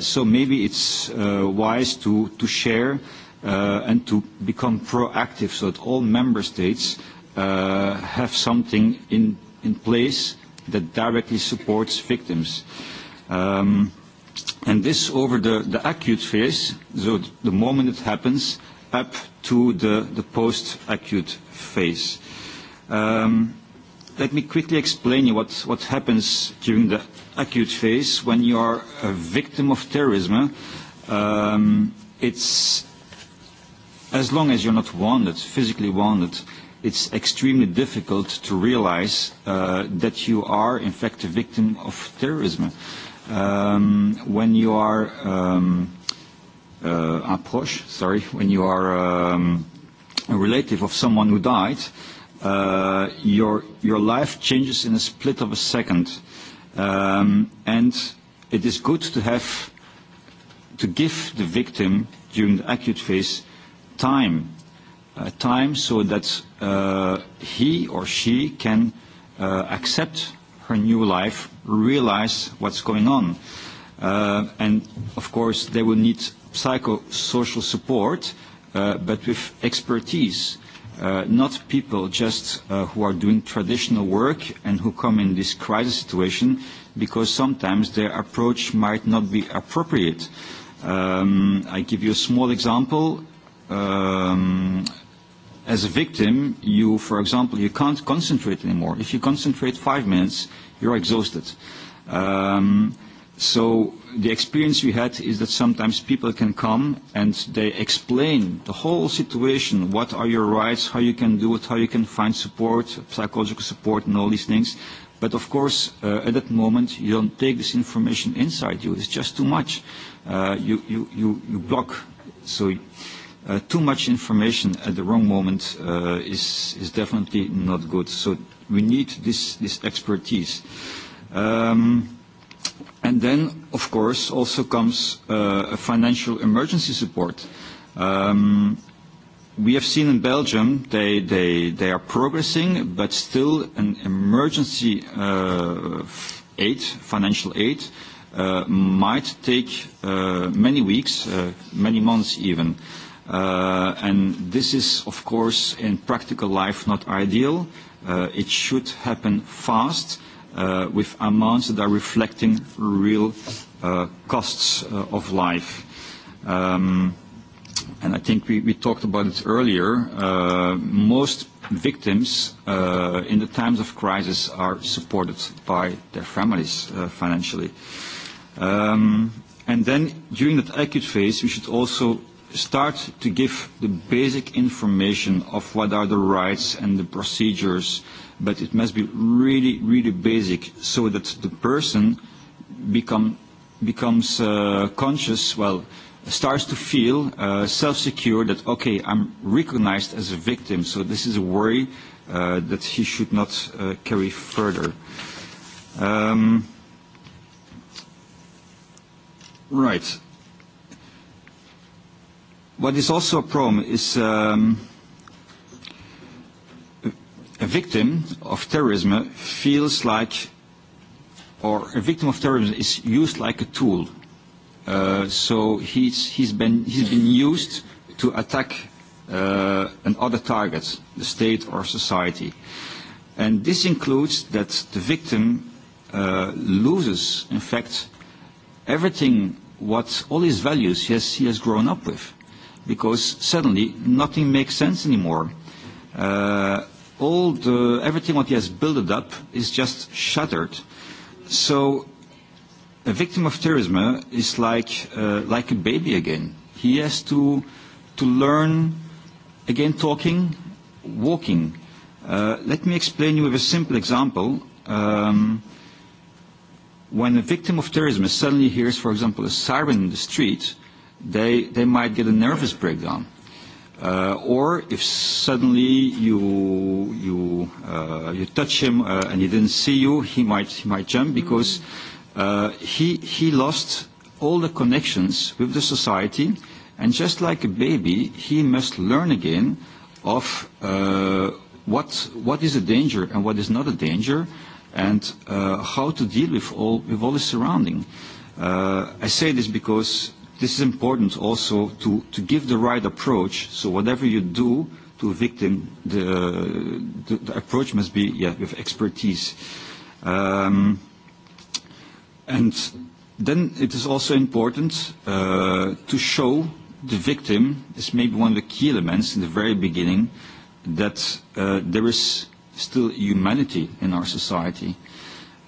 So maybe it's wise to to share and to become proactive, so that all member states have something in place that directly supports victims. And this over the acute phase, so the moment it happens, up to the post-acute phase. Let me quickly explain you what what happens during the acute phase when you are a victim of terrorism. It's as long as you're not wounded, physically wounded it's extremely difficult to realize that you are, in fact, a victim of terrorism. When you are uh, sorry, when you are a relative of someone who died, your your life changes in a split of a second, and it is good to have to give the victim during the acute phase time time so that he or she can accept her new life, realize what's going on. And, of course, they will need psychosocial support, but with expertise, not people just who are doing traditional work and who come in this crisis situation because sometimes their approach might not be appropriate. I give you a small example as a victim, you, for example, you can't concentrate anymore. If you concentrate five minutes, you're exhausted. So the experience we had is that sometimes people can come and they explain the whole situation, what are your rights, how you can do it, how you can find support, psychological support and all these things. But of course, at that moment, you don't take this information inside you. It's just too much. You block. So too much information at the wrong moment is is definitely not good. So we need this this expertise. And then, of course, also comes a financial emergency support. We have seen in Belgium they they they are progressing, but still an emergency aid, financial aid, might take many weeks, many months even. And this is, of course, in practical life not ideal. It should happen fast with amounts that are reflecting real costs of life. And I think we talked about it earlier. Most victims in the times of crisis are supported by their families financially. And then during that acute phase, we should also start to give the basic information of what are the rights and the procedures, but it must be really, really basic so that the person becomes conscious, well, starts to feel self-secure that, okay, I'm recognized as a victim, so this is a worry that he should not carry further. Right. What is also a problem is a victim of terrorism feels like, or a victim of terrorism is used like a tool. So he's he's been he's been used to attack another target, the state or society, and this includes that the victim loses, in fact, everything what all his values he has he has grown up with because suddenly nothing makes sense anymore. All the everything what he has built up is just shattered. So a victim of terrorism is like like a baby again. He has to to learn again talking, walking. Let me explain you with a simple example. When a victim of terrorism suddenly hears, for example, a siren in the street, they they might get a nervous breakdown. Or if suddenly you you you touch him and he didn't see you, he might he might jump because he he lost all the connections with the society, and just like a baby, he must learn again of what what is a danger and what is not a danger, and how to deal with all with all the surrounding. I say this because This is important also to to give the right approach. So whatever you do to a victim, the the approach must be yeah with expertise. And then it is also important to show the victim is maybe one of the key elements in the very beginning that there is still humanity in our society.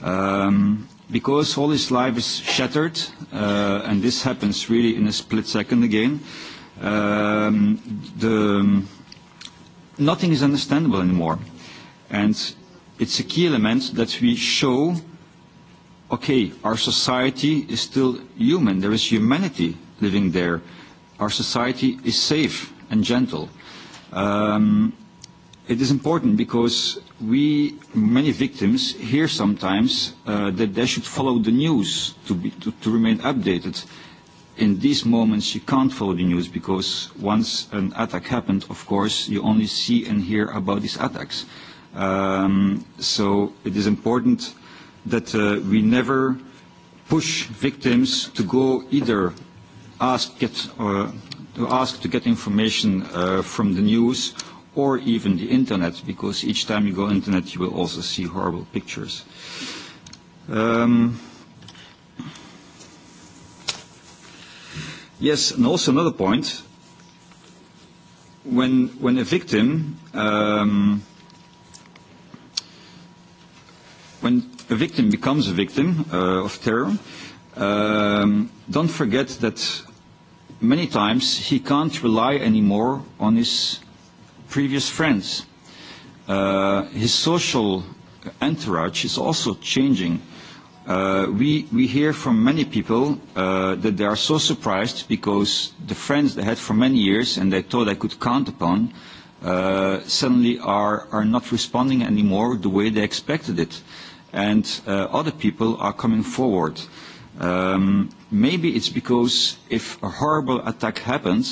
Um because all his life is shattered, and this happens really in a split second again, nothing is understandable anymore. And it's a key element that we show, okay, our society is still human. There is humanity living there. Our society is safe and gentle. It is important because we, many victims, hear sometimes that they should follow the news to remain updated. In these moments, you can't follow the news because once an attack happened, of course, you only see and hear about these attacks. So it is important that we never push victims to go either ask to ask to get information from the news or even the internet, because each time you go internet you will also see horrible pictures. Yes, and also another point. When when a victim um when a victim becomes a victim of terror, um don't forget that many times he can't rely anymore on his previous friends. His social entourage is also changing. We we hear from many people that they are so surprised because the friends they had for many years and they thought they could count upon suddenly are are not responding anymore the way they expected it, and other people are coming forward. Maybe it's because if a horrible attack happens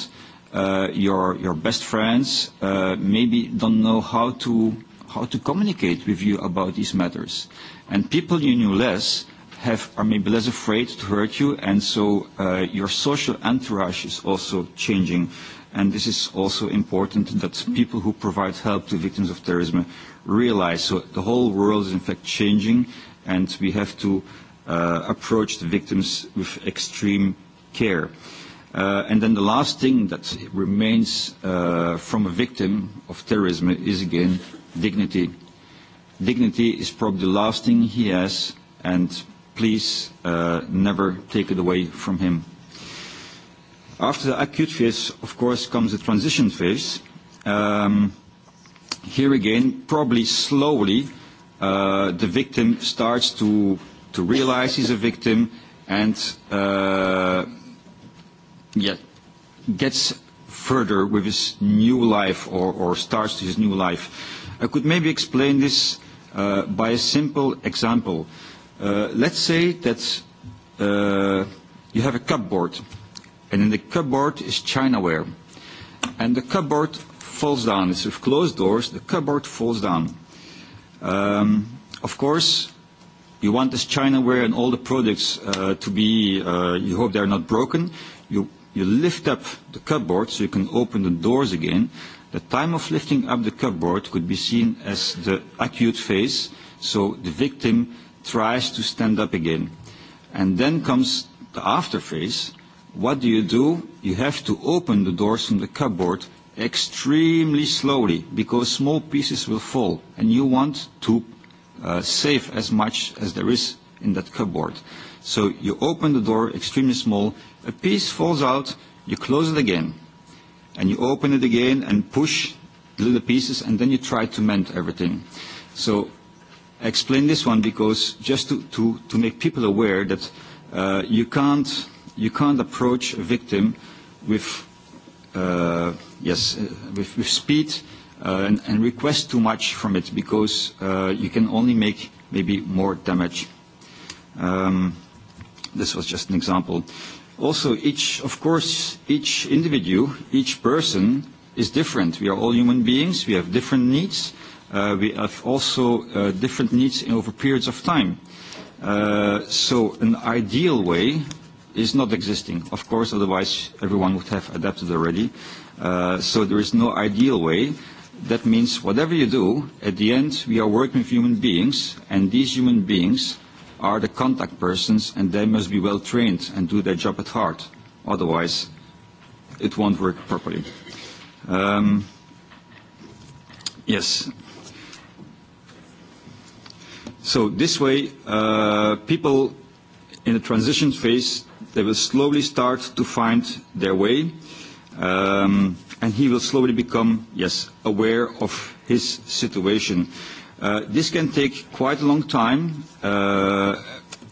your your best friends maybe don't know how to how to communicate with you about these matters. And people you knew less have are maybe less afraid to hurt you and so your social entourage is also changing. And this is also important that people who provide help to victims of terrorism realize so the whole world is in fact changing and we have to approach the victims with extreme care. And then the last thing that remains from a victim of terrorism is again dignity. Dignity is probably the last thing he has, and please never take it away from him. After the acute phase, of course, comes the transition phase. Here again, probably slowly, the victim starts to realize he's a victim and gets further with his new life or starts his new life. I could maybe explain this by a simple example. Let's say that you have a cupboard, and in the cupboard is chinaware, and the cupboard falls down. It's with closed doors. The cupboard falls down. Of course, you want this chinaware and all the products to be. You hope they are not broken. You you lift up the cupboard so you can open the doors again. The time of lifting up the cupboard could be seen as the acute phase, so the victim tries to stand up again. And then comes the after phase. What do you do? You have to open the doors from the cupboard extremely slowly because small pieces will fall and you want to save as much as there is in that cupboard. So you open the door extremely small, a piece falls out, you close it again, and you open it again and push little pieces, and then you try to mend everything. So I explain this one because just to, to, to make people aware that uh, you, can't, you can't approach a victim with, uh, yes, with, with speed uh, and, and request too much from it because uh, you can only make maybe more damage. Um, This was just an example. Also, each, of course, each individual, each person is different. We are all human beings. We have different needs. We have also different needs in over periods of time. So an ideal way is not existing. Of course, otherwise everyone would have adapted already. So there is no ideal way. That means whatever you do, at the end we are working with human beings, and these human beings are the contact persons and they must be well trained and do their job at heart. Otherwise, it won't work properly. Yes. So this way, people in the transition phase, they will slowly start to find their way, and he will slowly become, yes, aware of his situation. This can take quite a long time.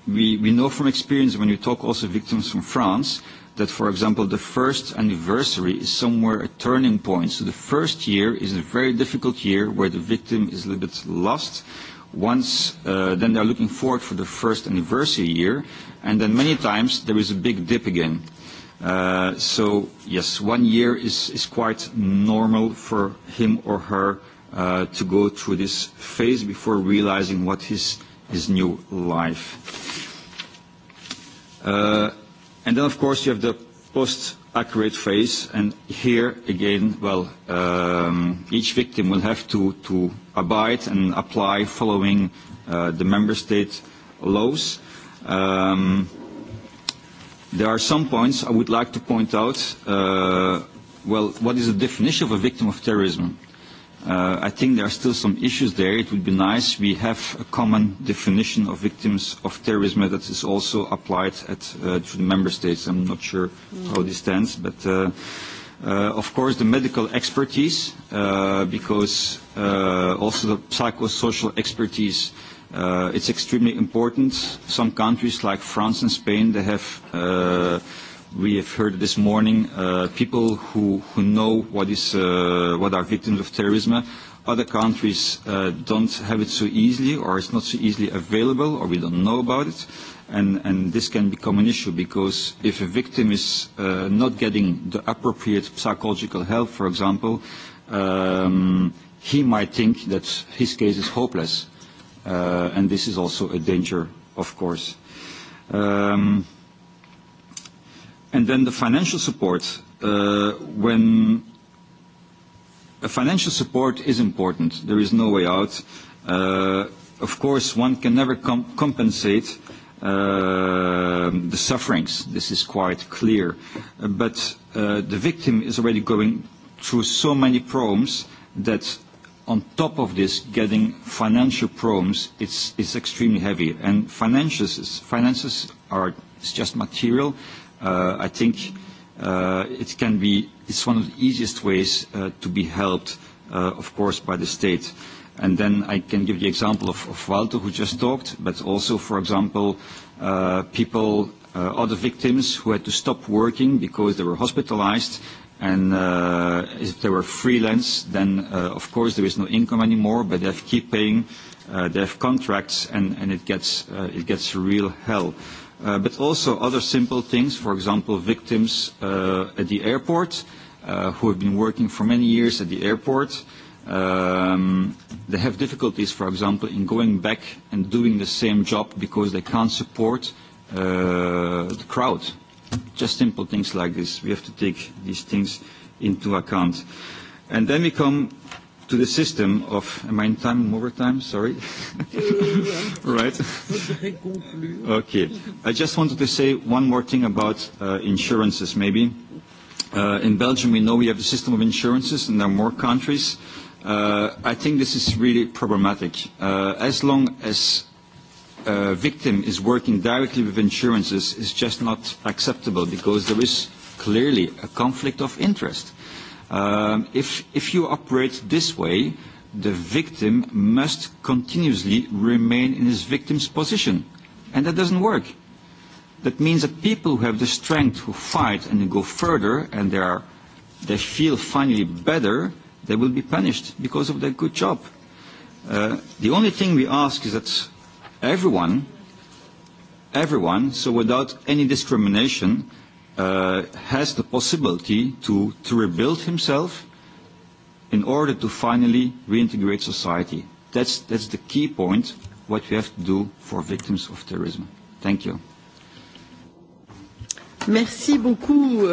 We know from experience when we talk also victims from France that, for example, the first anniversary is somewhere a turning point. So the first year is a very difficult year where the victim is a little bit lost. Once then they are looking forward for the first anniversary year, and then many times there is a big dip again. So yes, one year is quite normal for him or her to go through this phase before realizing what is his new life. And then, of course, you have the post-accurate phase, and here again, well, each victim will have to to abide and apply following the member state laws. There are some points I would like to point out. Well, what is the definition of a victim of terrorism? I think there are still some issues there. It would be nice we have a common definition of victims of terrorism that is also applied to the member states. I'm not sure how this stands, but of course the medical expertise, because also the psychosocial expertise, it's extremely important. Some countries like France and Spain, they have we have heard this morning, people who know what are victims of terrorism. Other countries don't have it so easily, or it's not so easily available, or we don't know about it. And this can become an issue because if a victim is not getting the appropriate psychological help, for example, he might think that his case is hopeless. And this is also a danger, of course. And then the financial support. When financial support is important, there is no way out. Of course, one can never compensate the sufferings. This is quite clear. But the victim is already going through so many problems that on top of this, getting financial problems, it's extremely heavy. And finances are just material I think it can be, it's one of the easiest ways to be helped, of course, by the state. And then I can give the example of Walter, who just talked, but also, for example, people, other victims who had to stop working because they were hospitalized, and if they were freelance, then, of course, there is no income anymore, but they have to keep paying, they have contracts, and it gets real hell but also other simple things, for example, victims at the airport who have been working for many years at the airport. Um They have difficulties, for example, in going back and doing the same job because they can't support the crowd. Just simple things like this. We have to take these things into account. And then we come to the system of am I in time over time? Sorry. right. okay. I just wanted to say one more thing about insurances, maybe. in Belgium, we know we have a system of insurances, and there are more countries. I think this is really problematic. as long as a victim is working directly with insurances, is just not acceptable because there is clearly a conflict of interest If you operate this way, the victim must continuously remain in his victim's position, and that doesn't work. That means that people who have the strength, to fight and go further, and they are, they feel finally better, they will be punished because of their good job. The only thing we ask is that everyone, everyone, so without any discrimination, has the possibility to to rebuild himself in order to finally reintegrate society. That's the key point, what we have to do for victims of terrorism. Thank you. Merci beaucoup,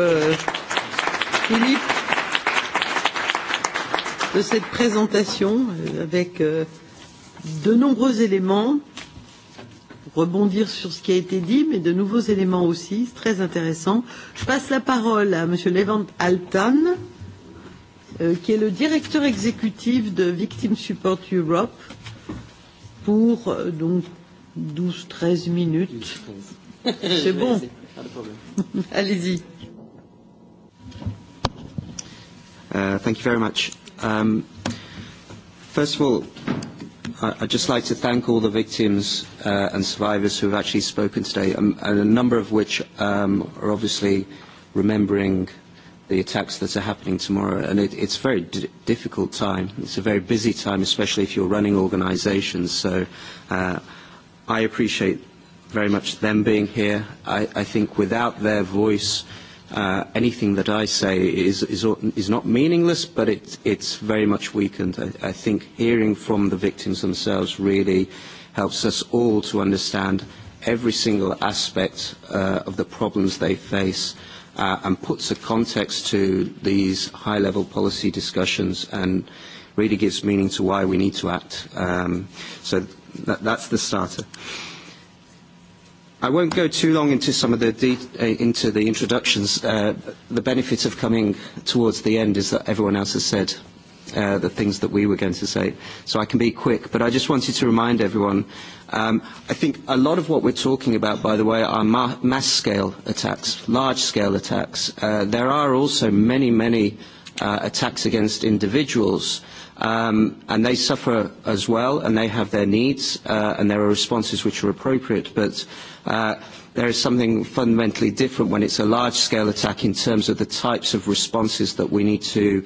Philippe, de cette présentation avec de nombreux éléments rebondir sur ce qui a été dit, mais de nouveaux éléments aussi, c'est très intéressant. Je passe la parole à M. Levant Altan, qui est le directeur exécutif de Victim Support Europe, pour donc 12-13 minutes. C'est bon. Allez-y. Thank you very much. First of all, I'd just like to thank all the victims and survivors who have actually spoken today, and a number of which are obviously remembering the attacks that are happening tomorrow. And it's a very difficult time. It's a very busy time, especially if you're running organisations. So I appreciate very much them being here. I I think without their voice anything that I say is is not meaningless, but it it's very much weakened. I think hearing from the victims themselves really helps us all to understand every single aspect of the problems they face and puts a context to these high-level policy discussions and really gives meaning to why we need to act. So that's the starter. I won't go too long into some of the into the introductions. The benefit of coming towards the end is that everyone else has said the things that we were going to say, so I can be quick. But I just wanted to remind everyone, I think a lot of what we're talking about, by the way, are mass-scale attacks, large-scale attacks. There are also many, many attacks against individuals and they suffer as well and they have their needs and there are responses which are appropriate but there is something fundamentally different when it's a large scale attack in terms of the types of responses that we need to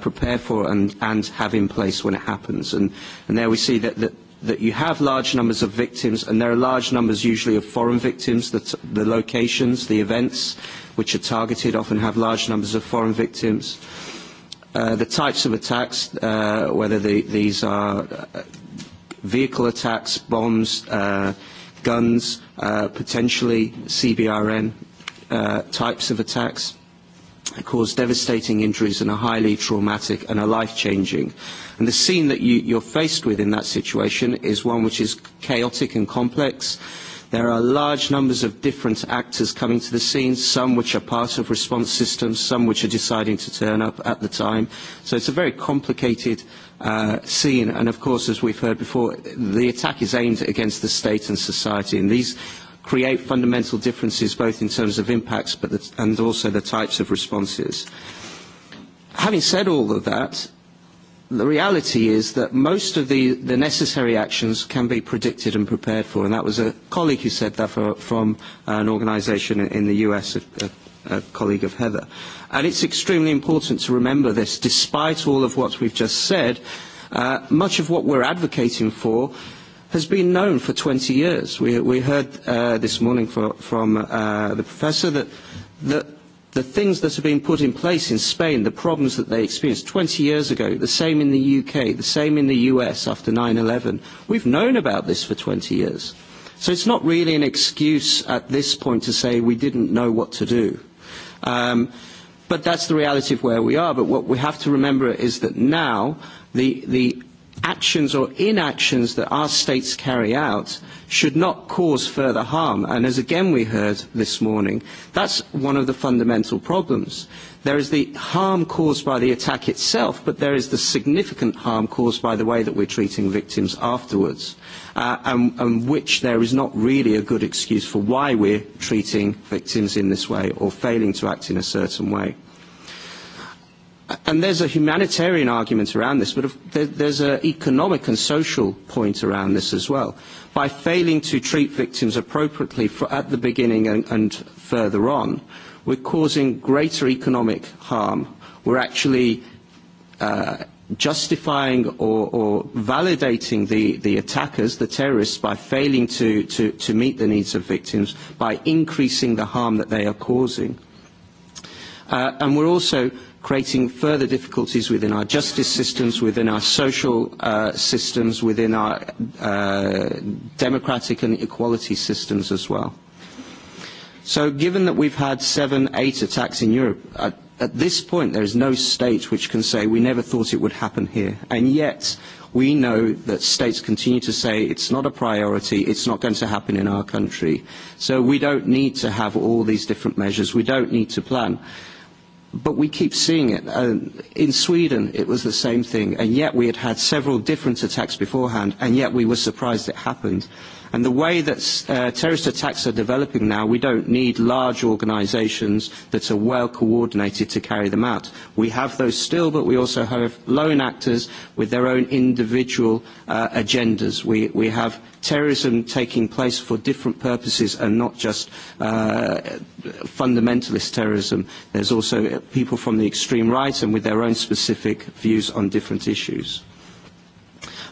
prepare for and and have in place when it happens and there we see that that you have large numbers of victims and there are large numbers usually of foreign victims that the locations the events which are targeted often have large numbers of foreign victims the types of attacks, whether these are vehicle attacks, bombs, guns, potentially CBRN types of attacks, cause devastating injuries and are highly traumatic and are life-changing. And the scene that you're faced with in that situation is one which is chaotic and complex There are large numbers of different actors coming to the scene, some which are part of response systems, some which are deciding to turn up at the time. So it's a very complicated scene. And of course, as we've heard before, the attack is aimed against the state and society. And these create fundamental differences both in terms of impacts but and also the types of responses. Having said all of that, the reality is that most of the necessary actions can be predicted and prepared for, and that was a colleague who said that from an organisation in the US, a colleague of Heather. And it's extremely important to remember this, despite all of what we've just said, much of what we're advocating for has been known for 20 years. We heard this morning from the professor that the things that have been put in place in Spain, the problems that they experienced 20 years ago, the same in the UK, the same in the US after 9/11. We've known about this for 20 years. So it's not really an excuse at this point to say we didn't know what to do. But that's the reality of where we are. But what we have to remember is that now the actions or inactions that our states carry out should not cause further harm. And as again we heard this morning, that's one of the fundamental problems. There is the harm caused by the attack itself, but there is the significant harm caused by the way that we're treating victims afterwards, and which there is not really a good excuse for why we're treating victims in this way or failing to act in a certain way and there's a humanitarian argument around this, but there's an economic and social point around this as well. By failing to treat victims appropriately at the beginning and further on, we're causing greater economic harm. We're actually justifying or validating the attackers, the terrorists, by failing to meet the needs of victims, by increasing the harm that they are causing. And we're also creating further difficulties within our justice systems, within our social systems, within our democratic and equality systems as well. So given that we've had seven, eight attacks in Europe, at this point there is no state which can say we never thought it would happen here. And yet we know that states continue to say it's not a priority, it's not going to happen in our country. So we don't need to have all these different measures, we don't need to plan but we keep seeing it. In Sweden, it was the same thing, and yet we had had several different attacks beforehand, and yet we were surprised it happened. And the way that terrorist attacks are developing now, we don't need large organisations that are well coordinated to carry them out. We have those still, but we also have lone actors with their own individual agendas. We have terrorism taking place for different purposes and not just fundamentalist terrorism. There's also people from the extreme right and with their own specific views on different issues.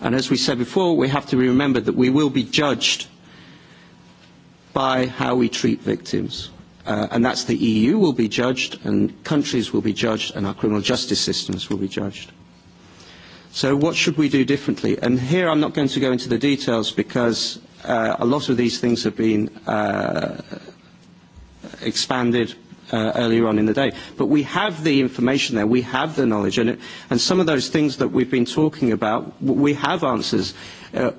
And as we said before, we have to remember that we will be judged by how we treat victims. And that's the EU will be judged, and countries will be judged, and our criminal justice systems will be judged. So what should we do differently? And here I'm not going to go into the details because a lot of these things have been expanded earlier on in the day. But we have the information there, we have the knowledge, and some of those things that we've been talking about, we have answers.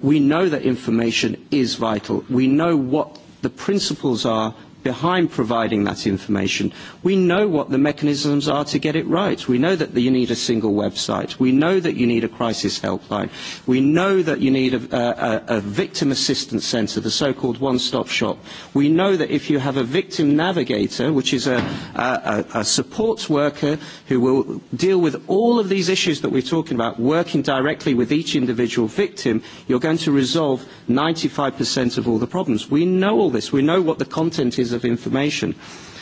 We know that information is vital. We know what the principles are behind providing that information. We know what the mechanisms are to get it right. We know that you need a single website. We know that you need a crisis helpline. We know that you need a victim assistance centre, the so-called one-stop shop. We know that if you have a victim navigator, which is a support worker who will deal with all of these issues that we're talking about, working directly with each individual victim, you're going to resolve 95% of all the problems. We know all this. We know what the content is of information.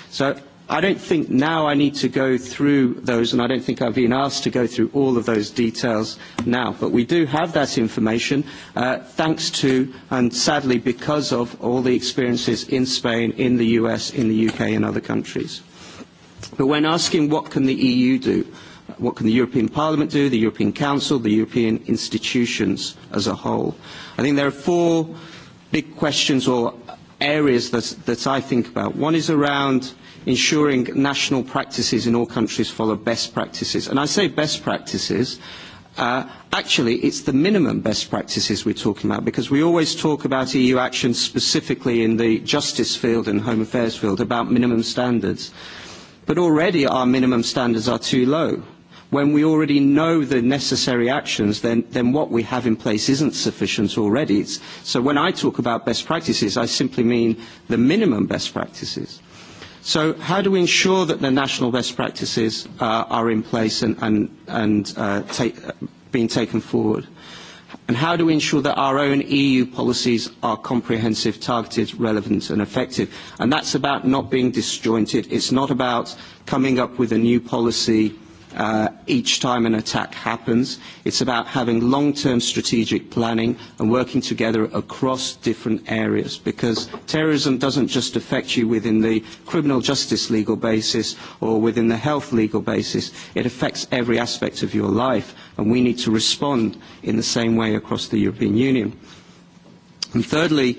So I don't think now I need to go through those, and I don't think I've been asked to go through all of those details now. But we do have that information, thanks to, and sadly because of, all the experiences in Spain, in the US, in the UK, and other countries. But when asking what can the EU do, what can the European Parliament do, the European Council, the European institutions as a whole, I think there are four big questions or areas that I think about. One is around ensuring national practices in all countries follow best practices. And I say best practices. Actually, it's the minimum best practices we're talking about, because we always talk about EU action specifically in the justice field and home affairs field about minimum standards. But already our minimum standards are too low when we already know the necessary actions, then what we have in place isn't sufficient already. So when I talk about best practices, I simply mean the minimum best practices. So how do we ensure that the national best practices are in place and being taken forward? And how do we ensure that our own EU policies are comprehensive, targeted, relevant and effective? And that's about not being disjointed. It's not about coming up with a new policy each time an attack happens. It's about having long-term strategic planning and working together across different areas because terrorism doesn't just affect you within the criminal justice legal basis or within the health legal basis. It affects every aspect of your life and we need to respond in the same way across the European Union. And thirdly,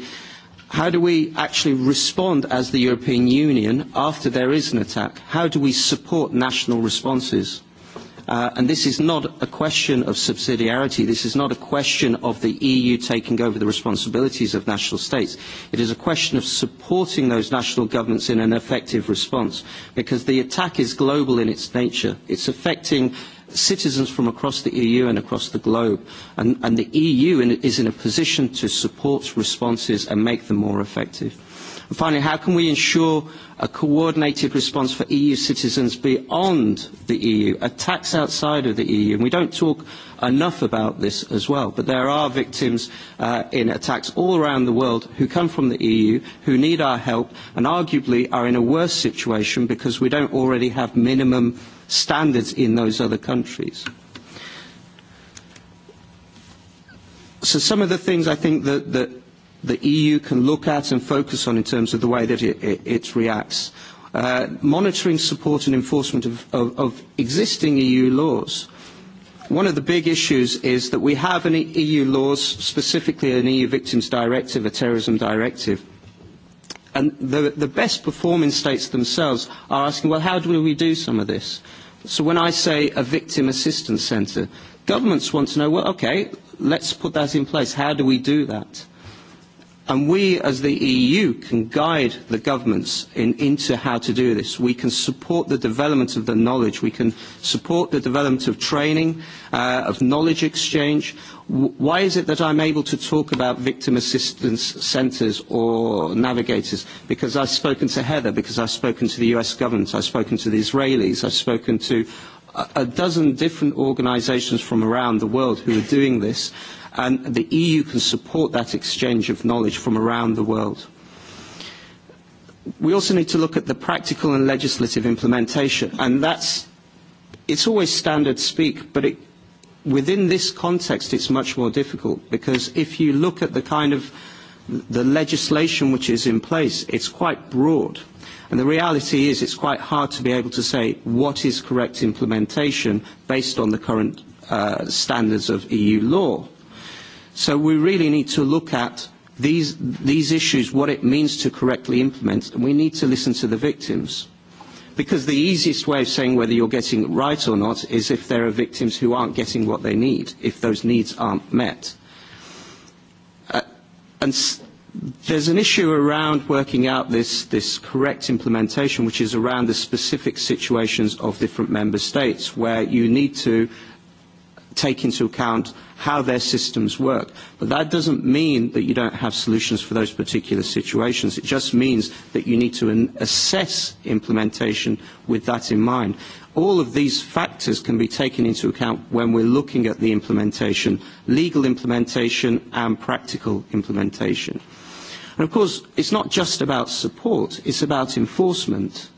How do we actually respond as the European Union after there is an attack? How do we support national responses? And this is not a question of subsidiarity. This is not a question of the EU taking over the responsibilities of national states. It is a question of supporting those national governments in an effective response, because the attack is global in its nature. It's affecting citizens from across the EU and across the globe. And the EU is in a position to support responses and make them more effective. And finally, how can we ensure a coordinated response for EU citizens beyond the EU, attacks outside of the EU? And we don't talk enough about this as well, but there are victims in attacks all around the world who come from the EU, who need our help, and arguably are in a worse situation because we don't already have minimum standards in those other countries. So some of the things I think that the EU can look at and focus on in terms of the way that it reacts. Monitoring support and enforcement of existing EU laws. One of the big issues is that we have an EU laws, specifically an EU Victims Directive, a terrorism directive, and the best performing states themselves are asking, well, how do we do some of this? So when I say a victim assistance centre, governments want to know, well, okay, let's put that in place. How do we do that? And we, as the EU, can guide the governments into how to do this. We can support the development of the knowledge. We can support the development of training, of knowledge exchange. Why is it that I'm able to talk about victim assistance centres or navigators? Because I've spoken to Heather, because I've spoken to the US government, I've spoken to the Israelis, I've spoken to a dozen different organisations from around the world who are doing this, and the EU can support that exchange of knowledge from around the world. We also need to look at the practical and legislative implementation, and that's, it's always standard speak, but it within this context it's much more difficult because if you look at the kind of the legislation which is in place it's quite broad and the reality is it's quite hard to be able to say what is correct implementation based on the current standards of eu law so we really need to look at these these issues what it means to correctly implement and we need to listen to the victims because the easiest way of saying whether you're getting it right or not is if there are victims who aren't getting what they need, if those needs aren't met. And there's an issue around working out this, this correct implementation, which is around the specific situations of different member states, where you need to take into account how their systems work. But that doesn't mean that you don't have solutions for those particular situations. It just means that you need to assess implementation with that in mind. All of these factors can be taken into account when we're looking at the implementation, legal implementation and practical implementation. And of course, it's not just about support, it's about enforcement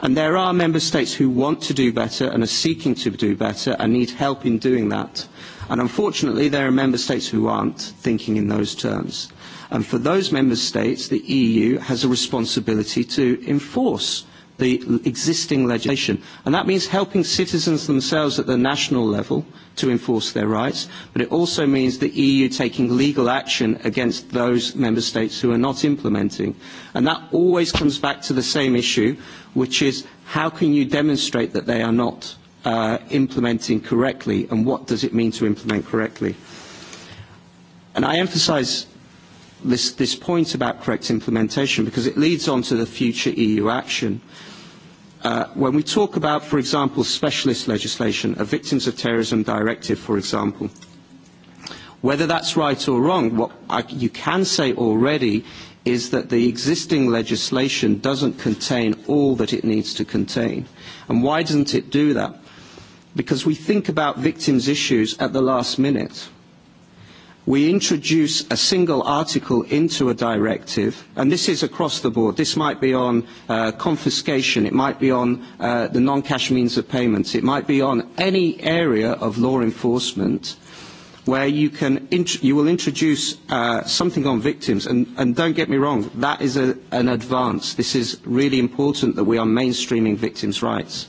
And there are member states who want to do better and are seeking to do better and need help in doing that. And unfortunately, there are member states who aren't thinking in those terms. And for those member states, the EU has a responsibility to enforce the existing legislation. And that means helping citizens themselves at the national level to enforce their rights, but it also means the EU taking legal action against those member states who are not implementing. And that always comes back to the same issue, which is how can you demonstrate that they are not implementing correctly, and what does it mean to implement correctly? And I emphasize this point about correct implementation because it leads on to the future EU action. When we talk about, for example, specialist legislation, a Victims of Terrorism Directive, for example, whether that's right or wrong, what you can say already is that the existing legislation doesn't contain all that it needs to contain. And why doesn't it do that? Because we think about victims' issues at the last minute we introduce a single article into a directive, and this is across the board. This might be on confiscation, it might be on the non-cash means of payments, it might be on any area of law enforcement where you you will introduce something on victims and don't get me wrong that is an advance this is really important that we are mainstreaming victims' rights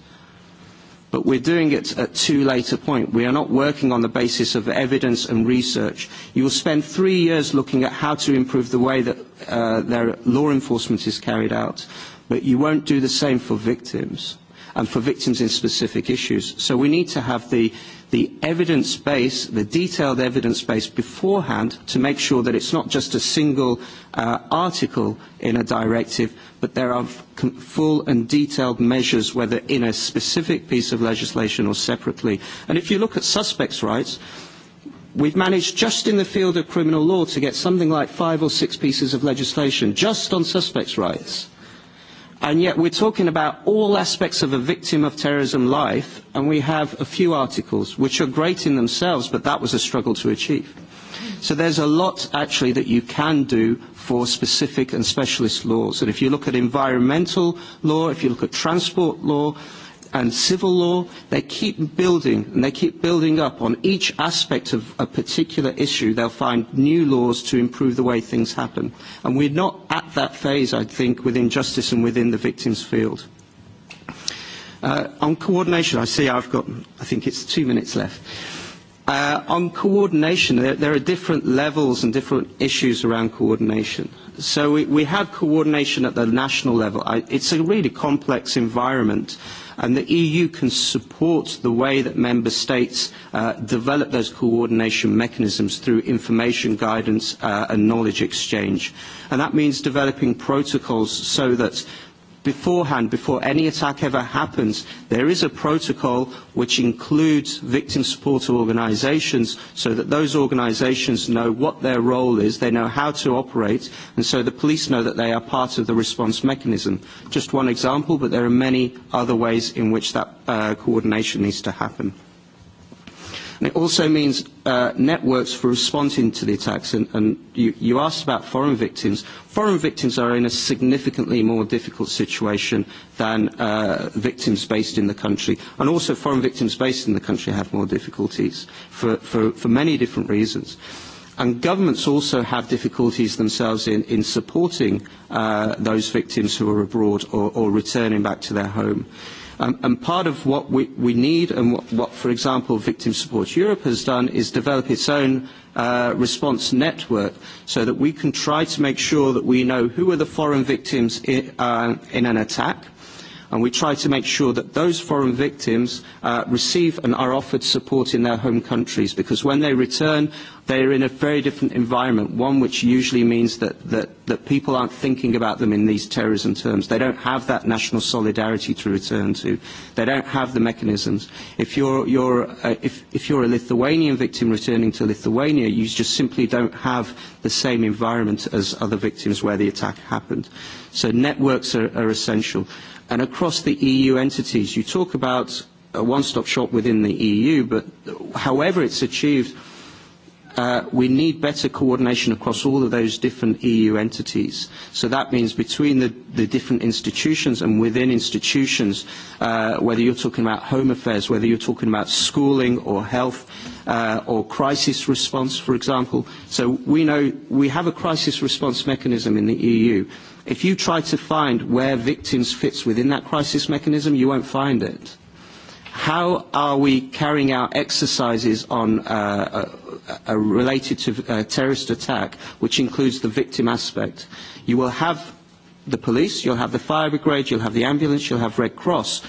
but we're doing it at too late a point. We are not working on the basis of evidence and research. You will spend three years looking at how to improve the way that their law enforcement is carried out, but you won't do the same for victims and for victims in specific issues. So we need to have the the evidence base, the detailed evidence base beforehand to make sure that it's not just a single article in a directive, but there are full and detailed measures, whether in a specific piece of legislation or separately. And if you look at suspects' rights, we've managed just in the field of criminal law to get something like five or six pieces of legislation just on suspects' rights. And yet we're talking about all aspects of a victim of terrorism life, and we have a few articles, which are great in themselves, but that was a struggle to achieve. So there's a lot actually that you can do for specific and specialist laws. And if you look at environmental law, if you look at transport law, and civil law, they keep building and they keep building up on each aspect of a particular issue. They'll find new laws to improve the way things happen. And we're not at that phase, I think, within justice and within the victims field. On coordination, I see I've got, I think it's two minutes left. On coordination, there are different levels and different issues around coordination. So we have coordination at the national level. It's a really complex environment, and the EU can support the way that member states develop those coordination mechanisms through information guidance and knowledge exchange. And that means developing protocols so that beforehand, before any attack ever happens, there is a protocol which includes victim support organisations so that those organisations know what their role is, they know how to operate, and so the police know that they are part of the response mechanism. Just one example, but there are many other ways in which that coordination needs to happen. And it also means networks for responding to the attacks. And you asked about foreign victims. Foreign victims are in a significantly more difficult situation than victims based in the country. And also foreign victims based in the country have more difficulties for many different reasons. And governments also have difficulties themselves in supporting those victims who are abroad or returning back to their home. And part of what we need and what, for example, Victim Support Europe has done is develop its own response network so that we can try to make sure that we know who are the foreign victims in an attack and we try to make sure that those foreign victims receive and are offered support in their home countries because when they return they are in a very different environment, one which usually means that people aren't thinking about them in these terrorism terms. They don't have that national solidarity to return to. They don't have the mechanisms. If you're a Lithuanian victim returning to Lithuania, you just simply don't have the same environment as other victims where the attack happened. So networks are essential and across the EU entities. You talk about a one-stop shop within the EU, but however it's achieved, we need better coordination across all of those different EU entities. So that means between the different institutions and within institutions, whether you're talking about home affairs, whether you're talking about schooling or health or crisis response, for example. So we know we have a crisis response mechanism in the EU If you try to find where victims fits within that crisis mechanism, you won't find it. How are we carrying out exercises on related to terrorist attack, which includes the victim aspect? You will have the police, you'll have the fire brigade, you'll have the ambulance, you'll have Red Cross,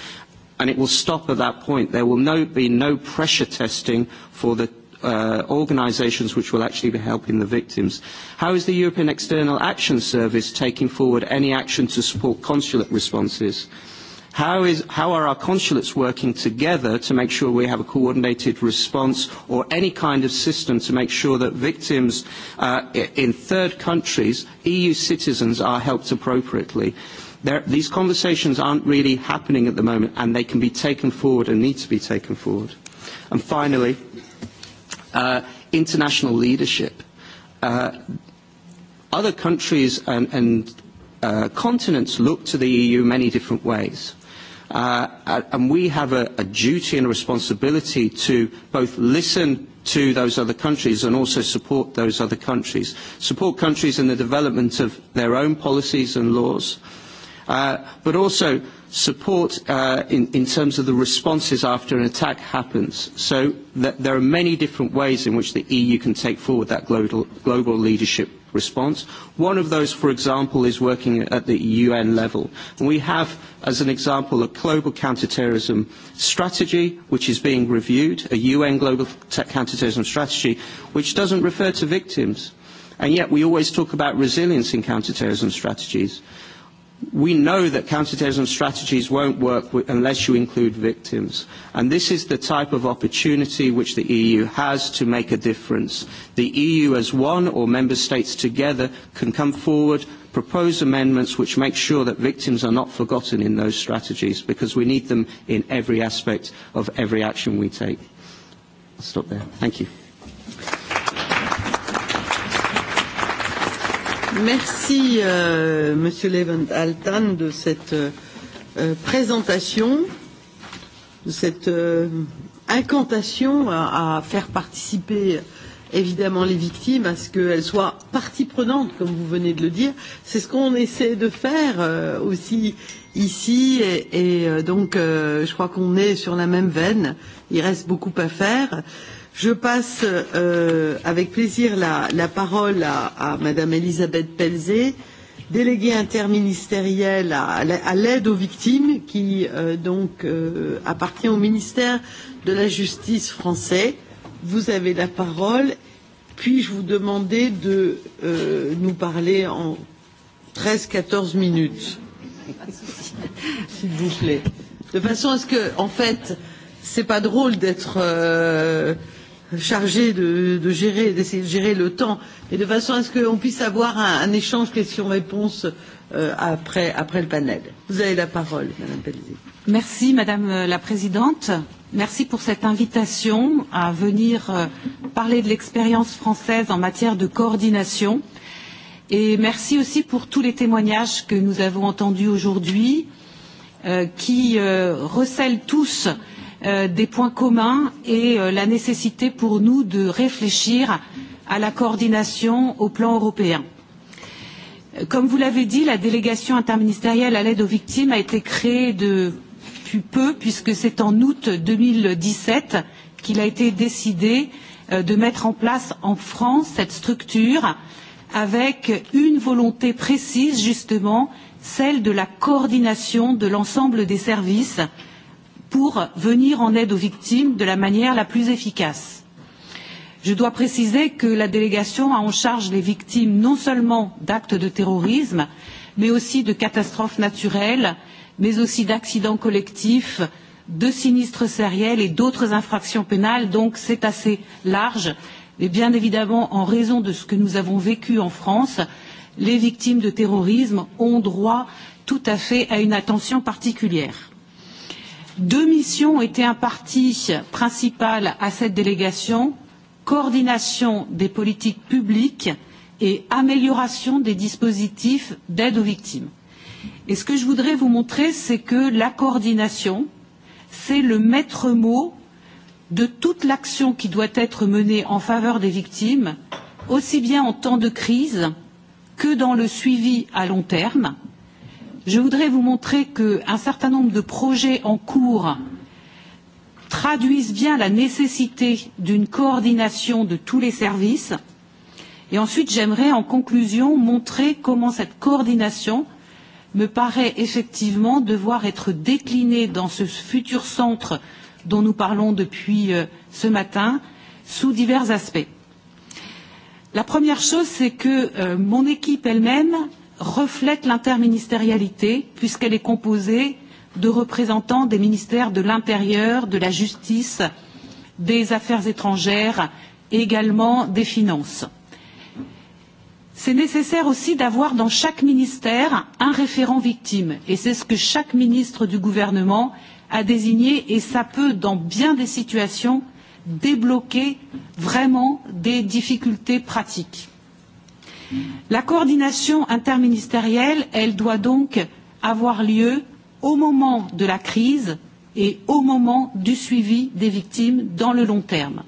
and it will stop at that point. There will be no pressure testing for the organisations which will actually be helping the victims. How is the European External Action Service taking forward any action to support consulate responses? How are our consulates working together to make sure we have a coordinated response or any kind of system to make sure that victims in third countries, EU citizens, are helped appropriately? These conversations aren't really happening at the moment and they can be taken forward and need to be taken forward. And finally, international leadership. Other countries and continents look to the EU many different ways. And we have a duty and a responsibility to both listen to those other countries and also support those other countries. Support countries in the development of their own policies and laws, but also support in terms of the responses after an attack happens. So there are many different ways in which the EU can take forward that global leadership response. One of those, for example, is working at the UN level. We have, as an example, a global counterterrorism strategy which is being reviewed, a UN global counterterrorism strategy which doesn't refer to victims. And yet we always talk about resilience in counterterrorism strategies we know that counterterrorism strategies won't work unless you include victims. And this is the type of opportunity which the EU has to make a difference. The EU as one or member states together can come forward, propose amendments which make sure that victims are not forgotten in those strategies because we need them in every aspect of every action we take. I'll stop there. Thank you. Merci, Monsieur Levent Altan, de cette présentation, de cette incantation à faire participer évidemment les victimes à ce qu'elles soient partie prenante, comme vous venez de le dire. C'est ce qu'on essaie de faire aussi ici et donc je crois qu'on est sur la même veine. Il reste beaucoup à faire. Je passe avec plaisir la parole à Madame Elisabeth Pelzé, déléguée interministérielle à l'aide aux victimes, qui donc appartient au ministère de la Justice français. Vous avez la parole. Puis-je vous demander de nous parler en 13-14 minutes, s'il vous plaît, de façon à ce que, en fait, n'est pas drôle d'être chargé de, de gérer, d'essayer de gérer le temps, et de façon à ce qu'on puisse avoir un, échange questions-réponses après, après le panel. Vous avez la parole, Madame Pelzi. Merci, Madame la Présidente. Merci pour cette invitation à venir parler de l'expérience française en matière de coordination. Et merci aussi pour tous les témoignages que nous avons entendus aujourd'hui, qui recèlent tous des points communs et la nécessité pour nous de réfléchir à la coordination au plan européen. Comme vous l'avez dit, la délégation interministérielle à l'aide aux victimes a été créée depuis peu, puisque c'est en août 2017 qu'il a été décidé de mettre en place en France cette structure avec une volonté précise, justement, celle de la coordination de l'ensemble des services pour venir en aide aux victimes de la manière la plus efficace. Je dois préciser que la délégation a en charge les victimes non seulement d'actes de terrorisme, mais aussi de catastrophes naturelles, mais aussi d'accidents collectifs, de sinistres sériels et d'autres infractions pénales, donc c'est assez large. Mais bien évidemment, en raison de ce que nous avons vécu en France, les victimes de terrorisme ont droit tout à fait à une attention particulière. Deux missions ont été imparties principales à cette délégation coordination des politiques publiques et amélioration des dispositifs d'aide aux victimes. Et ce que je voudrais vous montrer, c'est que la coordination, c'est le maître mot de toute l'action qui doit être menée en faveur des victimes, aussi bien en temps de crise que dans le suivi à long terme je voudrais vous montrer qu'un certain nombre de projets en cours traduisent bien la nécessité d'une coordination de tous les services. Et ensuite, j'aimerais en conclusion montrer comment cette coordination me paraît effectivement devoir être déclinée dans ce futur centre dont nous parlons depuis ce matin sous divers aspects. La première chose, c'est que mon équipe elle-même reflète l'interministérialité puisqu'elle est composée de représentants des ministères de l'Intérieur, de la Justice, des Affaires étrangères et également des Finances. C'est nécessaire aussi d'avoir dans chaque ministère un référent victime et c'est ce que chaque ministre du gouvernement a désigné et ça peut, dans bien des situations, débloquer vraiment des difficultés pratiques. La coordination interministérielle, elle doit donc avoir lieu au moment de la crise et au moment du suivi des victimes dans le long terme.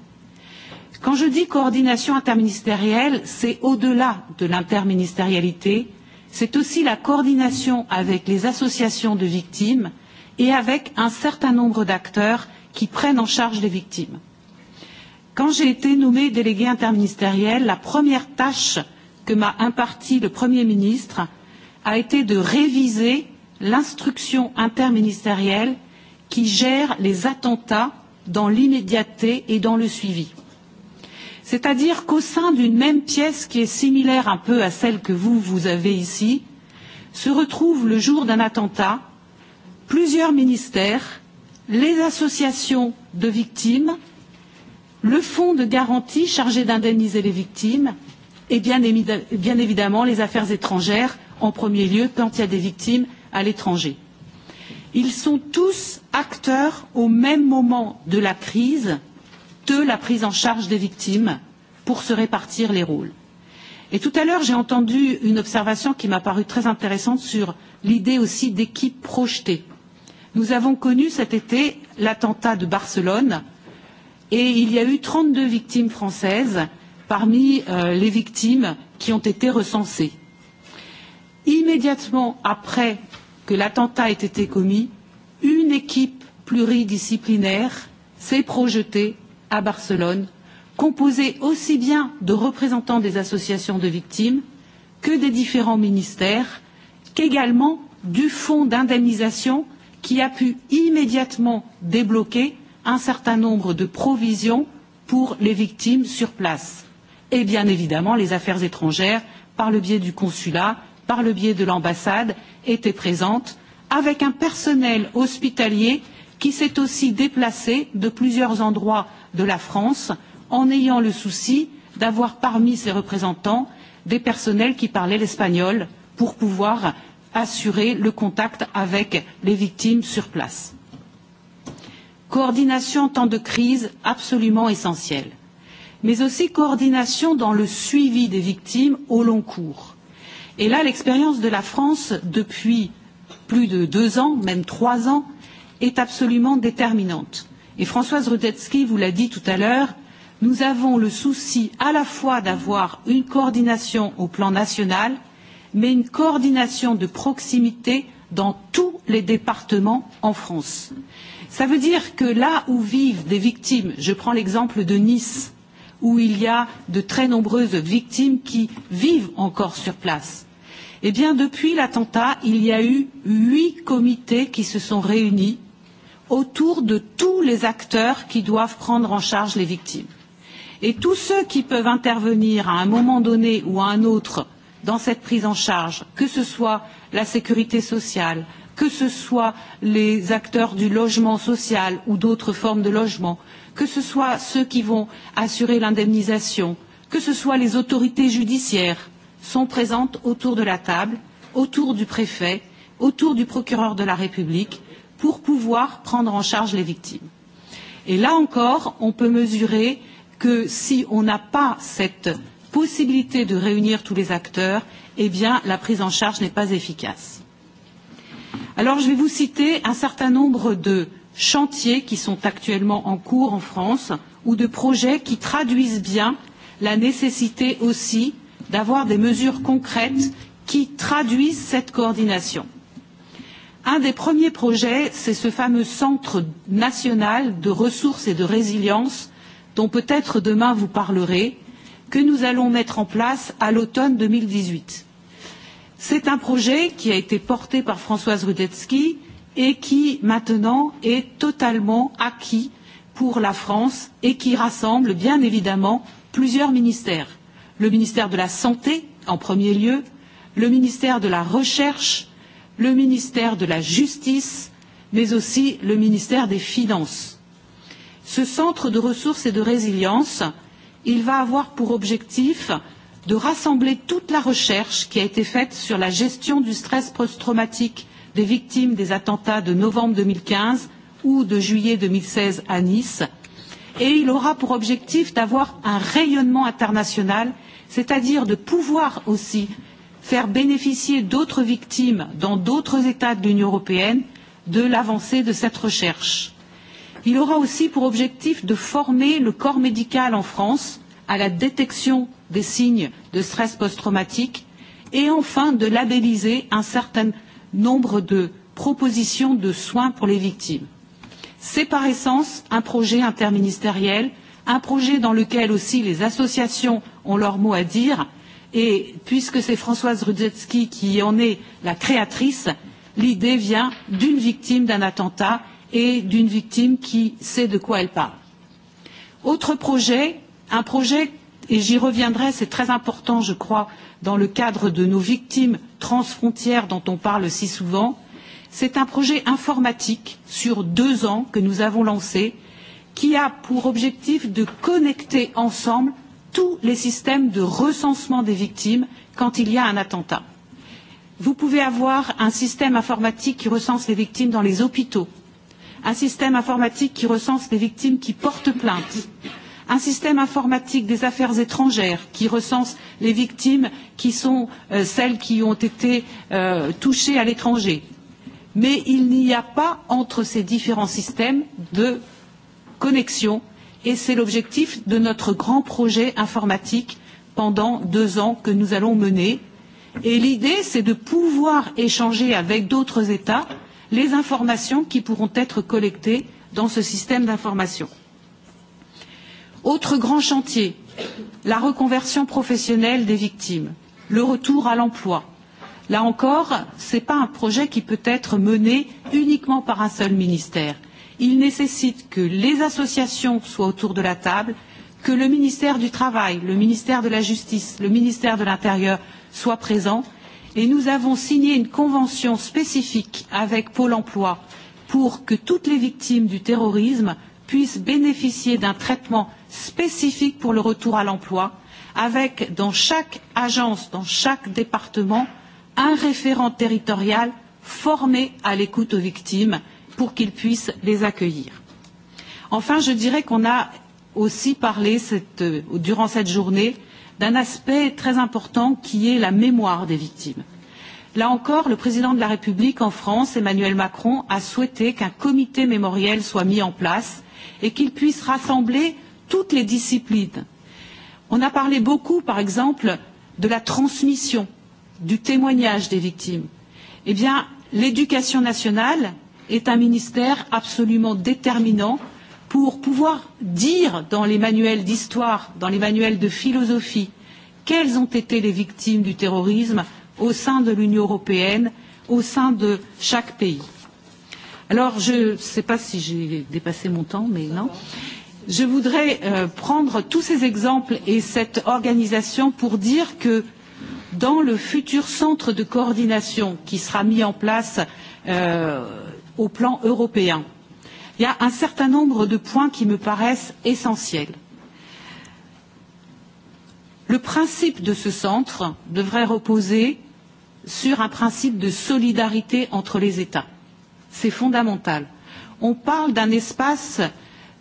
Quand je dis coordination interministérielle, c'est au-delà de l'interministérialité, c'est aussi la coordination avec les associations de victimes et avec un certain nombre d'acteurs qui prennent en charge les victimes. Quand j'ai été nommée déléguée interministérielle, la première tâche que m'a imparti le Premier ministre a été de réviser l'instruction interministérielle qui gère les attentats dans l'immédiateté et dans le suivi. C'est-à-dire qu'au sein d'une même pièce qui est similaire un peu à celle que vous, vous avez ici, se retrouvent le jour d'un attentat plusieurs ministères, les associations de victimes, le fonds de garantie chargé d'indemniser les victimes et bien évidemment les affaires étrangères en premier lieu quand il y a des victimes à l'étranger. Ils sont tous acteurs au même moment de la crise de la prise en charge des victimes pour se répartir les rôles. Et tout à l'heure, j'ai entendu une observation qui m'a paru très intéressante sur l'idée aussi d'équipes projetées. Nous avons connu cet été l'attentat de Barcelone et il y a eu 32 victimes françaises parmi les victimes qui ont été recensées. Immédiatement après que l'attentat ait été commis, une équipe pluridisciplinaire s'est projetée à Barcelone, composée aussi bien de représentants des associations de victimes que des différents ministères, qu'également du fonds d'indemnisation qui a pu immédiatement débloquer un certain nombre de provisions pour les victimes sur place et bien évidemment les affaires étrangères par le biais du consulat par le biais de l'ambassade étaient présentes avec un personnel hospitalier qui s'est aussi déplacé de plusieurs endroits de la France en ayant le souci d'avoir parmi ses représentants des personnels qui parlaient l'espagnol pour pouvoir assurer le contact avec les victimes sur place. Coordination en temps de crise absolument essentielle mais aussi coordination dans le suivi des victimes au long cours. Et là, l'expérience de la France depuis plus de deux ans, même trois ans, est absolument déterminante. Et Françoise Rudetsky vous l'a dit tout à l'heure, nous avons le souci à la fois d'avoir une coordination au plan national, mais une coordination de proximité dans tous les départements en France. Ça veut dire que là où vivent des victimes, je prends l'exemple de Nice, où il y a de très nombreuses victimes qui vivent encore sur place. Eh bien, depuis l'attentat, il y a eu huit comités qui se sont réunis autour de tous les acteurs qui doivent prendre en charge les victimes. Et tous ceux qui peuvent intervenir à un moment donné ou à un autre dans cette prise en charge, que ce soit la sécurité sociale, que ce soit les acteurs du logement social ou d'autres formes de logement, que ce soit ceux qui vont assurer l'indemnisation, que ce soit les autorités judiciaires, sont présentes autour de la table, autour du préfet, autour du procureur de la République, pour pouvoir prendre en charge les victimes. Et là encore, on peut mesurer que si on n'a pas cette possibilité de réunir tous les acteurs, eh bien, la prise en charge n'est pas efficace. Alors, je vais vous citer un certain nombre de chantiers qui sont actuellement en cours en France ou de projets qui traduisent bien la nécessité aussi d'avoir des mesures concrètes qui traduisent cette coordination. Un des premiers projets, c'est ce fameux Centre national de ressources et de résilience dont peut-être demain vous parlerez, que nous allons mettre en place à l'automne 2018. C'est un projet qui a été porté par Françoise Rudetsky et qui maintenant est totalement acquis pour la France et qui rassemble bien évidemment plusieurs ministères. Le ministère de la Santé en premier lieu, le ministère de la Recherche, le ministère de la Justice, mais aussi le ministère des Finances. Ce centre de ressources et de résilience, il va avoir pour objectif de rassembler toute la recherche qui a été faite sur la gestion du stress post-traumatique des victimes des attentats de novembre 2015 ou de juillet 2016 à Nice. Et il aura pour objectif d'avoir un rayonnement international, c'est-à-dire de pouvoir aussi faire bénéficier d'autres victimes dans d'autres États de l'Union européenne de l'avancée de cette recherche. Il aura aussi pour objectif de former le corps médical en France à la détection des signes de stress post-traumatique et enfin de labelliser un certain nombre de propositions de soins pour les victimes. C'est par essence un projet interministériel, un projet dans lequel aussi les associations ont leur mot à dire, et puisque c'est Françoise Rudzetsky qui en est la créatrice, l'idée vient d'une victime d'un attentat et d'une victime qui sait de quoi elle parle. Autre projet, un projet et j'y reviendrai c'est très important je crois dans le cadre de nos victimes transfrontières dont on parle si souvent c'est un projet informatique sur deux ans que nous avons lancé qui a pour objectif de connecter ensemble tous les systèmes de recensement des victimes quand il y a un attentat. Vous pouvez avoir un système informatique qui recense les victimes dans les hôpitaux, un système informatique qui recense les victimes qui portent plainte, un système informatique des affaires étrangères qui recense les victimes qui sont celles qui ont été touchées à l'étranger. Mais il n'y a pas entre ces différents systèmes de connexion et c'est l'objectif de notre grand projet informatique pendant deux ans que nous allons mener. Et l'idée, c'est de pouvoir échanger avec d'autres États les informations qui pourront être collectées dans ce système d'information. Autre grand chantier, la reconversion professionnelle des victimes, le retour à l'emploi. Là encore, ce n'est pas un projet qui peut être mené uniquement par un seul ministère. Il nécessite que les associations soient autour de la table, que le ministère du Travail, le ministère de la Justice, le ministère de l'Intérieur soient présents. Et nous avons signé une convention spécifique avec Pôle emploi pour que toutes les victimes du terrorisme puissent bénéficier d'un traitement spécifique pour le retour à l'emploi, avec dans chaque agence, dans chaque département, un référent territorial formé à l'écoute aux victimes pour qu'ils puissent les accueillir. Enfin, je dirais qu'on a aussi parlé durant cette journée d'un aspect très important qui est la mémoire des victimes. Là encore, le président de la République en France, Emmanuel Macron, a souhaité qu'un comité mémoriel soit mis en place et qu'il puisse rassembler toutes les disciplines. On a parlé beaucoup, par exemple, de la transmission, du témoignage des victimes. Eh bien, l'éducation nationale est un ministère absolument déterminant pour pouvoir dire dans les manuels d'histoire, dans les manuels de philosophie, quelles ont été les victimes du terrorisme au sein de l'Union européenne, au sein de chaque pays. Alors, je ne sais pas si j'ai dépassé mon temps, mais non je voudrais prendre tous ces exemples et cette organisation pour dire que dans le futur centre de coordination qui sera mis en place au plan européen il y a un certain nombre de points qui me paraissent essentiels. le principe de ce centre devrait reposer sur un principe de solidarité entre les états. c'est fondamental. on parle d'un espace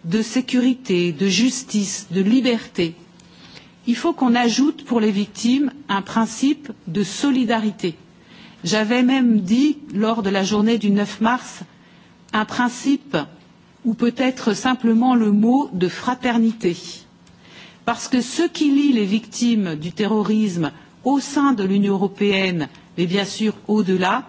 de sécurité, de justice, de liberté, il faut qu'on ajoute pour les victimes un principe de solidarité. J'avais même dit, lors de la journée du 9 mars, un principe, ou peut-être simplement le mot de fraternité. Parce que ce qui lie les victimes du terrorisme au sein de l'Union européenne, mais bien sûr au-delà,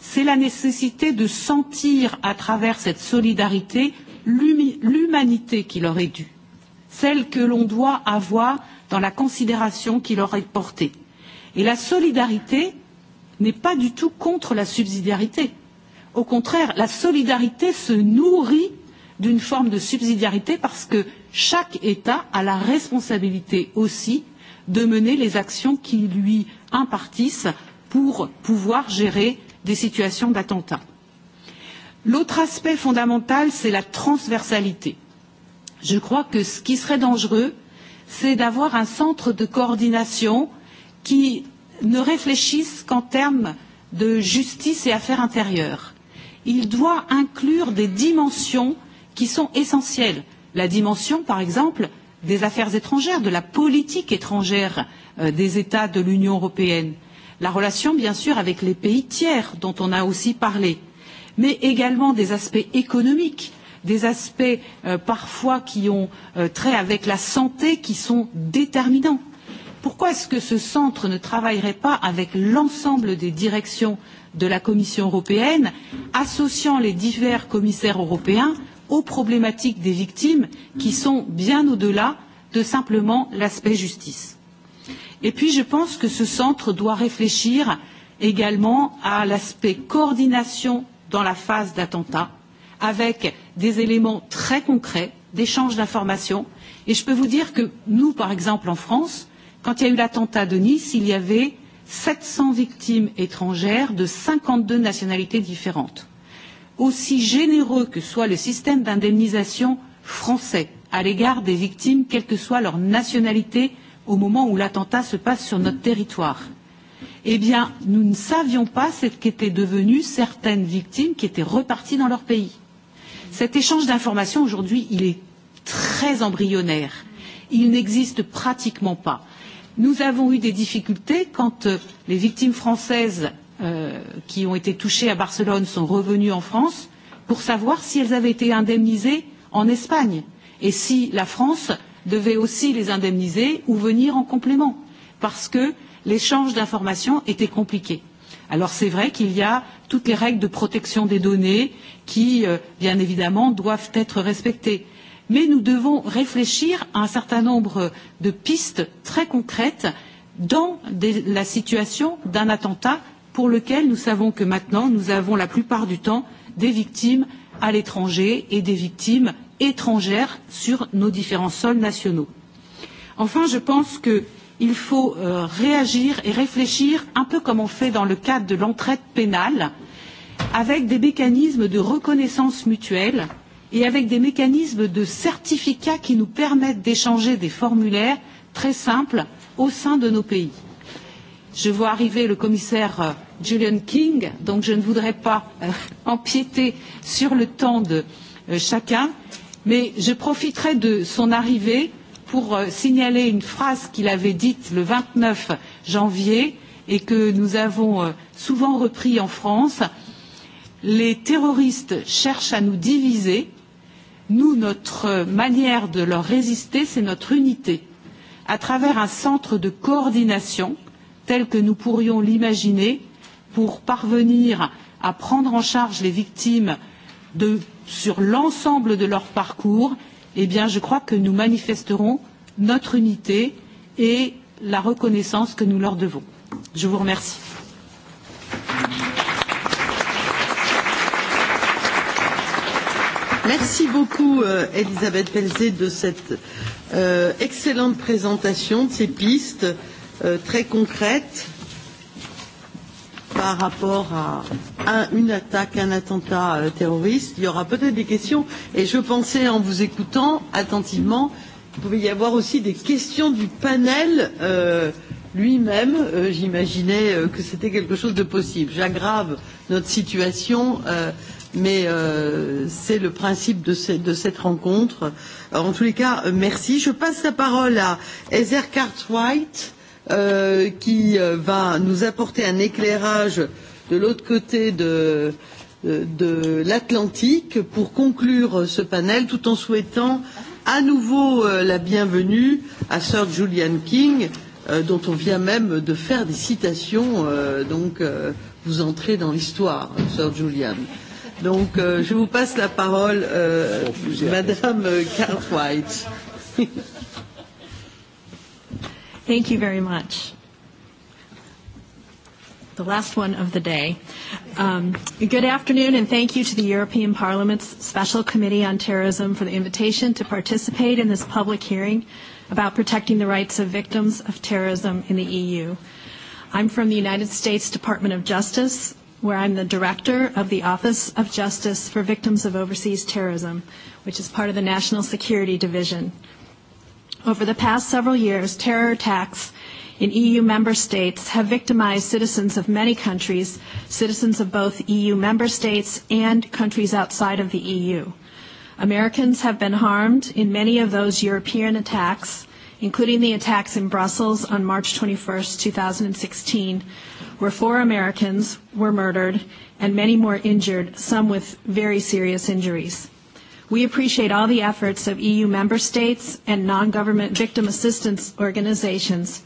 c'est la nécessité de sentir à travers cette solidarité l'humanité qui leur est due, celle que l'on doit avoir dans la considération qui leur est portée. Et la solidarité n'est pas du tout contre la subsidiarité. Au contraire, la solidarité se nourrit d'une forme de subsidiarité parce que chaque État a la responsabilité aussi de mener les actions qui lui impartissent pour pouvoir gérer des situations d'attentat. L'autre aspect fondamental, c'est la transversalité. Je crois que ce qui serait dangereux, c'est d'avoir un centre de coordination qui ne réfléchisse qu'en termes de justice et affaires intérieures. Il doit inclure des dimensions qui sont essentielles. La dimension, par exemple, des affaires étrangères, de la politique étrangère des États de l'Union européenne. La relation, bien sûr, avec les pays tiers, dont on a aussi parlé mais également des aspects économiques des aspects parfois qui ont trait avec la santé qui sont déterminants. Pourquoi est-ce que ce centre ne travaillerait pas avec l'ensemble des directions de la Commission européenne, associant les divers commissaires européens aux problématiques des victimes qui sont bien au-delà de simplement l'aspect justice Et puis je pense que ce centre doit réfléchir également à l'aspect coordination dans la phase d'attentat, avec des éléments très concrets d'échange d'informations. Et je peux vous dire que nous, par exemple, en France, quand il y a eu l'attentat de Nice, il y avait 700 victimes étrangères de 52 nationalités différentes. Aussi généreux que soit le système d'indemnisation français à l'égard des victimes, quelle que soit leur nationalité, au moment où l'attentat se passe sur notre territoire, eh bien, nous ne savions pas ce qu'étaient devenues certaines victimes qui étaient reparties dans leur pays. Cet échange d'informations, aujourd'hui, il est très embryonnaire. Il n'existe pratiquement pas. Nous avons eu des difficultés quand les victimes françaises qui ont été touchées à Barcelone sont revenues en France pour savoir si elles avaient été indemnisées en Espagne et si la France devait aussi les indemniser ou venir en complément. Parce que l'échange d'informations était compliqué. Alors c'est vrai qu'il y a toutes les règles de protection des données qui, bien évidemment, doivent être respectées. Mais nous devons réfléchir à un certain nombre de pistes très concrètes dans la situation d'un attentat pour lequel nous savons que maintenant nous avons la plupart du temps des victimes à l'étranger et des victimes étrangères sur nos différents sols nationaux. Enfin, je pense que il faut réagir et réfléchir un peu comme on fait dans le cadre de l'entraide pénale avec des mécanismes de reconnaissance mutuelle et avec des mécanismes de certificats qui nous permettent d'échanger des formulaires très simples au sein de nos pays. Je vois arriver le commissaire Julian King, donc je ne voudrais pas empiéter sur le temps de chacun, mais je profiterai de son arrivée pour signaler une phrase qu'il avait dite le 29 janvier et que nous avons souvent repris en France. Les terroristes cherchent à nous diviser. Nous, notre manière de leur résister, c'est notre unité. À travers un centre de coordination, tel que nous pourrions l'imaginer, pour parvenir à prendre en charge les victimes sur l'ensemble de leur parcours eh bien je crois que nous manifesterons notre unité et la reconnaissance que nous leur devons. Je vous remercie. Merci beaucoup Elisabeth Pelzé de cette excellente présentation de ces pistes très concrètes par rapport à une attaque, un attentat terroriste, il y aura peut-être des questions. Et je pensais, en vous écoutant attentivement, il pouvait y avoir aussi des questions du panel lui-même. J'imaginais que c'était quelque chose de possible. J'aggrave notre situation, mais c'est le principe de cette rencontre. En tous les cas, merci. Je passe la parole à Ezer Cartwright qui va nous apporter un éclairage de l'autre côté de de l'Atlantique pour conclure ce panel tout en souhaitant à nouveau la bienvenue à Sir Julian King dont on vient même de faire des citations donc vous entrez dans l'histoire Sir Julian. Donc je vous passe la parole madame Cartwright. Thank you very much. The last one of the day. Good afternoon, and thank you to the European Parliament's Special Committee on Terrorism for the invitation to participate in this public hearing about protecting the rights of victims of terrorism in the EU. I'm from the United States Department of Justice, where I'm the Director of the Office of Justice for Victims of Overseas Terrorism, which is part of the National Security Division. Over the past several years, terror attacks in EU member states have victimized citizens of many countries, citizens of both EU member states and countries outside of the EU. Americans have been harmed in many of those European attacks, including the attacks in Brussels on March 21, 2016, where four Americans were murdered and many more injured, some with very serious injuries. We appreciate all the efforts of EU member states and non-government victim assistance organizations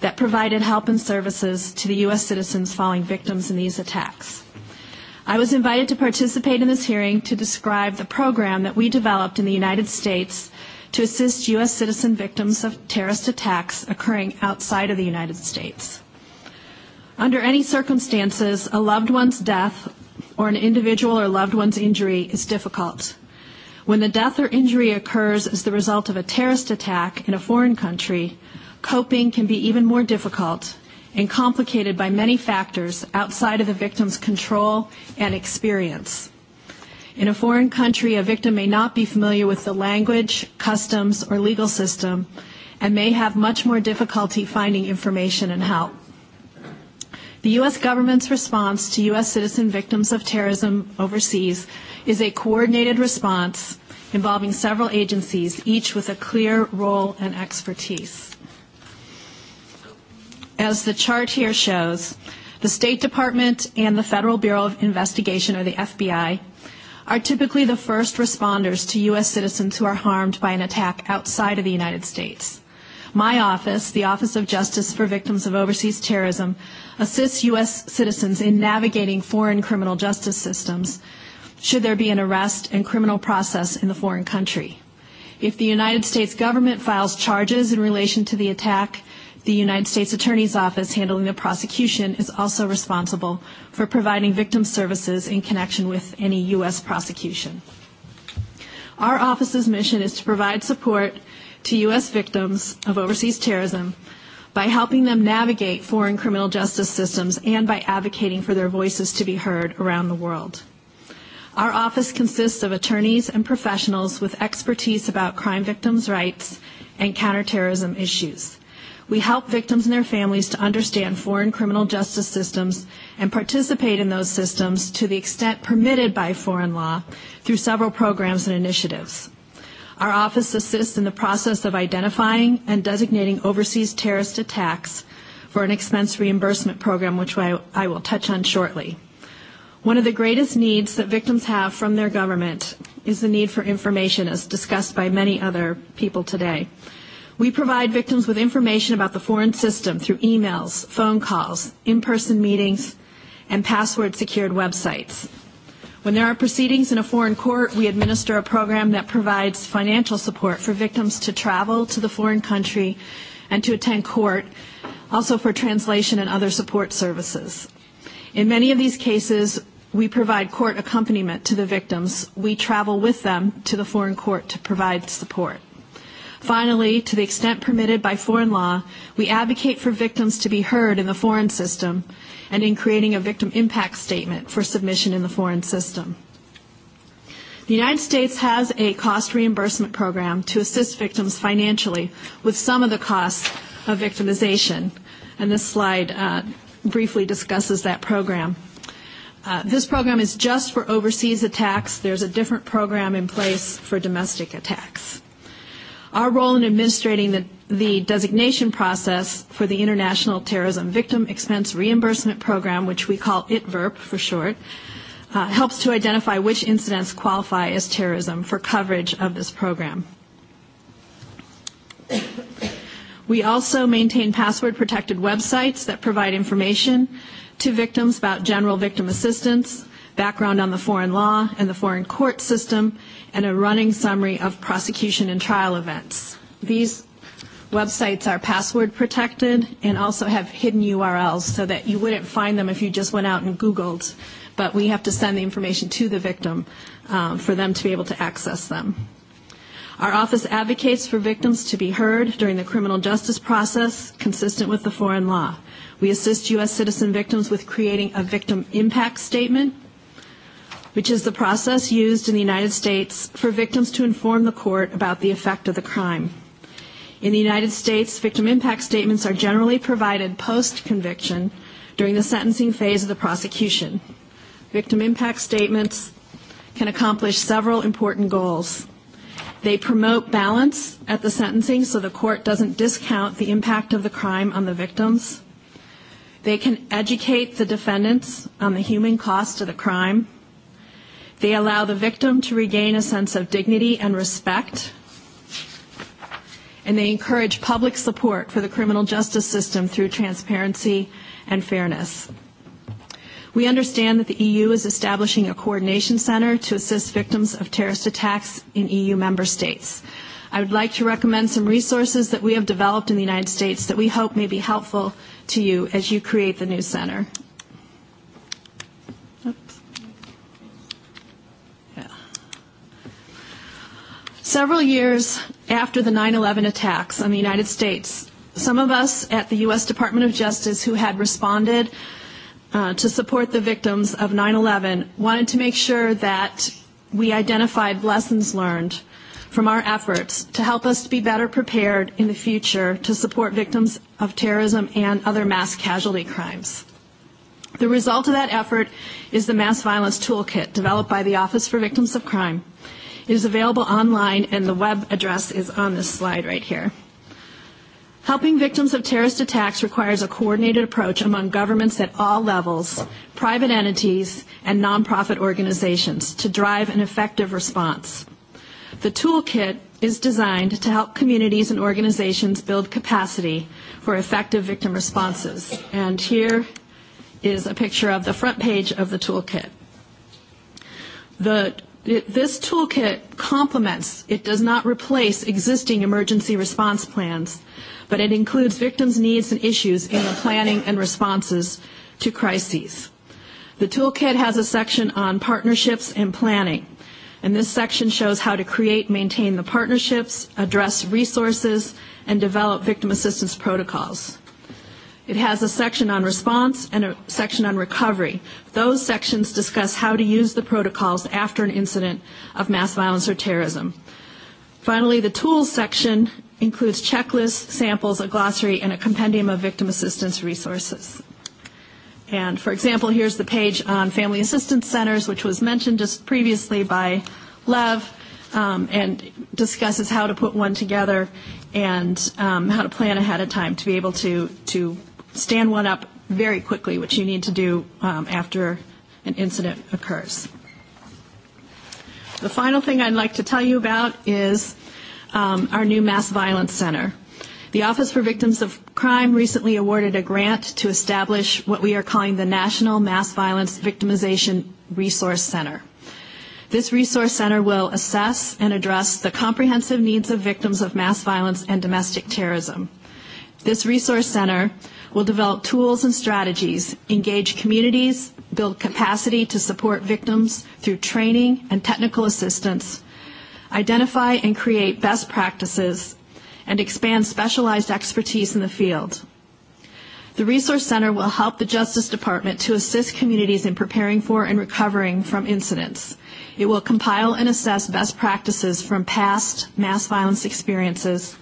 that provided help and services to the U.S. citizens falling victims in these attacks. I was invited to participate in this hearing to describe the program that we developed in the United States to assist U.S. citizen victims of terrorist attacks occurring outside of the United States. Under any circumstances, a loved one's death or an individual or loved one's injury is difficult when the death or injury occurs as the result of a terrorist attack in a foreign country, coping can be even more difficult and complicated by many factors outside of the victim's control and experience. In a foreign country, a victim may not be familiar with the language, customs, or legal system and may have much more difficulty finding information and help. The U.S. government's response to U.S. citizen victims of terrorism overseas is a coordinated response involving several agencies, each with a clear role and expertise. As the chart here shows, the State Department and the Federal Bureau of Investigation, or the FBI, are typically the first responders to U.S. citizens who are harmed by an attack outside of the United States my office, the Office of Justice for Victims of Overseas Terrorism, assists U.S. citizens in navigating foreign criminal justice systems should there be an arrest and criminal process in the foreign country. If the United States government files charges in relation to the attack, the United States Attorney's Office handling the prosecution is also responsible for providing victim services in connection with any U.S. prosecution. Our office's mission is to provide support to U.S. victims of overseas terrorism by helping them navigate foreign criminal justice systems and by advocating for their voices to be heard around the world. Our office consists of attorneys and professionals with expertise about crime victims' rights and counterterrorism issues. We help victims and their families to understand foreign criminal justice systems and participate in those systems to the extent permitted by foreign law through several programs and initiatives. Our office assists in the process of identifying and designating overseas terrorist attacks for an expense reimbursement program, which I will touch on shortly. One of the greatest needs that victims have from their government is the need for information, as discussed by many other people today. We provide victims with information about the foreign system through emails, phone calls, in-person meetings, and password-secured websites. When there are proceedings in a foreign court, we administer a program that provides financial support for victims to travel to the foreign country and to attend court, also for translation and other support services. In many of these cases, we provide court accompaniment to the victims. We travel with them to the foreign court to provide support. Finally, to the extent permitted by foreign law, we advocate for victims to be heard in the foreign system and in creating a victim impact statement for submission in the foreign system. The United States has a cost reimbursement program to assist victims financially with some of the costs of victimization, and this slide briefly discusses that program. This program is just for overseas attacks. There's a different program in place for domestic attacks. Our role in administrating the the designation process for the International Terrorism Victim Expense Reimbursement Program, which we call ITVERP for short, helps to identify which incidents qualify as terrorism for coverage of this program. We also maintain password-protected websites that provide information to victims about general victim assistance, background on the foreign law and the foreign court system, and a running summary of prosecution and trial events. These websites are password protected and also have hidden URLs so that you wouldn't find them if you just went out and Googled. But we have to send the information to the victim for them to be able to access them. Our office advocates for victims to be heard during the criminal justice process consistent with the foreign law. We assist U.S. citizen victims with creating a victim impact statement, which is the process used in the United States for victims to inform the court about the effect of the crime. In the United States, victim impact statements are generally provided post-conviction during the sentencing phase of the prosecution. Victim impact statements can accomplish several important goals. They promote balance at the sentencing so the court doesn't discount the impact of the crime on the victims. They can educate the defendants on the human cost of the crime. They allow the victim to regain a sense of dignity and respect and they encourage public support for the criminal justice system through transparency and fairness. We understand that the EU is establishing a coordination center to assist victims of terrorist attacks in EU member states. I would like to recommend some resources that we have developed in the United States that we hope may be helpful to you as you create the new center. Several years after the 9/11 attacks on the United States, some of us at the U.S. Department of Justice who had responded to support the victims of 9/11 wanted to make sure that we identified lessons learned from our efforts to help us to be better prepared in the future to support victims of terrorism and other mass casualty crimes. The result of that effort is the Mass Violence Toolkit developed by the Office for Victims of Crime is available online, and the web address is on this slide right here. Helping victims of terrorist attacks requires a coordinated approach among governments at all levels, private entities, and nonprofit organizations to drive an effective response. The toolkit is designed to help communities and organizations build capacity for effective victim responses. And here is a picture of the front page of the toolkit. The This toolkit complements, it does not replace existing emergency response plans, but it includes victims' needs and issues in the planning and responses to crises. The toolkit has a section on partnerships and planning, and this section shows how to create, maintain the partnerships, address resources, and develop victim assistance protocols. It has a section on response and a section on recovery. Those sections discuss how to use the protocols after an incident of mass violence or terrorism. Finally, the tools section includes checklists, samples, a glossary, and a compendium of victim assistance resources. And, for example, here's the page on family assistance centers, which was mentioned just previously by Lev, and discusses how to put one together and how to plan ahead of time to be able to stand one up very quickly, which you need to do after an incident occurs. The final thing I'd like to tell you about is our new Mass Violence Center. The Office for Victims of Crime recently awarded a grant to establish what we are calling the National Mass Violence Victimization Resource Center. This resource center will assess and address the comprehensive needs of victims of mass violence and domestic terrorism. This resource center will develop tools and strategies, engage communities, build capacity to support victims through training and technical assistance, identify and create best practices, and expand specialized expertise in the field. The Resource Center will help the Justice Department to assist communities in preparing for and recovering from incidents. It will compile and assess best practices from past mass violence experiences,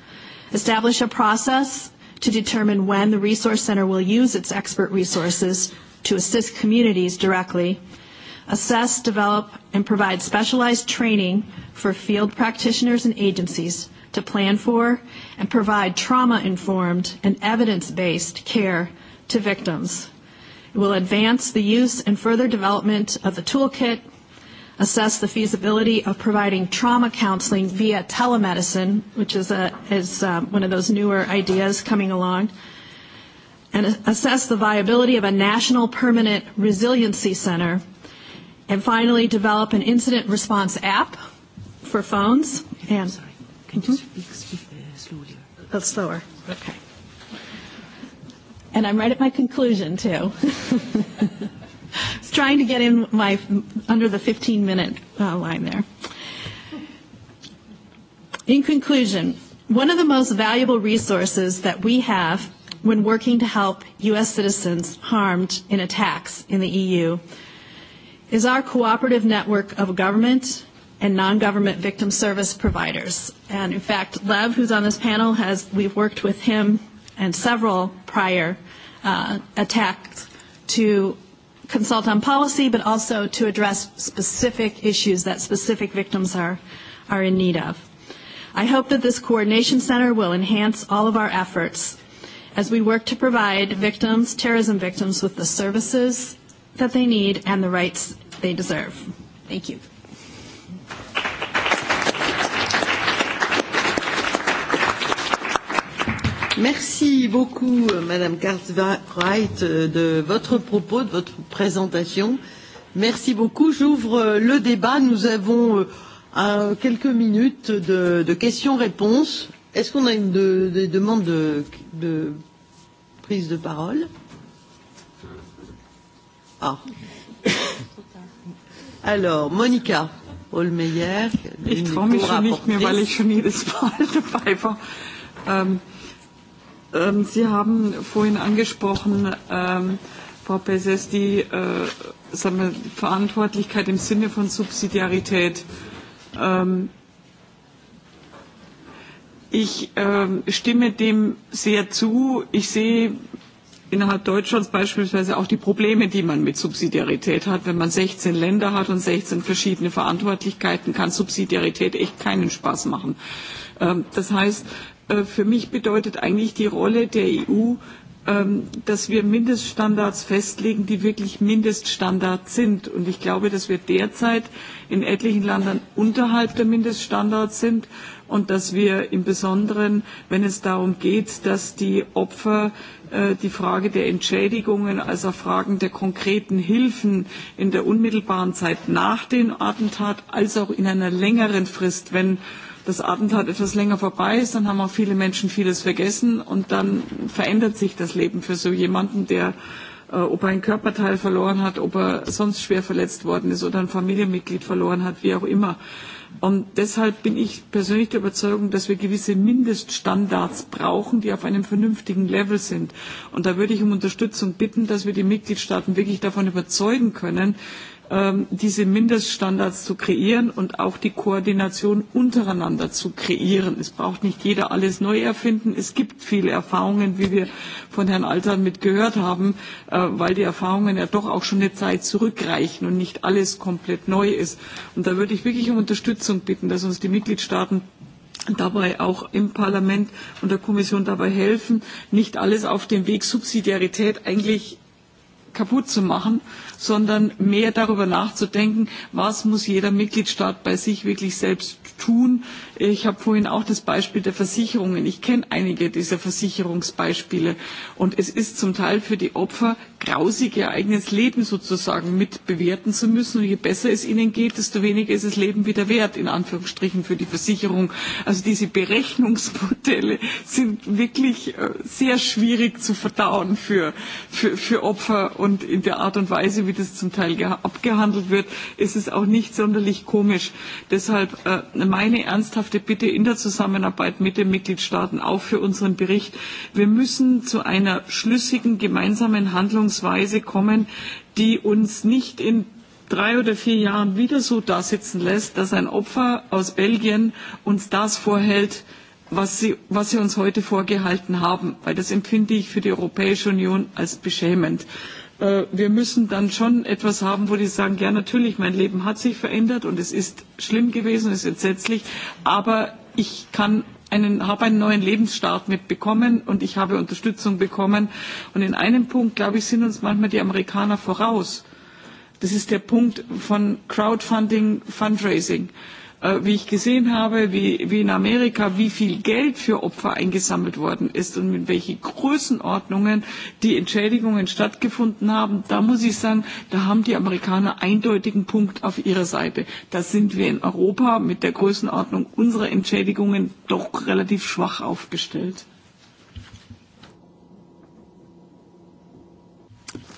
establish a process to determine when the Resource Center will use its expert resources to assist communities directly, assess, develop, and provide specialized training for field practitioners and agencies to plan for and provide trauma-informed and evidence-based care to victims. It will advance the use and further development of the toolkit assess the feasibility of providing trauma counseling via telemedicine, which is one of those newer ideas coming along, and assess the viability of a national permanent resiliency center, and finally develop an incident response app for phones. And, can you speak slowly? That's slower. Okay. And I'm right at my conclusion, too trying to get in my under the 15 minute line there. In conclusion, one of the most valuable resources that we have when working to help US citizens harmed in attacks in the EU is our cooperative network of government and non-government victim service providers. And in fact, Lev, who's on this panel, has we've worked with him and several prior attacks to consult on policy, but also to address specific issues that specific victims are are in need of. I hope that this coordination center will enhance all of our efforts as we work to provide victims, terrorism victims, with the services that they need and the rights they deserve. Thank you. Merci beaucoup, Madame Cartwright, de votre propos, de votre présentation. Merci beaucoup. J'ouvre le débat. Nous avons quelques minutes de questions-réponses. Est-ce qu'on a des demandes de prise de parole Ah. Alors, Monica Holmeyer. Sie haben vorhin angesprochen, Frau Pesses, die Verantwortlichkeit im Sinne von Subsidiarität. Ich stimme dem sehr zu. Ich sehe innerhalb Deutschlands beispielsweise auch die Probleme, die man mit Subsidiarität hat. Wenn man 16 Länder hat und 16 verschiedene Verantwortlichkeiten, kann Subsidiarität echt keinen Spaß machen. Das heißt, für mich bedeutet eigentlich die Rolle der EU, dass wir Mindeststandards festlegen, die wirklich Mindeststandards sind. Und ich glaube, dass wir derzeit in etlichen Ländern unterhalb der Mindeststandards sind und dass wir im Besonderen, wenn es darum geht, dass die Opfer die Frage der Entschädigungen, also Fragen der konkreten Hilfen in der unmittelbaren Zeit nach dem Attentat, als auch in einer längeren Frist, wenn das Attentat etwas länger vorbei ist, dann haben auch viele Menschen vieles vergessen und dann verändert sich das Leben für so jemanden, der ob er einen Körperteil verloren hat, ob er sonst schwer verletzt worden ist oder ein Familienmitglied verloren hat, wie auch immer. Und deshalb bin ich persönlich der Überzeugung, dass wir gewisse Mindeststandards brauchen, die auf einem vernünftigen Level sind. Und da würde ich um Unterstützung bitten, dass wir die Mitgliedstaaten wirklich davon überzeugen können, diese Mindeststandards zu kreieren und auch die Koordination untereinander zu kreieren. Es braucht nicht jeder alles neu erfinden. Es gibt viele Erfahrungen, wie wir von Herrn Altern mit gehört haben, weil die Erfahrungen ja doch auch schon eine Zeit zurückreichen und nicht alles komplett neu ist. Und da würde ich wirklich um Unterstützung bitten, dass uns die Mitgliedstaaten dabei auch im Parlament und der Kommission dabei helfen, nicht alles auf dem Weg Subsidiarität eigentlich kaputt zu machen, sondern mehr darüber nachzudenken, was muss jeder Mitgliedstaat bei sich wirklich selbst tun. Ich habe vorhin auch das Beispiel der Versicherungen. Ich kenne einige dieser Versicherungsbeispiele. Und es ist zum Teil für die Opfer grausige eigenes Leben sozusagen mit bewerten zu müssen. Und je besser es ihnen geht, desto weniger ist das Leben wieder wert, in Anführungsstrichen, für die Versicherung. Also diese Berechnungsmodelle sind wirklich sehr schwierig zu verdauen für Opfer. Und in der Art und Weise, wie das zum Teil abgehandelt wird, ist es auch nicht sonderlich komisch. Deshalb meine ernsthafte Bitte in der Zusammenarbeit mit den Mitgliedstaaten, auch für unseren Bericht. Wir müssen zu einer schlüssigen gemeinsamen Handlung weise kommen, die uns nicht in drei oder vier Jahren wieder so dasitzen lässt, dass ein Opfer aus Belgien uns das vorhält, was sie uns heute vorgehalten haben. Weil das empfinde ich für die Europäische Union als beschämend. Wir müssen dann schon etwas haben, wo die sagen, ja natürlich, mein Leben hat sich verändert und es ist schlimm gewesen, es ist entsetzlich, aber ich kann einen, habe einen neuen Lebensstart mitbekommen und ich habe Unterstützung bekommen. Und in einem Punkt, glaube ich, sind uns manchmal die Amerikaner voraus. Das ist der Punkt von Crowdfunding, Fundraising wie ich gesehen habe, wie in Amerika, wie viel Geld für Opfer eingesammelt worden ist und mit welchen Größenordnungen die Entschädigungen stattgefunden haben, da muss ich sagen, da haben die Amerikaner eindeutigen Punkt auf ihrer Seite. Da sind wir in Europa mit der Größenordnung unserer Entschädigungen doch relativ schwach aufgestellt.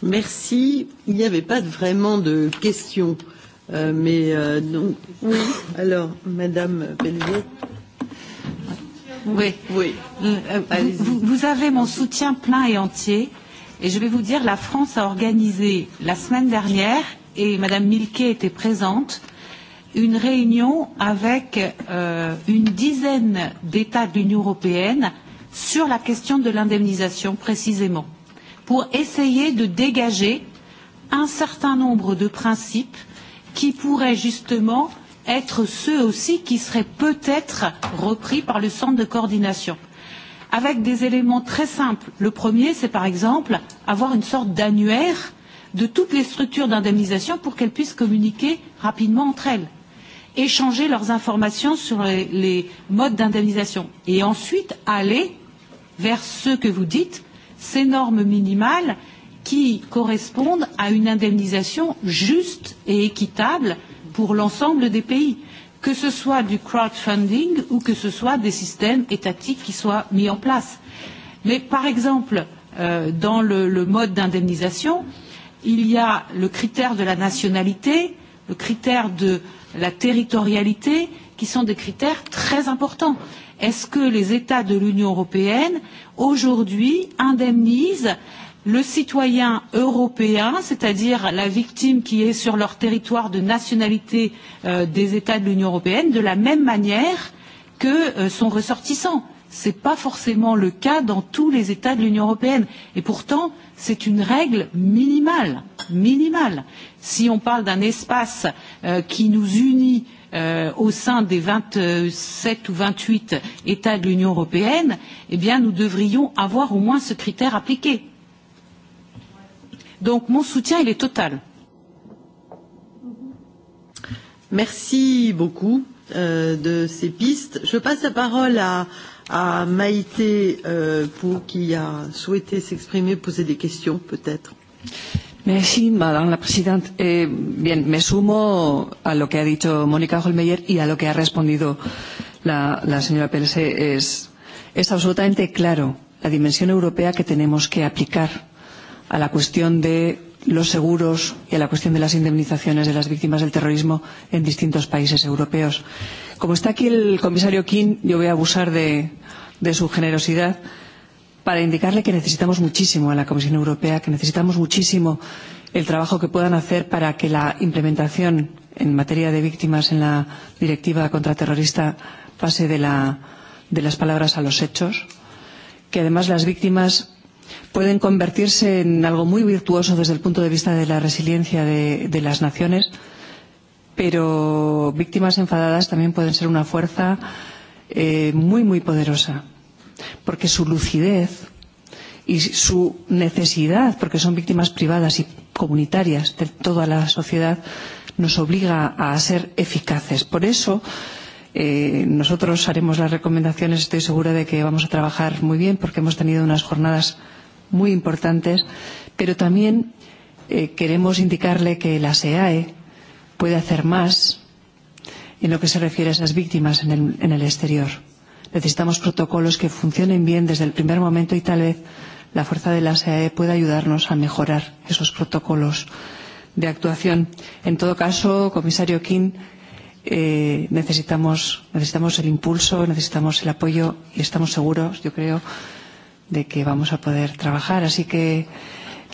Merci. Il avait pas mais non. oui alors madame Bellier oui oui vous avez mon soutien plein et entier et je vais vous dire la France a organisé la semaine dernière et madame Milquet était présente une réunion avec une dizaine d'états de l'Union européenne sur la question de l'indemnisation précisément pour essayer de dégager un certain nombre de principes qui pourraient justement être ceux aussi qui seraient peut-être repris par le centre de coordination. Avec des éléments très simples. Le premier, c'est par exemple avoir une sorte d'annuaire de toutes les structures d'indemnisation pour qu'elles puissent communiquer rapidement entre elles, échanger leurs informations sur les modes d'indemnisation et ensuite aller vers ce que vous dites, ces normes minimales qui correspondent à une indemnisation juste et équitable pour l'ensemble des pays, que ce soit du crowdfunding ou que ce soit des systèmes étatiques qui soient mis en place. Mais par exemple, dans le mode d'indemnisation, il y a le critère de la nationalité, le critère de la territorialité, qui sont des critères très importants. Est-ce que les États de l'Union européenne, aujourd'hui, indemnisent le citoyen européen, c'est-à-dire la victime qui est sur leur territoire de nationalité des États de l'Union européenne, de la même manière que son ressortissant. Ce n'est pas forcément le cas dans tous les États de l'Union européenne. Et pourtant, c'est une règle minimale. Minimale. Si on parle d'un espace qui nous unit au sein des 27 ou 28 États de l'Union européenne, eh bien, nous devrions avoir au moins ce critère appliqué Donc mon soutien, il est total. Merci beaucoup de ces pistes. Je passe la parole à, à Maïté pour qui a souhaité s'exprimer, poser des questions peut-être. Merci, Madame la Eh, Bien, me sumo a lo que ha dicho Mónica Holmeyer y a lo que ha respondido la señora Pelse. Es absolutamente claro la dimensión europea que tenemos que aplicar a la cuestión de los seguros y a la cuestión de las indemnizaciones de las víctimas del terrorismo en distintos países europeos. Como está aquí el comisario King, yo voy a abusar de su generosidad para indicarle que necesitamos muchísimo a la Comisión Europea, que necesitamos muchísimo el trabajo que puedan hacer para que la implementación en materia de víctimas en la directiva contraterrorista pase de las palabras a los hechos, que además las víctimas pueden convertirse en algo muy virtuoso desde el punto de vista de la resiliencia de las naciones, pero víctimas enfadadas también pueden ser una fuerza muy, muy poderosa, porque su lucidez y su necesidad, porque son víctimas privadas y comunitarias de toda la sociedad, nos obliga a ser eficaces. Por eso, Nosotros haremos las recomendaciones, estoy segura de que vamos a trabajar muy bien porque hemos tenido unas jornadas muy importantes, pero también queremos indicarle que la SEAE puede hacer más en lo que se refiere a esas víctimas en el exterior. Necesitamos protocolos que funcionen bien desde el primer momento y tal vez la fuerza de la SEAE pueda ayudarnos a mejorar esos protocolos de actuación. En todo caso, comisario King, eh, necesitamos, necesitamos el impulso, necesitamos el apoyo y estamos seguros, yo creo, de que vamos a poder trabajar. Así que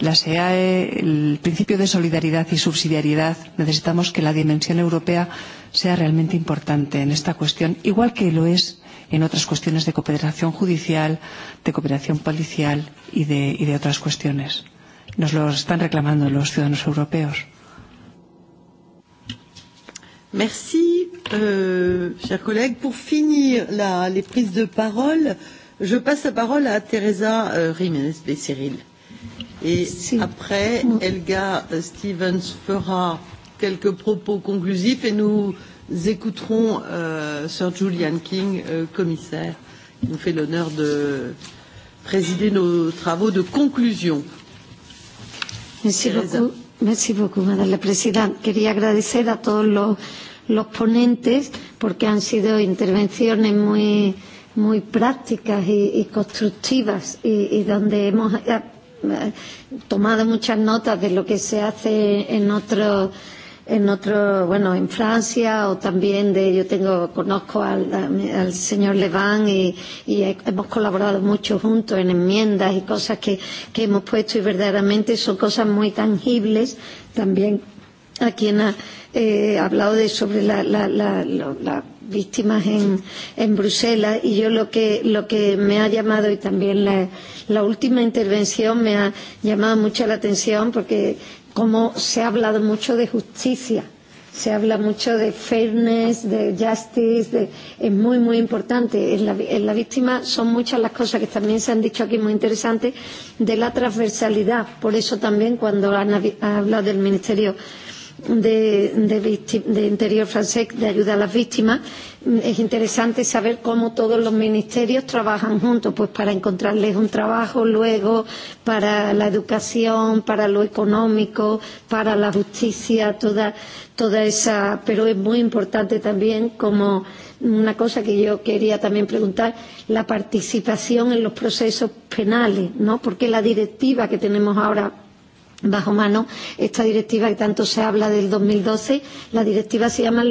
la SEAE, el principio de solidaridad y subsidiariedad, necesitamos que la dimensión europea sea realmente importante en esta cuestión, igual que lo es en otras cuestiones de cooperación judicial, de cooperación policial y de, y de otras cuestiones. Nos lo están reclamando los ciudadanos europeos. Merci, chers collègues. Pour finir les prises de parole, je passe la parole à Teresa Jiménez Becerril. Et après, Elga Stevens fera quelques propos conclusifs et nous écouterons Sir Julian King, commissaire, qui nous fait l'honneur de présider nos travaux de conclusion. Merci beaucoup. Merci Madame la Presidenta. Quería agradecer a todos los, ponentes porque han sido intervenciones muy, prácticas y, constructivas y, y donde hemos tomado muchas notas de lo que se hace en otros en otro, bueno, en Francia o también de, yo tengo, conozco al, al señor Leván y, y hemos colaborado mucho juntos en enmiendas y cosas que, que hemos puesto y verdaderamente son cosas muy tangibles también a quien ha eh, hablado de sobre la, la, la, la, la víctimas en, en Bruselas y yo lo que, lo que me ha llamado y también la, la última intervención me ha llamado mucho la atención porque como se ha hablado mucho de justicia, se habla mucho de fairness, de justice, de, es muy, muy importante. En la, en la víctima son muchas las cosas que también se han dicho aquí muy interesantes de la transversalidad. Por eso también cuando han hablado del Ministerio de Interior francés de ayuda a las víctimas. Es interesante saber cómo todos los ministerios trabajan juntos, pues para encontrarles un trabajo luego, para la educación, para lo económico, para la justicia, toda, toda esa. Pero es muy importante también como una cosa que yo quería también preguntar, la participación en los procesos penales, ¿no? Porque la directiva que tenemos ahora bajo mano esta directiva que tanto se habla del 2012. La directiva se llama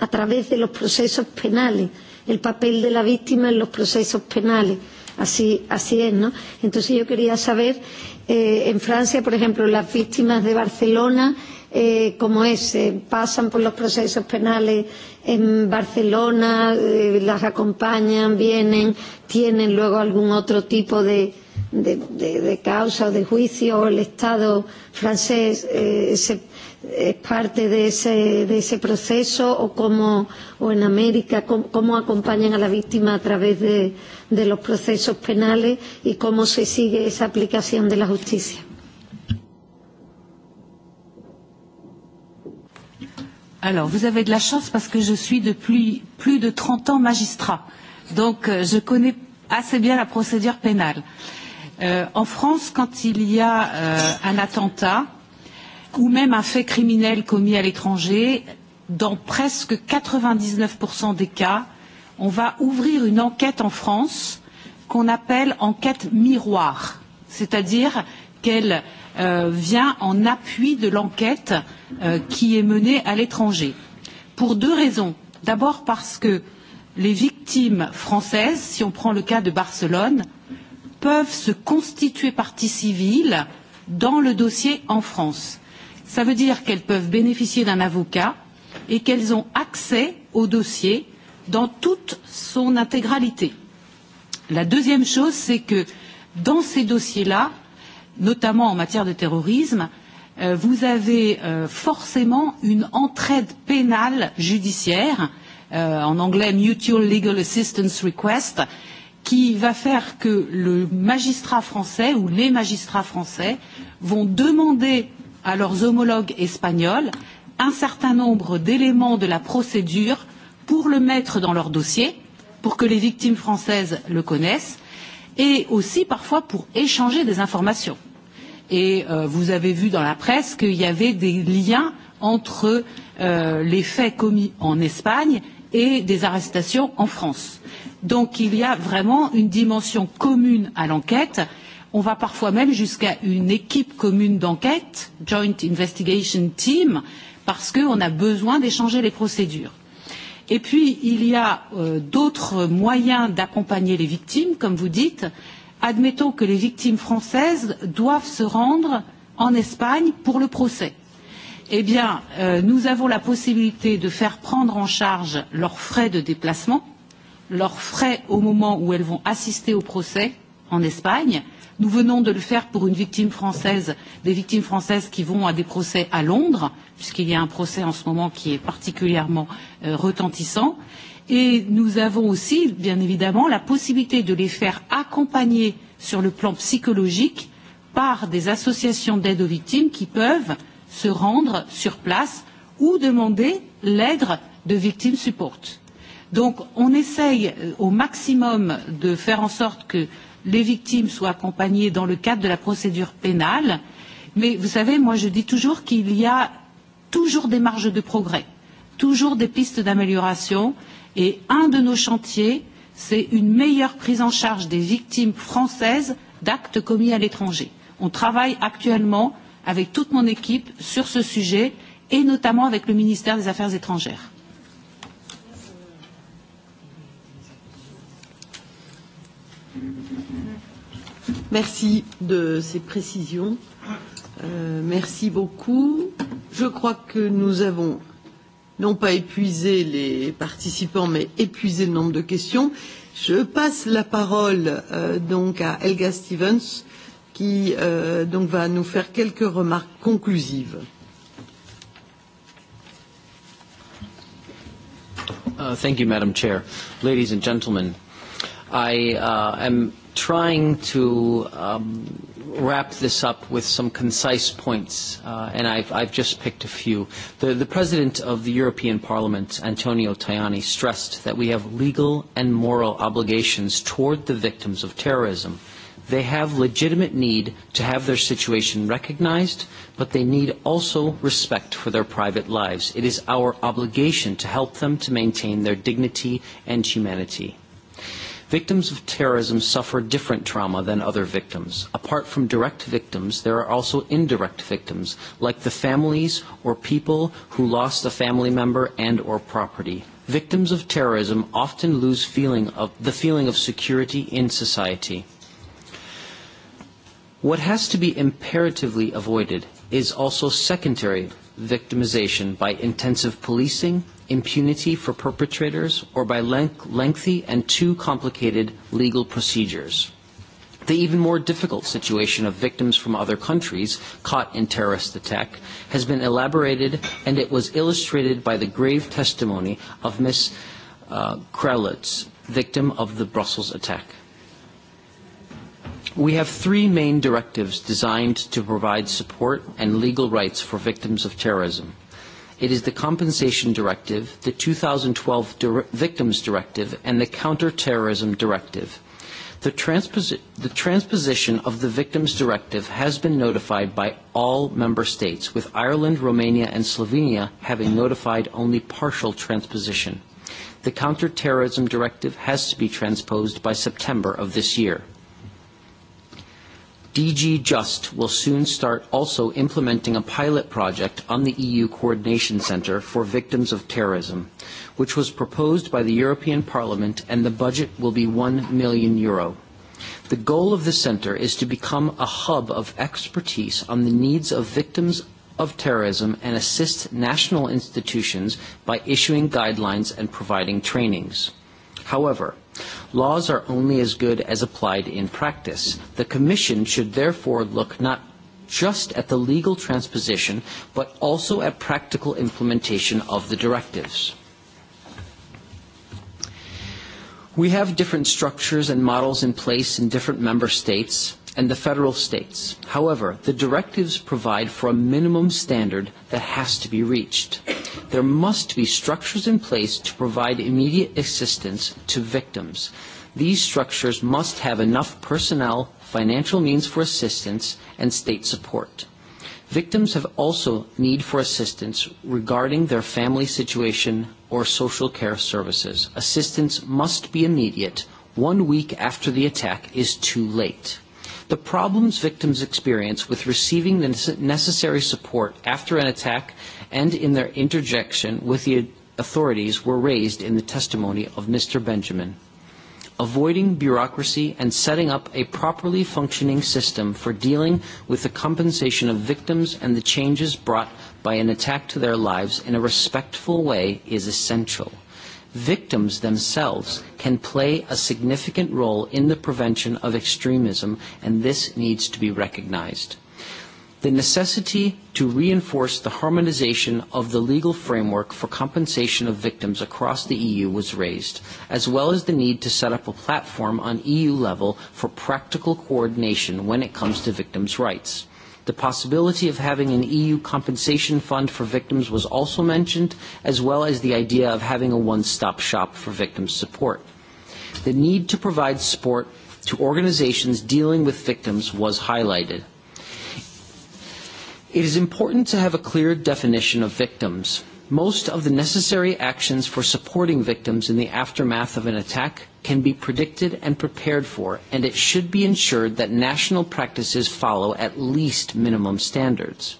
a través de los procesos penales, el papel de la víctima en los procesos penales. Así, así es, ¿no? Entonces yo quería saber, eh, en Francia, por ejemplo, las víctimas de Barcelona, eh, ¿cómo es? ¿Pasan por los procesos penales en Barcelona? ¿Las acompañan? ¿Vienen? ¿Tienen luego algún otro tipo de, de, de, de causa o de juicio, el Estado francés se, es parte de ese, de ese proceso o, como, o en América cómo, acompañan a la víctima a través de, de los procesos penales y cómo se sigue esa aplicación de la justicia. Alors, vous avez de la chance parce que je suis depuis plus de 30 ans magistrat. Donc, je connais assez bien la procédure pénale. En France, quand il y a un attentat ou même un fait criminel commis à l'étranger, dans presque 99% des cas, on va ouvrir une enquête en France qu'on appelle enquête miroir, c'est-à-dire qu'elle vient en appui de l'enquête qui est menée à l'étranger. Pour deux raisons. D'abord parce que les victimes françaises, si on prend le cas de Barcelone, peuvent se constituer partie civile dans le dossier en France. Cela veut dire qu'elles peuvent bénéficier d'un avocat et qu'elles ont accès au dossier dans toute son intégralité. La deuxième chose, c'est que dans ces dossiers-là, notamment en matière de terrorisme, vous avez forcément une entraide pénale judiciaire, en anglais Mutual Legal Assistance Request, qui va faire que le magistrat français ou les magistrats français vont demander à leurs homologues espagnols un certain nombre d'éléments de la procédure pour le mettre dans leur dossier, pour que les victimes françaises le connaissent, et aussi parfois pour échanger des informations. Et vous avez vu dans la presse qu'il y avait des liens entre les faits commis en Espagne et des arrestations en France Donc il y a vraiment une dimension commune à l'enquête. On va parfois même jusqu'à une équipe commune d'enquête, Joint Investigation Team, parce qu'on a besoin d'échanger les procédures. Et puis, il y a d'autres moyens d'accompagner les victimes, comme vous dites. Admettons que les victimes françaises doivent se rendre en Espagne pour le procès. Eh bien, nous avons la possibilité de faire prendre en charge leurs frais de déplacement leurs frais au moment où elles vont assister au procès en Espagne. Nous venons de le faire pour une victime française, des victimes françaises qui vont à des procès à Londres, puisqu'il y a un procès en ce moment qui est particulièrement retentissant. Et nous avons aussi, bien évidemment, la possibilité de les faire accompagner sur le plan psychologique par des associations d'aide aux victimes qui peuvent se rendre sur place ou demander l'aide de victimes Support. Donc on essaye au maximum de faire en sorte que les victimes soient accompagnées dans le cadre de la procédure pénale, mais vous savez, moi je dis toujours qu'il y a toujours des marges de progrès, toujours des pistes d'amélioration, et un de nos chantiers, c'est une meilleure prise en charge des victimes françaises d'actes commis à l'étranger. On travaille actuellement avec toute mon équipe sur ce sujet, et notamment avec le ministère des Affaires étrangères. Merci de ces précisions. Merci beaucoup. Je crois que nous avons non pas épuisé les participants, mais épuisé le nombre de questions. Je passe la parole donc à Elga Stevens, qui donc va nous faire quelques remarques conclusives. Thank you, Madam Chair. Ladies and gentlemen, I am trying to wrap this up with some concise points, and I've, I've just picked a few. The, the President of the European Parliament, Antonio Tajani, stressed that we have legal and moral obligations toward the victims of terrorism. They have legitimate need to have their situation recognized, but they need also respect for their private lives. It is our obligation to help them to maintain their dignity and humanity. Victims of terrorism suffer different trauma than other victims. Apart from direct victims, there are also indirect victims, like the families or people who lost a family member and or property. Victims of terrorism often lose feeling of the feeling of security in society. What has to be imperatively avoided is also secondary victimization by intensive policing, impunity for perpetrators or by lengthy and too complicated legal procedures. The even more difficult situation of victims from other countries caught in terrorist attack has been elaborated and it was illustrated by the grave testimony of Ms. Krelitz, victim of the Brussels attack. We have three main directives designed to provide support and legal rights for victims of terrorism. It is the Compensation Directive, the 2012 Victims Directive, and the Counterterrorism Directive. The transposition of the Victims Directive has been notified by all member states, with Ireland, Romania, and Slovenia having notified only partial transposition. The Counterterrorism Directive has to be transposed by September of this year. DG JUST will soon start also implementing a pilot project on the EU Coordination Centre for Victims of Terrorism, which was proposed by the European Parliament and the budget will be 1 million euro. The goal of the centre is to become a hub of expertise on the needs of victims of terrorism and assist national institutions by issuing guidelines and providing trainings. However, Laws are only as good as applied in practice. The Commission should therefore look not just at the legal transposition, but also at practical implementation of the directives. We have different structures and models in place in different member states and the federal states. However, the directives provide for a minimum standard that has to be reached. There must be structures in place to provide immediate assistance to victims. These structures must have enough personnel, financial means for assistance, and state support. Victims have also need for assistance regarding their family situation or social care services. Assistance must be immediate. One week after the attack is too late. The problems victims experience with receiving the necessary support after an attack and in their interjection with the authorities were raised in the testimony of Mr. Benjamin. Avoiding bureaucracy and setting up a properly functioning system for dealing with the compensation of victims and the changes brought by an attack to their lives in a respectful way is essential victims themselves can play a significant role in the prevention of extremism, and this needs to be recognized. The necessity to reinforce the harmonization of the legal framework for compensation of victims across the EU was raised, as well as the need to set up a platform on EU level for practical coordination when it comes to victims' rights. The possibility of having an EU compensation fund for victims was also mentioned, as well as the idea of having a one-stop shop for victim support. The need to provide support to organizations dealing with victims was highlighted. It is important to have a clear definition of victims most of the necessary actions for supporting victims in the aftermath of an attack can be predicted and prepared for, and it should be ensured that national practices follow at least minimum standards.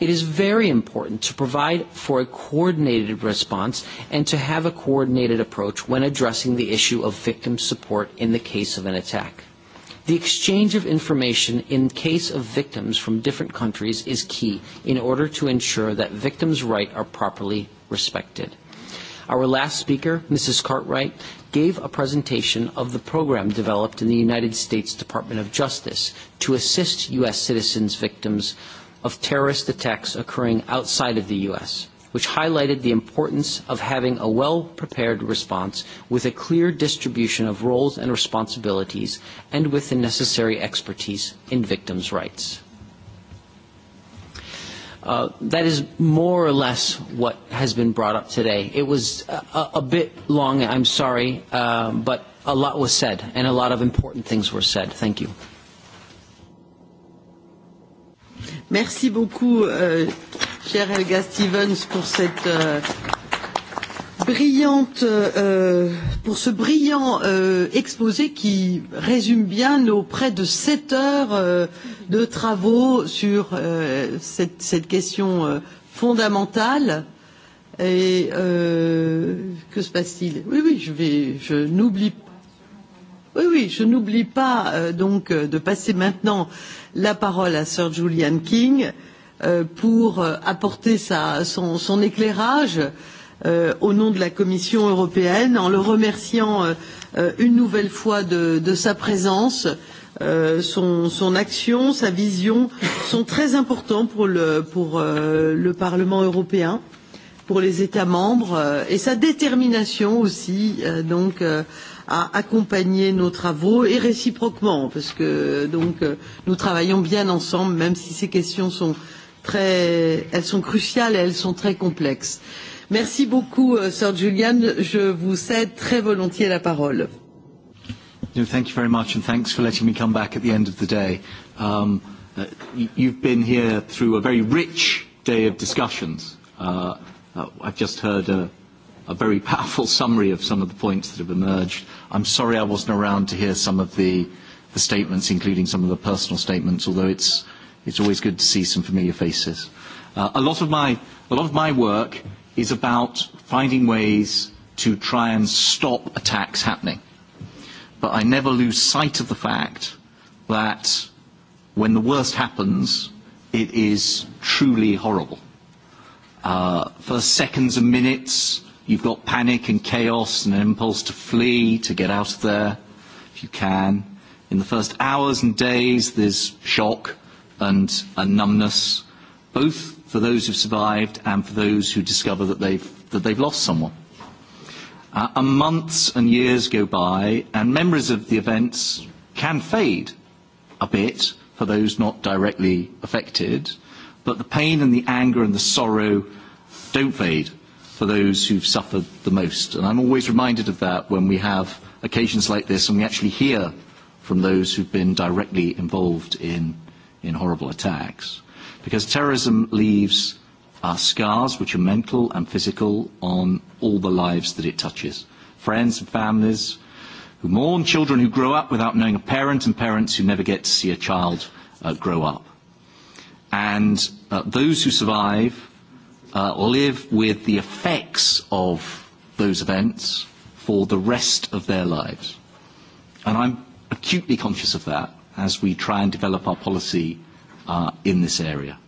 It is very important to provide for a coordinated response and to have a coordinated approach when addressing the issue of victim support in the case of an attack. The exchange of information in case of victims from different countries is key in order to ensure that victims' rights are properly respected. Our last speaker, Mrs. Cartwright, gave a presentation of the program developed in the United States Department of Justice to assist U.S. citizens victims of terrorist attacks occurring outside of the U.S which highlighted the importance of having a well-prepared response with a clear distribution of roles and responsibilities and with the necessary expertise in victims' rights. That is more or less what has been brought up today. It was a bit long, I'm sorry, but a lot was said and a lot of important things were said. Thank you. Merci chère Helga Stevens, pour cette brillante pour ce brillant exposé qui résume bien nos près de sept heures de travaux sur cette question fondamentale et que se passe-t-il oui oui je vais je n'oublie oui oui je n'oublie pas donc de passer maintenant la parole à Sir Julian King pour apporter son éclairage au nom de la Commission européenne, en le remerciant une nouvelle fois de sa présence. Son action, sa vision sont très importants pour le Parlement européen, pour les États membres, et sa détermination aussi à accompagner nos travaux et réciproquement, parce que nous travaillons bien ensemble, même si ces questions sont elles sont cruciales et elles sont très complexes. Merci beaucoup, Sir Julian. Je vous cède très volontiers la parole. Thank you very much, and thanks for letting me come back at the end of the day. Um, you've been here through a very rich day of discussions. I've just heard a, very powerful summary of some of the points that have emerged. I'm sorry I wasn't around to hear some of the, the statements, including some of the personal statements, although it's it's always good to see some familiar faces. A lot of my a lot of my work is about finding ways to try and stop attacks happening. But I never lose sight of the fact that when the worst happens, it is truly horrible. For seconds and minutes, you've got panic and chaos and an impulse to flee, to get out of there, if you can. In the first hours and days, there's shock and numbness, both for those who've survived and for those who discover that they've that they've lost someone. And months and years go by, and memories of the events can fade a bit for those not directly affected, but the pain and the anger and the sorrow don't fade for those who've suffered the most. And I'm always reminded of that when we have occasions like this and we actually hear from those who've been directly involved in in horrible attacks, because terrorism leaves scars, which are mental and physical, on all the lives that it touches. Friends and families who mourn, children who grow up without knowing a parent, and parents who never get to see a child grow up. And those who survive live with the effects of those events for the rest of their lives. And I'm acutely conscious of that as we try and develop our policy in this area.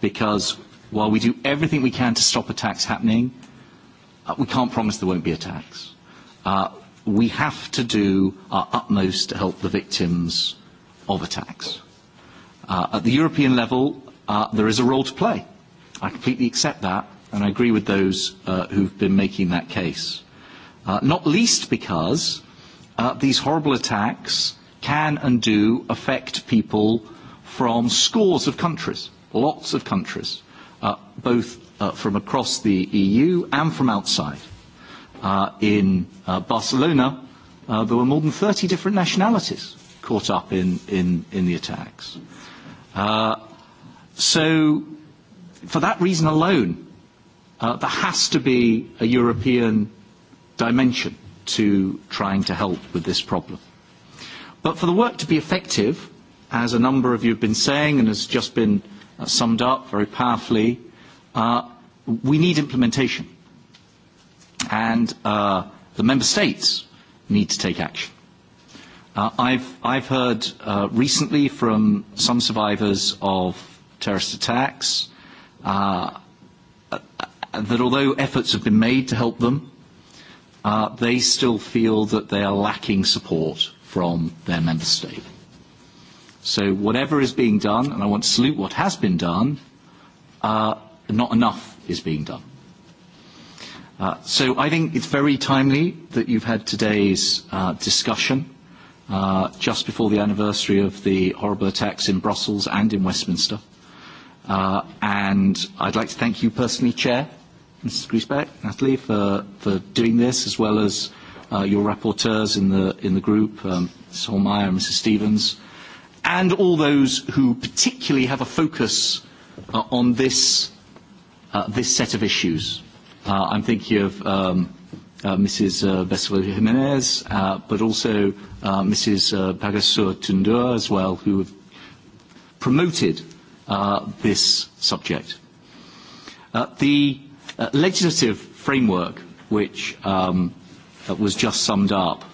Because while we do everything we can to stop attacks happening, we can't promise there won't be attacks. We have to do our utmost to help the victims of attacks. At the European level, there is a role to play. I completely accept that, and I agree with those who've been making that case. Not least because these horrible attacks can and do affect people from scores of countries, lots of countries, both from across the EU and from outside. In Barcelona, there were more than 30 different nationalities caught up in the attacks. So for that reason alone, there has to be a European dimension to trying to help with this problem. But for the work to be effective, as a number of you have been saying and has just been summed up very powerfully, we need implementation. And the member states need to take action. I've heard recently from some survivors of terrorist attacks that although efforts have been made to help them, they still feel that they are lacking support from their member state. So whatever is being done, and I want to salute what has been done, not enough is being done. So I think it's very timely that you've had today's discussion just before the anniversary of the horrible attacks in Brussels and in Westminster. And I'd like to thank you personally, Chair, Mrs. Griesbeck, Natalie, for doing this, as well as your rapporteurs in the in the group, Meyer and Mrs. Stevens, and all those who particularly have a focus on this set of issues. I'm thinking of Mrs. Bessel Jimenez, but also Mrs. Pagasur Tundur as well, who have promoted this subject. The legislative framework, which that was just summed up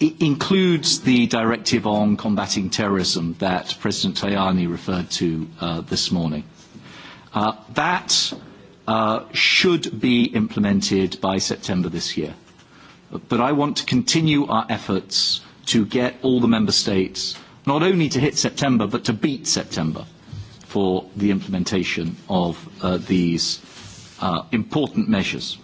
It includes the directive on combating terrorism that President Tajani referred to this morning. That should be implemented by September this year. But I want to continue our efforts to get all the member states not only to hit September but to beat September for the implementation of these important measures.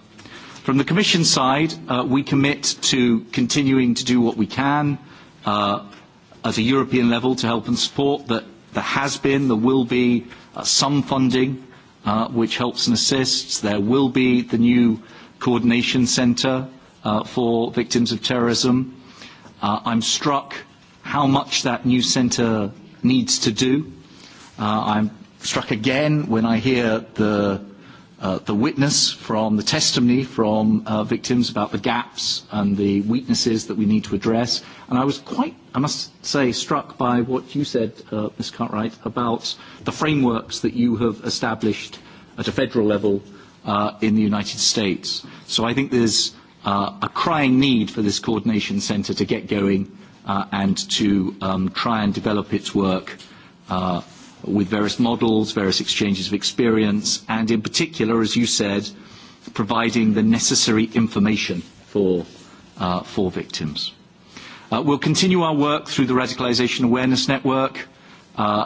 From the Commission side, we commit to continuing to do what we can at a European level to help and support that there has been, there will be some funding which helps and assists. There will be the new coordination centre for victims of terrorism. I'm struck how much that new centre needs to do. I'm struck again when I hear the the witness from the testimony from victims about the gaps and the weaknesses that we need to address. And I was quite, I must say, struck by what you said, Ms. Cartwright, about the frameworks that you have established at a federal level in the United States. So I think there's a crying need for this coordination centre to get going and to try and develop its work with various models, various exchanges of experience, and in particular, as you said, providing the necessary information for victims. We'll continue our work through the Radicalisation Awareness Network,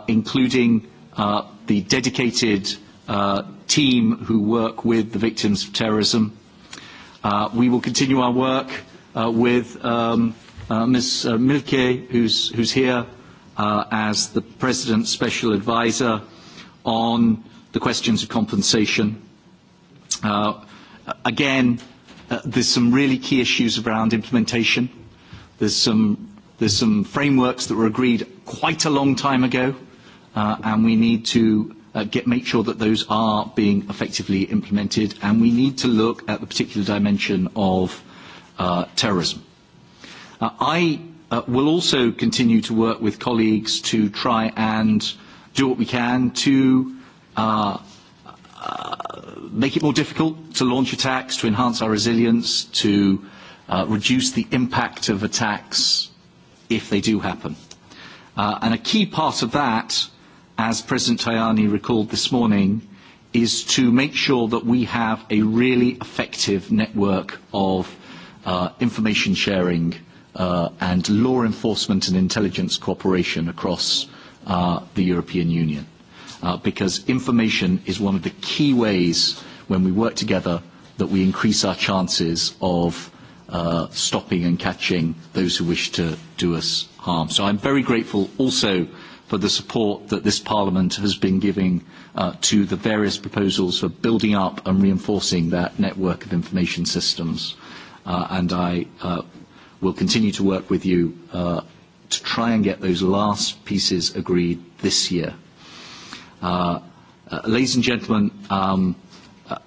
including the dedicated team who work with the victims of terrorism. We will continue our work with Ms. Milke, who's here as the President's Special Advisor on the questions of compensation. Again, there's some really key issues around implementation. There's some frameworks that were agreed quite a long time ago, and we need to make sure that those are being effectively implemented, and we need to look at the particular dimension of terrorism. I We will also continue to work with colleagues to try and do what we can to make it more difficult to launch attacks, to enhance our resilience, to reduce the impact of attacks if they do happen. And a key part of that, as President Tajani recalled this morning, is to make sure that we have a really effective network of information sharing and law enforcement and intelligence cooperation across the European Union. Because information is one of the key ways when we work together that we increase our chances of stopping and catching those who wish to do us harm. So I'm very grateful also for the support that this Parliament has been giving to the various proposals for building up and reinforcing that network of information systems. And I We'll continue to work with you to try and get those last pieces agreed this year. Ladies and gentlemen,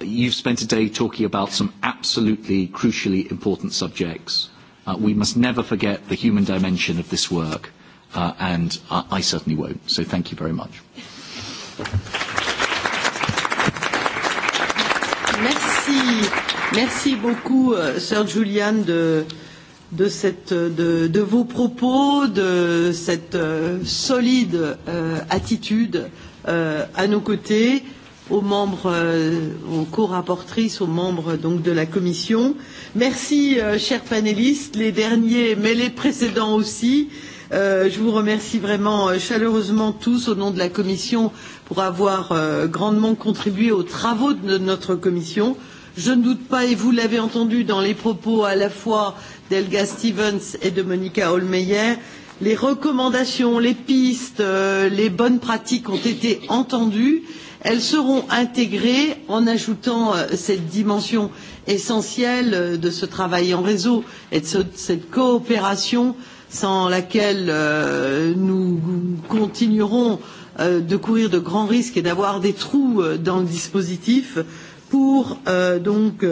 you've spent a day talking about some absolutely crucially important subjects. We must never forget the human dimension of this work, and I certainly won't. So thank you very much. Merci. Merci beaucoup, Sir Julian, de de vos propos de cette solide attitude à nos côtés aux membres aux co-rapportrices aux membres donc de la commission merci chers panélistes les derniers mais les précédents aussi je vous remercie vraiment chaleureusement tous au nom de la commission pour avoir grandement contribué aux travaux de notre commission je ne doute pas et vous l'avez entendu dans les propos à la fois d'Elga Stevens et de Monica Holmeyer. Les recommandations, les pistes, les bonnes pratiques ont été entendues. Elles seront intégrées en ajoutant cette dimension essentielle de ce travail en réseau et de cette coopération sans laquelle nous continuerons de courir de grands risques et d'avoir des trous dans le dispositif pour donc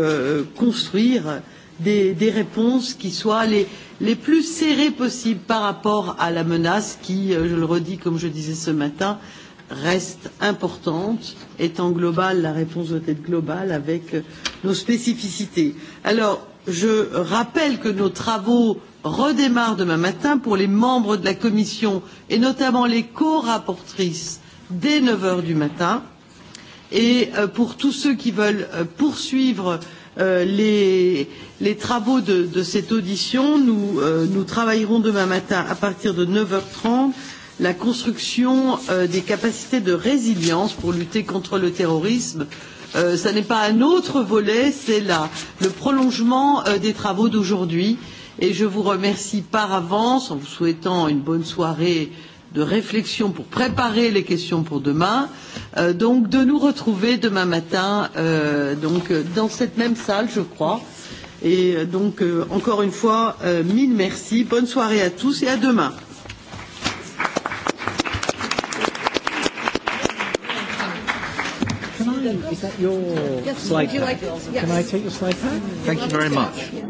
construire des réponses qui soient les plus serrées possibles par rapport à la menace qui, je le redis comme je disais ce matin, reste importante, étant globale, la réponse doit être globale avec nos spécificités. Alors, je rappelle que nos travaux redémarrent demain matin pour les membres de la Commission et notamment les co-rapportrices dès heures du matin. Et pour tous ceux qui veulent poursuivre les travaux de cette audition. Nous travaillerons demain matin à partir de 9h30 la construction des capacités de résilience pour lutter contre le terrorisme. Ce n'est pas un autre volet, c'est le prolongement des travaux d'aujourd'hui. Et je vous remercie par avance en vous souhaitant une bonne soirée de réflexion pour préparer les questions pour demain, donc de nous retrouver demain matin donc dans cette même salle, je crois. Et donc, encore une fois, mille merci. Bonne soirée à tous et à demain. slide Thank you very much.